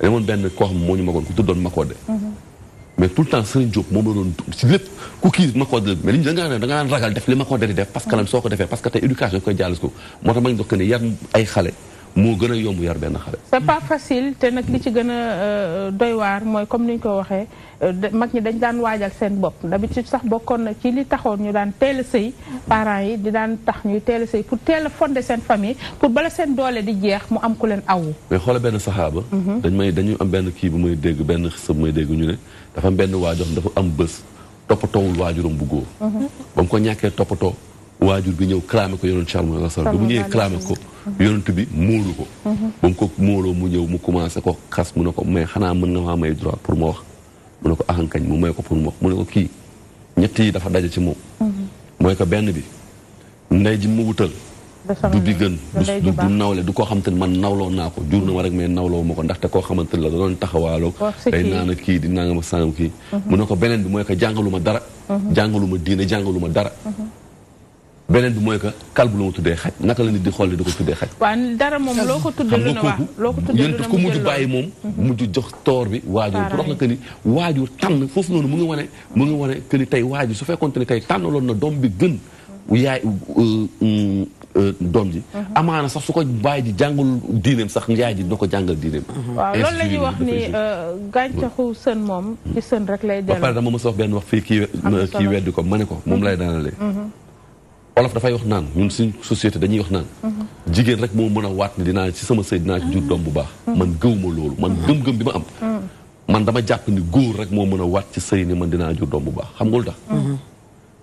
demoon benn koo xam moo ñu magoon ku tuddoon Makode. mais tout le temps Serigne Diop moom la doon si lépp ku kii Makode la mais li ñu da ngaa ne da ngaa ragal def li Makode di def parce que lan soo ko defee parce que tey éducation koy ko moo tax ñu doon ne yar ay moo gën a yomb yar benn xale. c'est pas facile te nag li ci gën a euh, doy mooy comme ni ñu ko waxee euh, mag ñi dañ daan waajal seen bopp d'habitude sax bokkoon na kii li taxoon ñu daan teel a sëy parents yi di daan tax ñuy teel a sëy pour teel a fonder seen famille pour bala seen doole di jeex mu am ku leen aw mais xoola benn saxaaba. Mhm. dañ may dañu am benn kii bu may dégg benn xisa bu may dégg ñu ne dafa am benn waajur dafa am bés toppatoowul waajuram bu góor. Mhm. ba mu waajur bi ñëw clamé ko yonent Salma alayhi salaam. bu ñëwee clamé ko yonent bi móolu ko. Mhm. ba mu ko mooloo mu ñëw mu commencé ko xas mu ne ko mais xanaa mën nga maa may droit pour ma wax. mu ko axankañ ah, mu may ko pour mu wax mu ne ko kii ñett yi dafa daje ci moom. Mhm. mooy ko benn bi ndey ji mu wutal. du gën du nawle du koo xamante ne man nawloo naa ko jur na ma rek mais ma ko ndaxte koo xamante ne la da doon taxawaaloo day naan kii di naan ma sànq kii mhm. mu ne ko beneen bi mooy ko jàngalu ma dara jàngalu ma diine jàngalu ma dara beneen bi mooy que kalbu la ma tuddee xaj naka la nit di xool di ko tuddee xaj. waaw dara moom loo ko tuddee lu ko tuddee lu ne ku mujj bàyyi moom. Mhm. mujj jox toor bi waajur pour wax la que waajur tànn foofu noonu mu ngi wane mu ngi wane que ni tey waajur su fekkonte ni tey tànnaloon na doom bi gën yaay euh, euh, euh, doom ji. Mhm. amaana sax su ko bàyyi ji jàngul diineem sax yaay ji dina ko jàngal diineem. Mhm. waaw loolu la ñuy wax ni gàncaxu sën moom. ci sën rek lay dellu. ba pare dama mos a wax benn wax ma ne ko moom lay daanalee. olof dafay wax naan ñun suñ société dañuy wax naan mhm. jigéen rek moo mën a waat ni dinaa ci sama sëy dinaa ci jur mhm. doom bu baax mhm. man gëwuma loolu man gëm-gëm bi ma am man dama jàpp ni góor rek moo mën a waat ci sëy ni man dinaa jur doom bu baax xam nga lu tax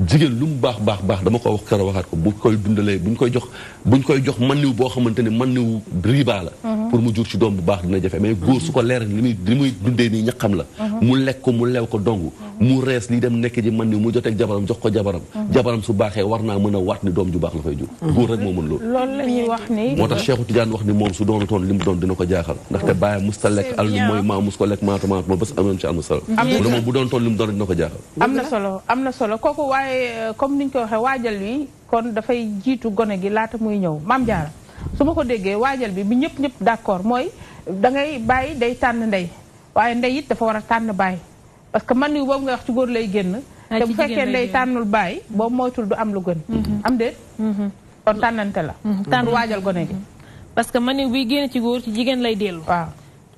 jigéen lu mu baax baax baax dama ko wax kër waxaat ko bu koy dundalee buñ koy jox buñ koy jox man niw boo xamante ni man niw riba la pour mu jur ci doom bu baax dina jafe mais góor su ko leer ni muy li muy dundee nii ñaqam la mu lekk ko mu lew ko dong mu rees li dem nekk ji man ni mu joteeg jabaram jox ko jabaram mhm. jabaram su baaxee war naa mën a waat ni doom ju baax la fay jur mhm. góor rek moo mën loolu loolu wax ni moo tax Cheikhu li mu doon dina ko jaaxal ndaxte oh. bàyyi mus ta lekk al mooy maa mus ko lekk maatamaat ma bés ko jaaxal na solo am na solo kooku waaye euh, comme niñ ko waxee waajal wi kon dafay jiitu gone gi laata muy ñëw maam jaara su ma ko déggee waajal bi bi ñëpp ñëpp d'accord mooy da ngay bàyyi day tànn ndey waaye ndey it dafa war a tànn bàyyi parce que man yu boobu nga wax ci góor lay génn ah, te bu fekkee ndey tànnul baay boobu moytul du am lu gën mhm. am déet mhm. kon tànnante la mhm. pour waajal gone parce que man buy génn ci góor ci jigéen lay dellu waaw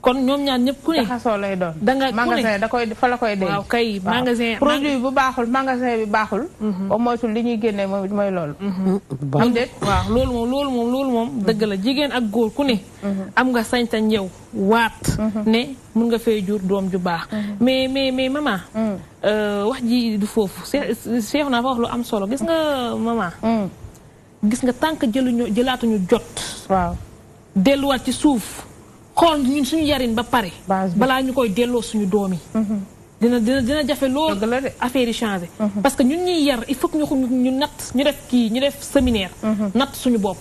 kon ñoom ñaan ñëpp ku ne. jaxasoo lay doon. da nga magasin da koy fa la koy denc. waaw kay magasin produit bu baaxul magasin bi baaxul. Mhm. ba moytul li ñuy génnee moom mooy loolu. Mhm. am déet waaw loolu moom loolu moom mhm. dëgg la jigéen ak góor ku ne. nga sañ-sañ yow waat. ne mun nga fee jur doom ju baax. mais mais mais maman. Euh, wax ji du foofu seef naa fa wax lu am solo gis nga maman. gis nga tànk jëluñu jëlaatuñu jot. waaw delluwaat ci suuf. xool ñun suñu yarin ba pare. balaa ñu koy delloo suñu doom yi. Mm-hmm. dina dina dina jafe loolu. affaire yi changé. Mm-hmm. parce que ñun ñuy yar il faut que ñu ñu natt ñu def kii ñu def séminaire. Mm-hmm. natt suñu bopp.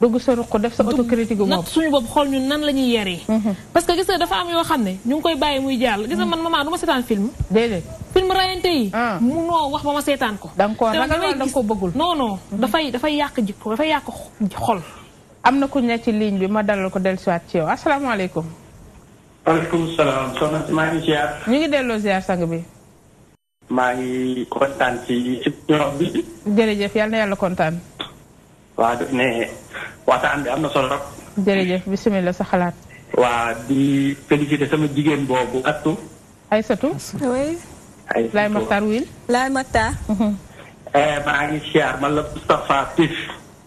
dugg sa ruq def sa autocritique bopp natt suñu bopp xool ñun nan la ñuy yaree. parce que gis nga dafa am yoo xam ne ñu ngi koy bàyyi muy jàll. gis nga man maman du ma seetaan film. déedéet film rayante yi. Ah. mu noo wax ba ma seetaan ko. da nga koo ragal da nga ko bëggul. non non dafay dafay yàq jikko dafay yàq xol. amna ku ne ci ligne bi ma dalal ko dellusiwaat ci yow asalaamaaleykum. waaleykum alaykum soxna si maa ngi ziar. ñu ngi delo ziar sang bi. maa ngi kontaan ci ci ñoom bi. jërëjëf yalla na yàlla wa waa ne waxtaan bi amna solo rek. jërëjëf bisimilah sa xalaat. wa di féliciter sama jigéen boobu attu. Aysatu. oui. Aysatu Laay Maktar Wil. Laay Maktar. Mhm. Eh, maa ngi ziar ma la Moustapha Pif.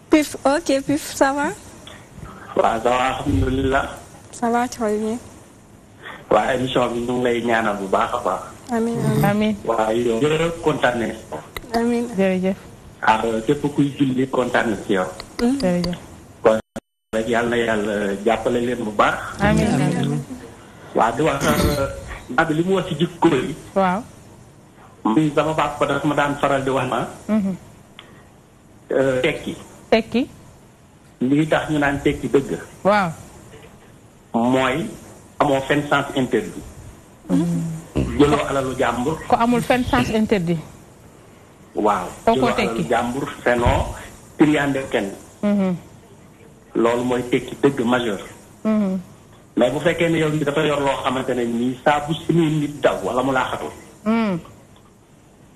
Pif ok Pif ça va. waaw ça va la ça va Thiori ñi. waa émission bi ñu ngi lay ñaanal bu baax a baax. amiin amiin. waaw yow jërëjëf kontaan nañu. amiin jërëjëf. ah euh, képp kuy julli kontaan na ci yow. Hmm? jërëjëf. kon rek yàlla na yàlla jàppale leen bu baax. amiin amiin. waa di wax euh, abi li mu wax ci jikko yi. waaw. muy sama baax ko ma daan faral di wax ma. Hmm. Euh, tekki. tekki. lii tax ñu naan tekki dëgg. waaw. mooy amoo fenn sens interdit. jëloo alalu jàmbur. ko amul fenn sens interdit. waaw jëloo alalu jàmbur fenoo triande kenn. Mm-hmm. loolu mooy tekki dëgg majeur. Mm-hmm. mais bu fekkee ne yow nit dafa yor loo xamante ne nii saa bu si nit daw wala mu laa xatu. Mm.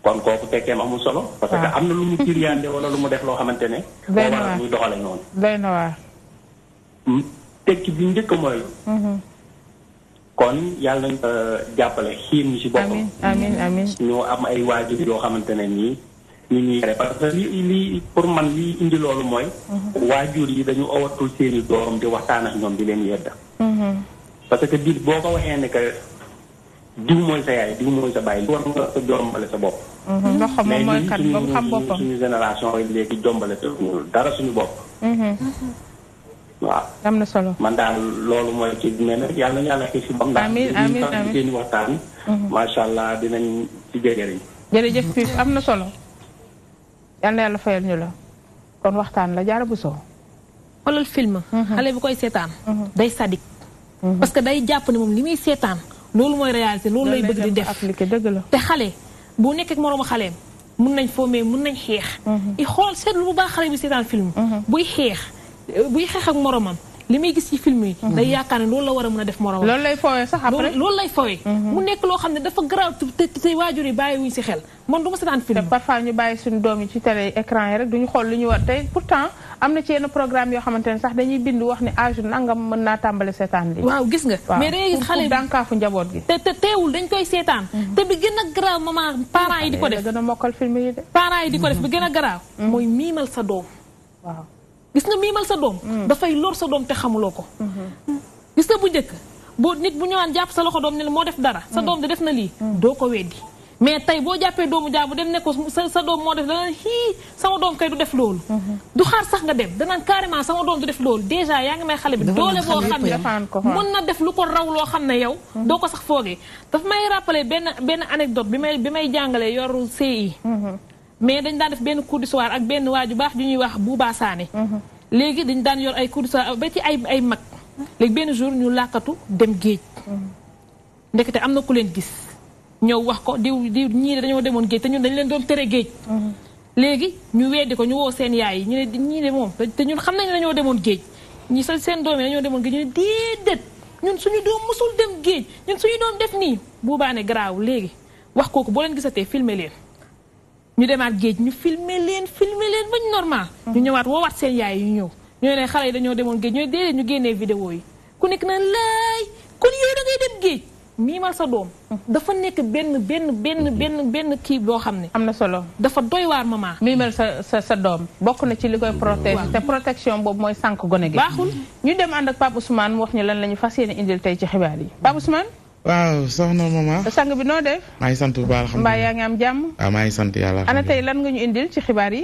kon kooku tekkeem amul solo. parce que am na lu mu kiriyaande wala lu mu def loo xamante ne. <laughs> doy na waar muy doxale noonu. doy na waar. Hmm. tekki bi njëkk mooy. Mm-hmm. kon yàlla nañ euh, jàppale xiin ñu si boppam. amiin ay waajur yoo xamante ne nii. ñu ñuy parce que li li pour man li indi loolu mooy. Mm-hmm. waajur yi dañu owatul seeni doom di waxtaan ak ñoom di leen yedd. Mm-hmm. parce que biir boo ko waxee ne que diw mooy sa yaay diw mooy sa bàyyi war nga sa doom sa bopp. Mm-hmm. ndox moom mooy kat ba mu xam boppam suñu génération dara suñu bopp. Mm-hmm. Mm-hmm. waaw am na solo. man daal loolu mooy ci mais nag yàlla na yàlla xëy si bam. amiin amiin allah dinañ ci jëriñ. jërëjëf Pif am na solo. yal na yàlla fayal ñu la. kon waxtaan la jaara bu soo. xoolal film. xale bu koy seetaan. day sadik. parce que day jàpp ne moom li muy seetaan. loolu mooy réalité loolu lay bëgg di def te xale. bu nekkee ak moroma xaleem mën nañ fomé mën nañ xeex i xool seetlu bu baax xale bi seetaan film buy xeex buy xeex ak moromam li may gis ci film yi day yaakaar ne loolu la war a mën a def moroom loolu lay fowee sax après loolu lay fowee mhm. mu nekk loo xam ne dafa garaaw te te waajur yi bàyyi wuñ si xel man du ma seetaan film parfois ñu bàyyi suñu doom yi ci télé écran yi rek duñu xool lu ñu war tey pourtant am na ci bind wax ne âge nangam mën naa tàmbale seetaan li waaw gis nga mais dangay gis xale dànkaafu njaboot gi te te teewul dañ koy seetaan mhm. te bi gën a garaaw maman parents yi di ko def gën mokkal film yi de yi di ko def bi gën a garaaw mhm. mooy miimal sa doom waaw gis nga miimal sa doom. Mm. dafay lor sa doom te xamuloo ko. Mm-hmm. Mm. gis nga bu njëkk boo nit bu ñu waan jàpp sa loxo doom ne la moo def dara. sa mm. doom di def na lii doo ko weddi. mais tey boo jàppee doomu jaabu dem ne ko sa sa doom moo def dana xii sama doom kay du loolu. Mm-hmm. du xaar sax nga dem danaan carrément sama def loolu déjà yaa ngi may xale bi. doole boo xam ne mën na def lu ko raw loo xam ne yow. Mm-hmm. doo ko sax foogee daf may rappeler benn benn anecdote bi may bi may jàngalee yoru CI. mais dañ daan def benn cours du soir ak benn waa ju baax ju ñuy wax Buuba Saane mhm. léegi dañ daan yor ay cours du soir ba ci ay ay mag léegi benn jour ñu làkkatu dem géej mhm. ndekete am na ku leen gis ñëw wax ko diw diw ñii dañoo demoon géej te ñun dañ leen doon tere géej mhm. léegi ñu weddi ko ñu woo seen yaay yi ñu ne ñii de moom te ñun xam nañ dañoo demoon géej ñi sa seen doom yi dañoo demoon géej ñu ne déedéet ñun suñu doom mosul dem géej ñun suñu doom def nii buubaane garaaw léegi wax kooku boo leen gisatee filmer leen ñu demaat géej ñu filmer leen filmer leen bañ normal. ñu mm-hmm. ñëwaat woowaat seen yaay yu ñëw ñoo ne xale yi dañoo demoon géej ñooy déedéet ñu génnee vidéo yi ku nekk naan laay kon yow da ngay dem géej miimal sa doom. Mm-hmm. dafa nekk benn benn benn mm-hmm. benn benn kii boo xam ne. am na solo dafa doy waar ma maman. miimal sa sa sa doom bokk na ci li koy protéger protection boobu mooy sànq gone gi. baaxul ñu dem ànd ak Pape Ousmane mu wax ñu lan la ñu fas yéene indil tey ci xibaar yi waaw soxna mama sang bi noo def. maa ngi sant bu baax. mbaa yaa ngi am jàmm. waaw maa ngi sant yàlla. lan nga ñu indil ci xibaar yi.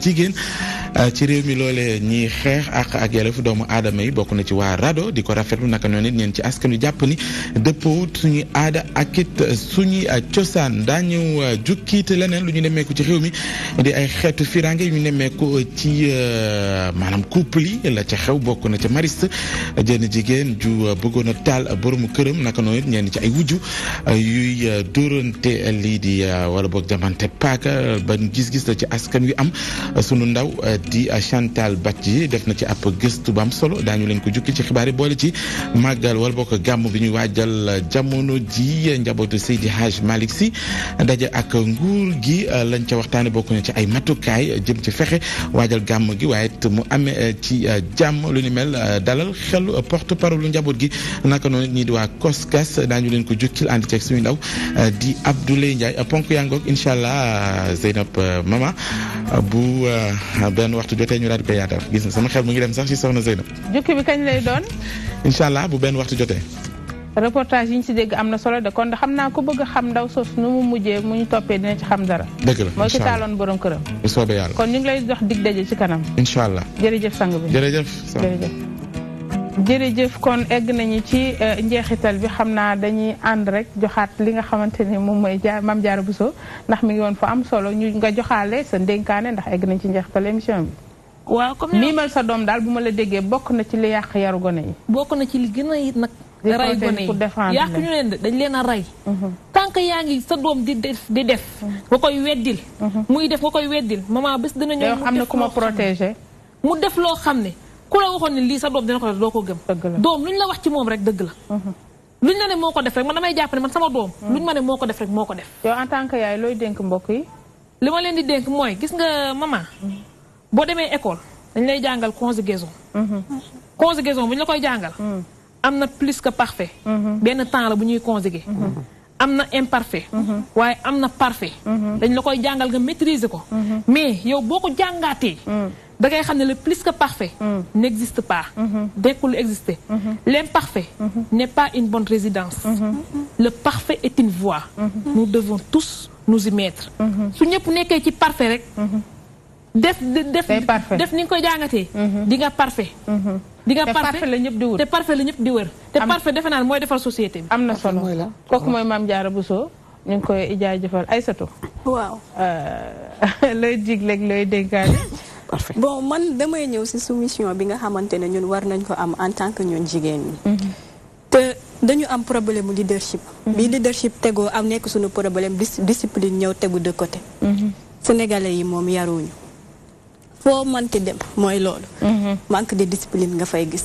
jigéen Euh, ci réew mi loole ñii xeex ak ak yelleefu doomu aadama yi bokk na ci waa RADDHO di ko rafetlu naka noonu it ñeen ci askan wi jàpp ni dëppoowut suñuy aada ak it suñuy cosaan daañu euh, jukkiite leneen lu ñu nemmeeku ci xew mi di ay xeetu firange yu ñu nemmeeku ci euh, maanaam couple yi la ca xew bokk na ca maris jenn jigéen ju bëggoon a taal boromu këram naka noonu it ñeen ci ay wujju yuy dóorante lii di wala boog jamante paaka ban gis-gis la ci askan wi am sunu ndaw di Chantal Batji def na ci ab gëstu bu am solo daañu leen ko jukki ci xibaar yi boole ci màggal wala bokk gàmm bi ñuy waajal jamono ji njabootu Seydi Hadj Malick si daje ak nguur gi lañ ca waxtaane bokk na ci ay matukaay jëm ci fexe waajal gàmm gi waaye mu amee eh, ci eh, jàmm lu ni mel eh, dalal xelu porte parole lu njaboot gi naka noonu ñii di waa Koskas daañu leen ko jukkil ànd ceeg suñu ndaw di Abdoulaye Ndiaye ponk yangook ngoog incha allah Zeynab mama bu benn benn waxtu jotee ñu daal di koy yaatal gis na sama xel mu ngi dem sax ci soxna Zeynab. jukki bi kañ lay doon. incha allah bu benn waxtu jotee. reportage yi ñu si am na solo de kon xam naa ku bëgg a xam ndaw sos nu mu mujjee mu toppee dina ci xam dara. la mooy ki taaloon borom këram. kon ñu lay jox daje ci kanam. incha jërëjëf sang bi jërëjëf kon egg nañu ci eh, njeexital bi xam naa dañuy ànd rek joxaat li nga xamante ni moom mooy jaar Mame Diarra Bousso ndax mi ngi woon fa am solo ñu nga joxaale sa ndénkaane ndax egg nañ ci njeexital émission bi. waaw comme miimal sa doom daal bu ma la déggee bokk na ci li yàq yaru gone yi. bokk na ci li gën a nag. ray gone yi yàq ñu leen dañ leen a rey. Mhm. tant que yaa ngi sa doom di def di def. nga koy weddil. Mhm. muy def nga koy weddil maman bés dina ñëw. mu def loo xam ne mu def loo xam ne. ku la waxoon ni lii sa doom dina ko def doo ko gëm doom lu ñu la wax ci moom rek dëgg la mhm. luñ la ne moo ko def rek man damay jàpp ne man sama doom mhm. luñ ma ne moo ko def rek moo ko def yow looy dénk mbokk li ma leen di dénk mooy gis nga maman mhm. boo demee école dañ lay jàngal conjugaison conjugaison bu ñu koy jàngal am na plus que parfait benn temps la bu ñuy conjuguer am na imparfait waaye am na parfait dañ la koy jàngal nga maîtriser ko mais yow boo ko jàngaatee le plus que parfait mm. n'existe pas mm-hmm. dekkul exister mm-hmm. l'imparfait mm-hmm. n'est pas une bonne résidence le parfait est une voie nous devons tous nous y mettre su ñëpp nekkee ci parfait rek def def def ni parfait di parfait di wër parfait la parfait société <laughs> parfait bon man damay ñëw si soumission bi nga xamante ne ñun war nañ ko am en tant que ñun jigéen ñi. Mhm. te dañu am problème mu leadership. Mhm. bi leadership tegoo am nekk suñu problème discipline ñëw tegu de côté. Mhm. sénégalais yi moom yaruñu. foo mënti dem mooy loolu. manque de discipline nga fay gis.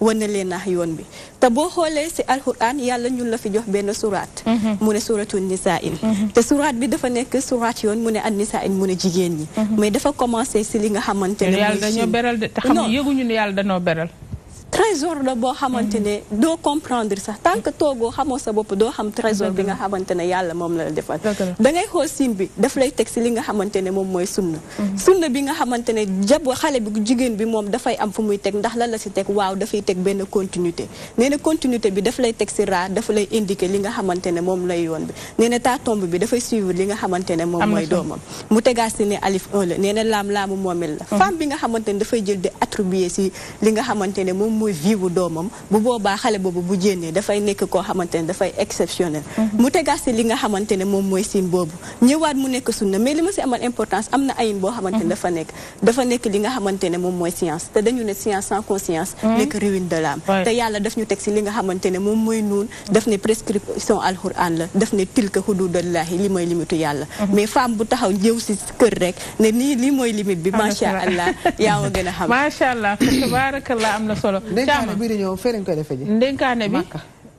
wane leen naax yoon bi te boo xoolee si alxuraan yàlla ñun la fi jox benn suraat mm-hmm. mu ne suratul nisaa in mm-hmm. te suraat bi dafa nekk suraat yoon mu ne an nisaa mu ne jigéen ñi mm-hmm. mais dafa commencé si li nga xamante ne yàlla dañoo beral de te xam yëguñu ne yàlla dañoo beral trésor la boo xamante ne doo comprendre sax tant que toogoo xamoo sa bopp doo xam trésor bi nga xamante ne yàlla moom la la defal da ngay xool sim bi daf lay teg si li nga xamante ne moom mooy sunna mhm. sunna bi nga xamante ne jabo xale bi jigéen bi moom dafay am fu muy teg ndax lan la si teg waaw dafay teg benn continuité nee na continuité bi daf lay teg si raa dafa lay indiquer li nga xamante ne moom lay yoon bi nee na taa tomb bi dafay suivre li nga xamante ne moom mooy doomam mu tegaat si ne alif 1 la nee na laam laamu moomel la mhm. femme bi nga xamante ne dafay jël di attribuer si li nga xamante ne moom mooy viwu doomam bu boobaa xale boobu bu jénnee dafay nekk koo xamante dafay exceptionnel mhm. mu tegaat li nga xamante moom mooy siim boobu ñëwaat mu nekk sunna mais li ma si amal importance am na ayin boo mhm. mhm. te yàlla daf ñu teg si li nga xamante moom mooy nuun daf ne prescription alquran la daf ne tilka hududallahi li mooy limitu yàlla mais femme bu taxaw jëw si kër rek ne li mooy limite bi macha allah yaa ma gën a xam <laughs> macha allah tabarakallah ndénkaane bi di ñëw fee lañ koy defee bi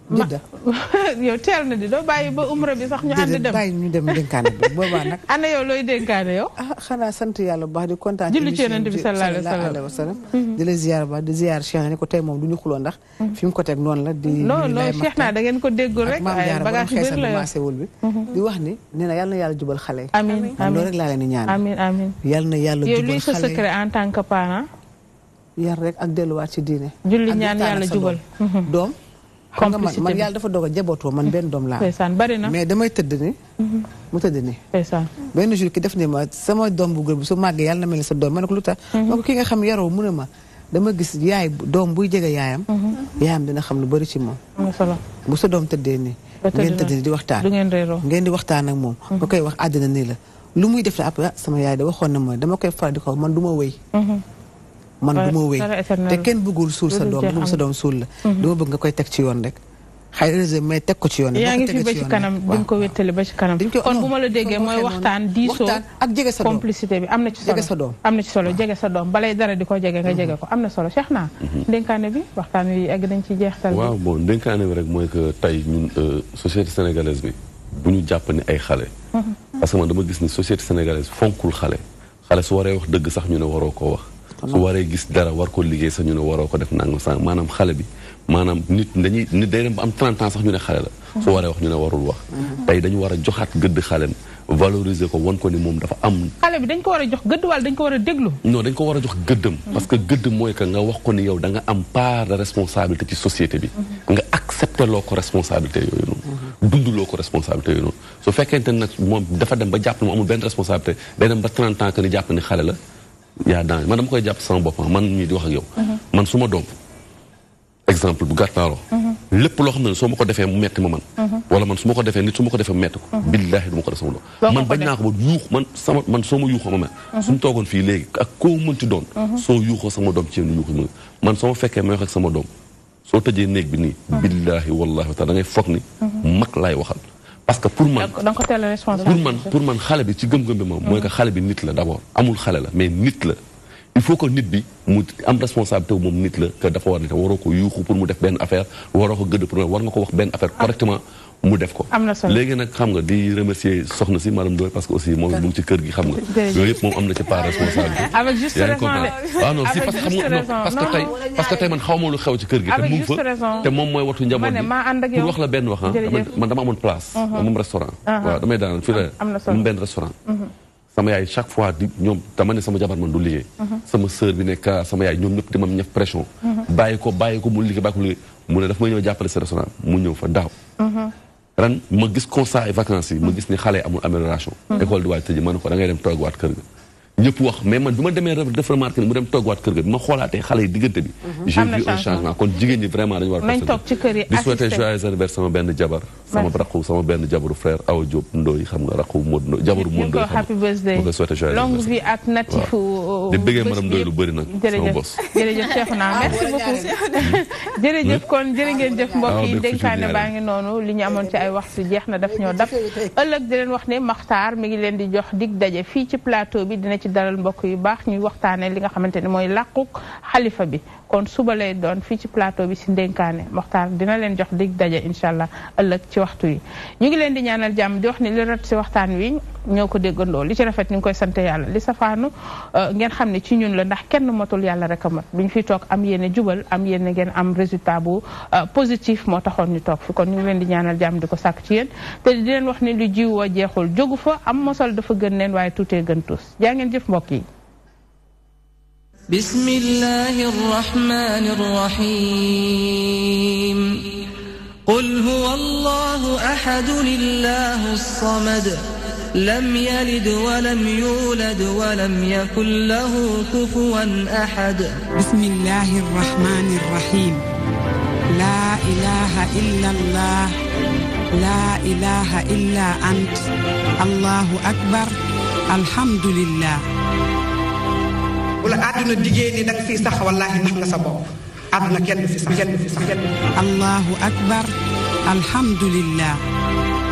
Jidda <laughs> yow teel na di doo bàyyi ba umra bi sax ñu ànd dem bàyyi ñu dem dénkaane <laughs> nag. ana yow looy dénkaane yow. ah xanaa sant yàlla baax di kontaan. julli ci yonent bi sallallahu alayhi wa mhm. di la ziar mhm. naa da ngeen ko déggul rek. ay bagage biir la yow bi. Mhm. di wax ni nee na yal na yàlla jubal xale yi. amiin amiin yow luy sa secret en tant yar rek ak delluwaat ci diine. julli ñaan a jubal doom. xam nga man man yàlla dafa doog a jabootoo man benn doom laa. ndeysaan bari na mais damay tëdd ni mhm. mu tëdd ni ndeysaan benn jour ki def ne ma sama doom bu góor bi su màggee yàlla na mel ni sa doom ma ne ko lu tax. Mhm. ma ko ki nga xam yaroo mu ne ma dama gis yaay doom buy jege yaayam. Mhm. yaayam dina xam lu bari ci moom. bu sa doom tëddee nii. ngeen di waxtaan ngeen moom. nga koy wax àddina nii la lu muy def la après ah, sama yaay da waxoon na ma dama koy faral ko man du ma man du ma wéy te kenn bëggul suul sa doom bëggul sa doom suul la mhm. dama bëgg nga koy teg ci yoon rek xëy na teg ko ci yoon yaa ngi fi ba ci kanam di nga ko wéttali ci kanam kon bu ma la déggee mooy waxtaan diisoo ak jege sa doom bi am na ci solo jege sa doom am na ci solo jege sa doom balay dara di ko jege nga mhm. jege ko am na solo Cheikh naa mhm. ndénkaane bi waxtaan wi egg nañ ci jeex bi waaw bon ndénkaane bi rek mooy que tey ñun euh, société sénégalaise bi bu ñu jàpp ay xale parce que man dama gis ni société sénégalaise fonkul xale xale su waree wax dëgg sax ñu ne waroo koo wax su waree gis dara war ko liggéey sax ñu ne waroo ko def nangam sax maanaam xale bi maanaam nit dañuy nit day dem ba am 30 sax ñu ne xale la su waree wax ñu ne warul wax mhm. tey dañu war a joxaat gëdd xalem valoriser ko won ko ni moom dafa am xale bi war a jox gëdd dañ ko war a déglu non dañ ko war jox gëddam mhm. parce que gëdd mooy que nga wax ko ni yow da am part de responsabilité ci société bi mhm. nga accepté loo ko responsabilité yooyu noonu dund loo ko responsabilité yooyu noonu su fekkente nag moom dafa dem ba jàpp ne mu amul benn responsabilité day dem ba 30 ans jàpp ni xale la yaa danger man dama koy jàpp sama boppam man mii di wax ak yow. man su ma doom exemple bu gàtt lépp loo xam ne soo ma ko defee mu metti ma man. wala man su ma ko defee nit su ma ko defee mu metti ko. Mhm. billaahi du ma ko def sama doom. man bañ naa ko ba yuux man sama man soo ma yuuxoo ma mel. Mhm. suñu toogoon fii léegi ak koo mënti doon. Mhm. soo yuuxoo sama doom ci yéen man soo ma fekkee may wax ak sama doom soo tëjee néeg bi nii. billaahi wallaahi wa taala da ngay foog ni. mag laay waxal. parce que pour man pour man pour man xale bi ci gëm-gëm bi moom mooy que xale bi nit la d' abord amul xale la mais nit la il faut que nit bi mu am responsabilité moom nit la que dafa war nit waroo ko yuuxu pour mu def benn affaire waroo ko gëdd pour war nga ko wax benn affaire correctement mu def ko léegi nag xam nga di remercier soxna si madame Ndoye parce que aussi moom mu ngi ci kër gi xam nga yooyu yëpp moom am na ci part responsabilité <laughs> ah non si parce que xam nga que tey xaw ma lu xew ci gi te mooy watu njaboot bi wax la benn wax ah man dama amoon place uh-huh. moom restaurant uh-huh. waaw damay daanal fii ah, uh-huh. sama yaay chaque fois di ñoom dama ne sama jabar man du liggéey sama sœur bi nekk sama yaay ñoom ñëpp di ma ñef pression bàyyi ko bàyyi ko mu liggéey bàyyi ko liggéey mu ne daf may ñëw jàppale sa restaurant mu ñëw fa daaw ren ma gis constat ay vacances yi ma gis ni xale amul amélioration hmm. école di waaj tëj ma ko da ngay dem toogaat kër ga ñëpp wax mais man bi ma demee def remarque ni mu dem toogaat kër ga bi ma xoolaatee xale yi diggante bi hmm. j'ai vu changement kon jigéen ñi vraiment dañu war a di souhaiter joyeux anniversaire benn jabar sama rakku sama benn jabaru frère xam nga rakku Modou Ndoye jabaru Modou Ndoye happy birthday ko souhaité joyeux longue vie ak natifu euh, euh, di bëggee madame lu bëri nag sama bos jërëjëf Cheikhouna ah, merci <laughs> jërëjëf kon jërë ngeen jëf ah, baa ngi noonu li ñu amoon ci ay waxtu jeex na daf ñoo dab ëllëg di leen wax ne Maxtaar mi ngi leen di jox dig daje fii ci plateau bi dina ci dalal mbokk yu baax ñuy waxtaane li nga xamante ni mooy làquk xalifa bi kon suba lay doon fii ci plateau bi ci ndénkaane Moxtaar dina leen jox dig daje incha allah ëllëg ci waxtu yi ñu ngi leen di ñaanal jàmm di wax ni li rat ci waxtaan wi ñoo ko déggandoo li ci rafet ñu ngi koy sant yàlla li safaanu euh, ngeen xam ne ci ñun la ndax kenn matul yàlla rek a mat bi ñu fiy toog am yéene jubal am yéene ngeen am résultat bu euh, positif moo taxoon ñu toog fi kon ñu ngi leen di ñaanal jàmm di ko sàkk ci yéen te di leen wax ni lu jiwoo jeexul jógu fa am mosol dafa gën leen waaye tuutee gën tuus jaa ngeen jëf mbokk yi بسم الله الرحمن الرحيم قل هو الله أحد الله الصمد لم يلد ولم يولد ولم يكن له كفوا أحد بسم الله الرحمن الرحيم لا إله إلا الله لا إله إلا أنت الله أكبر الحمد لله ولا ادنا ديجيني داك في صح والله نحنا سا بوب ادنا كين في صح الله اكبر الحمد لله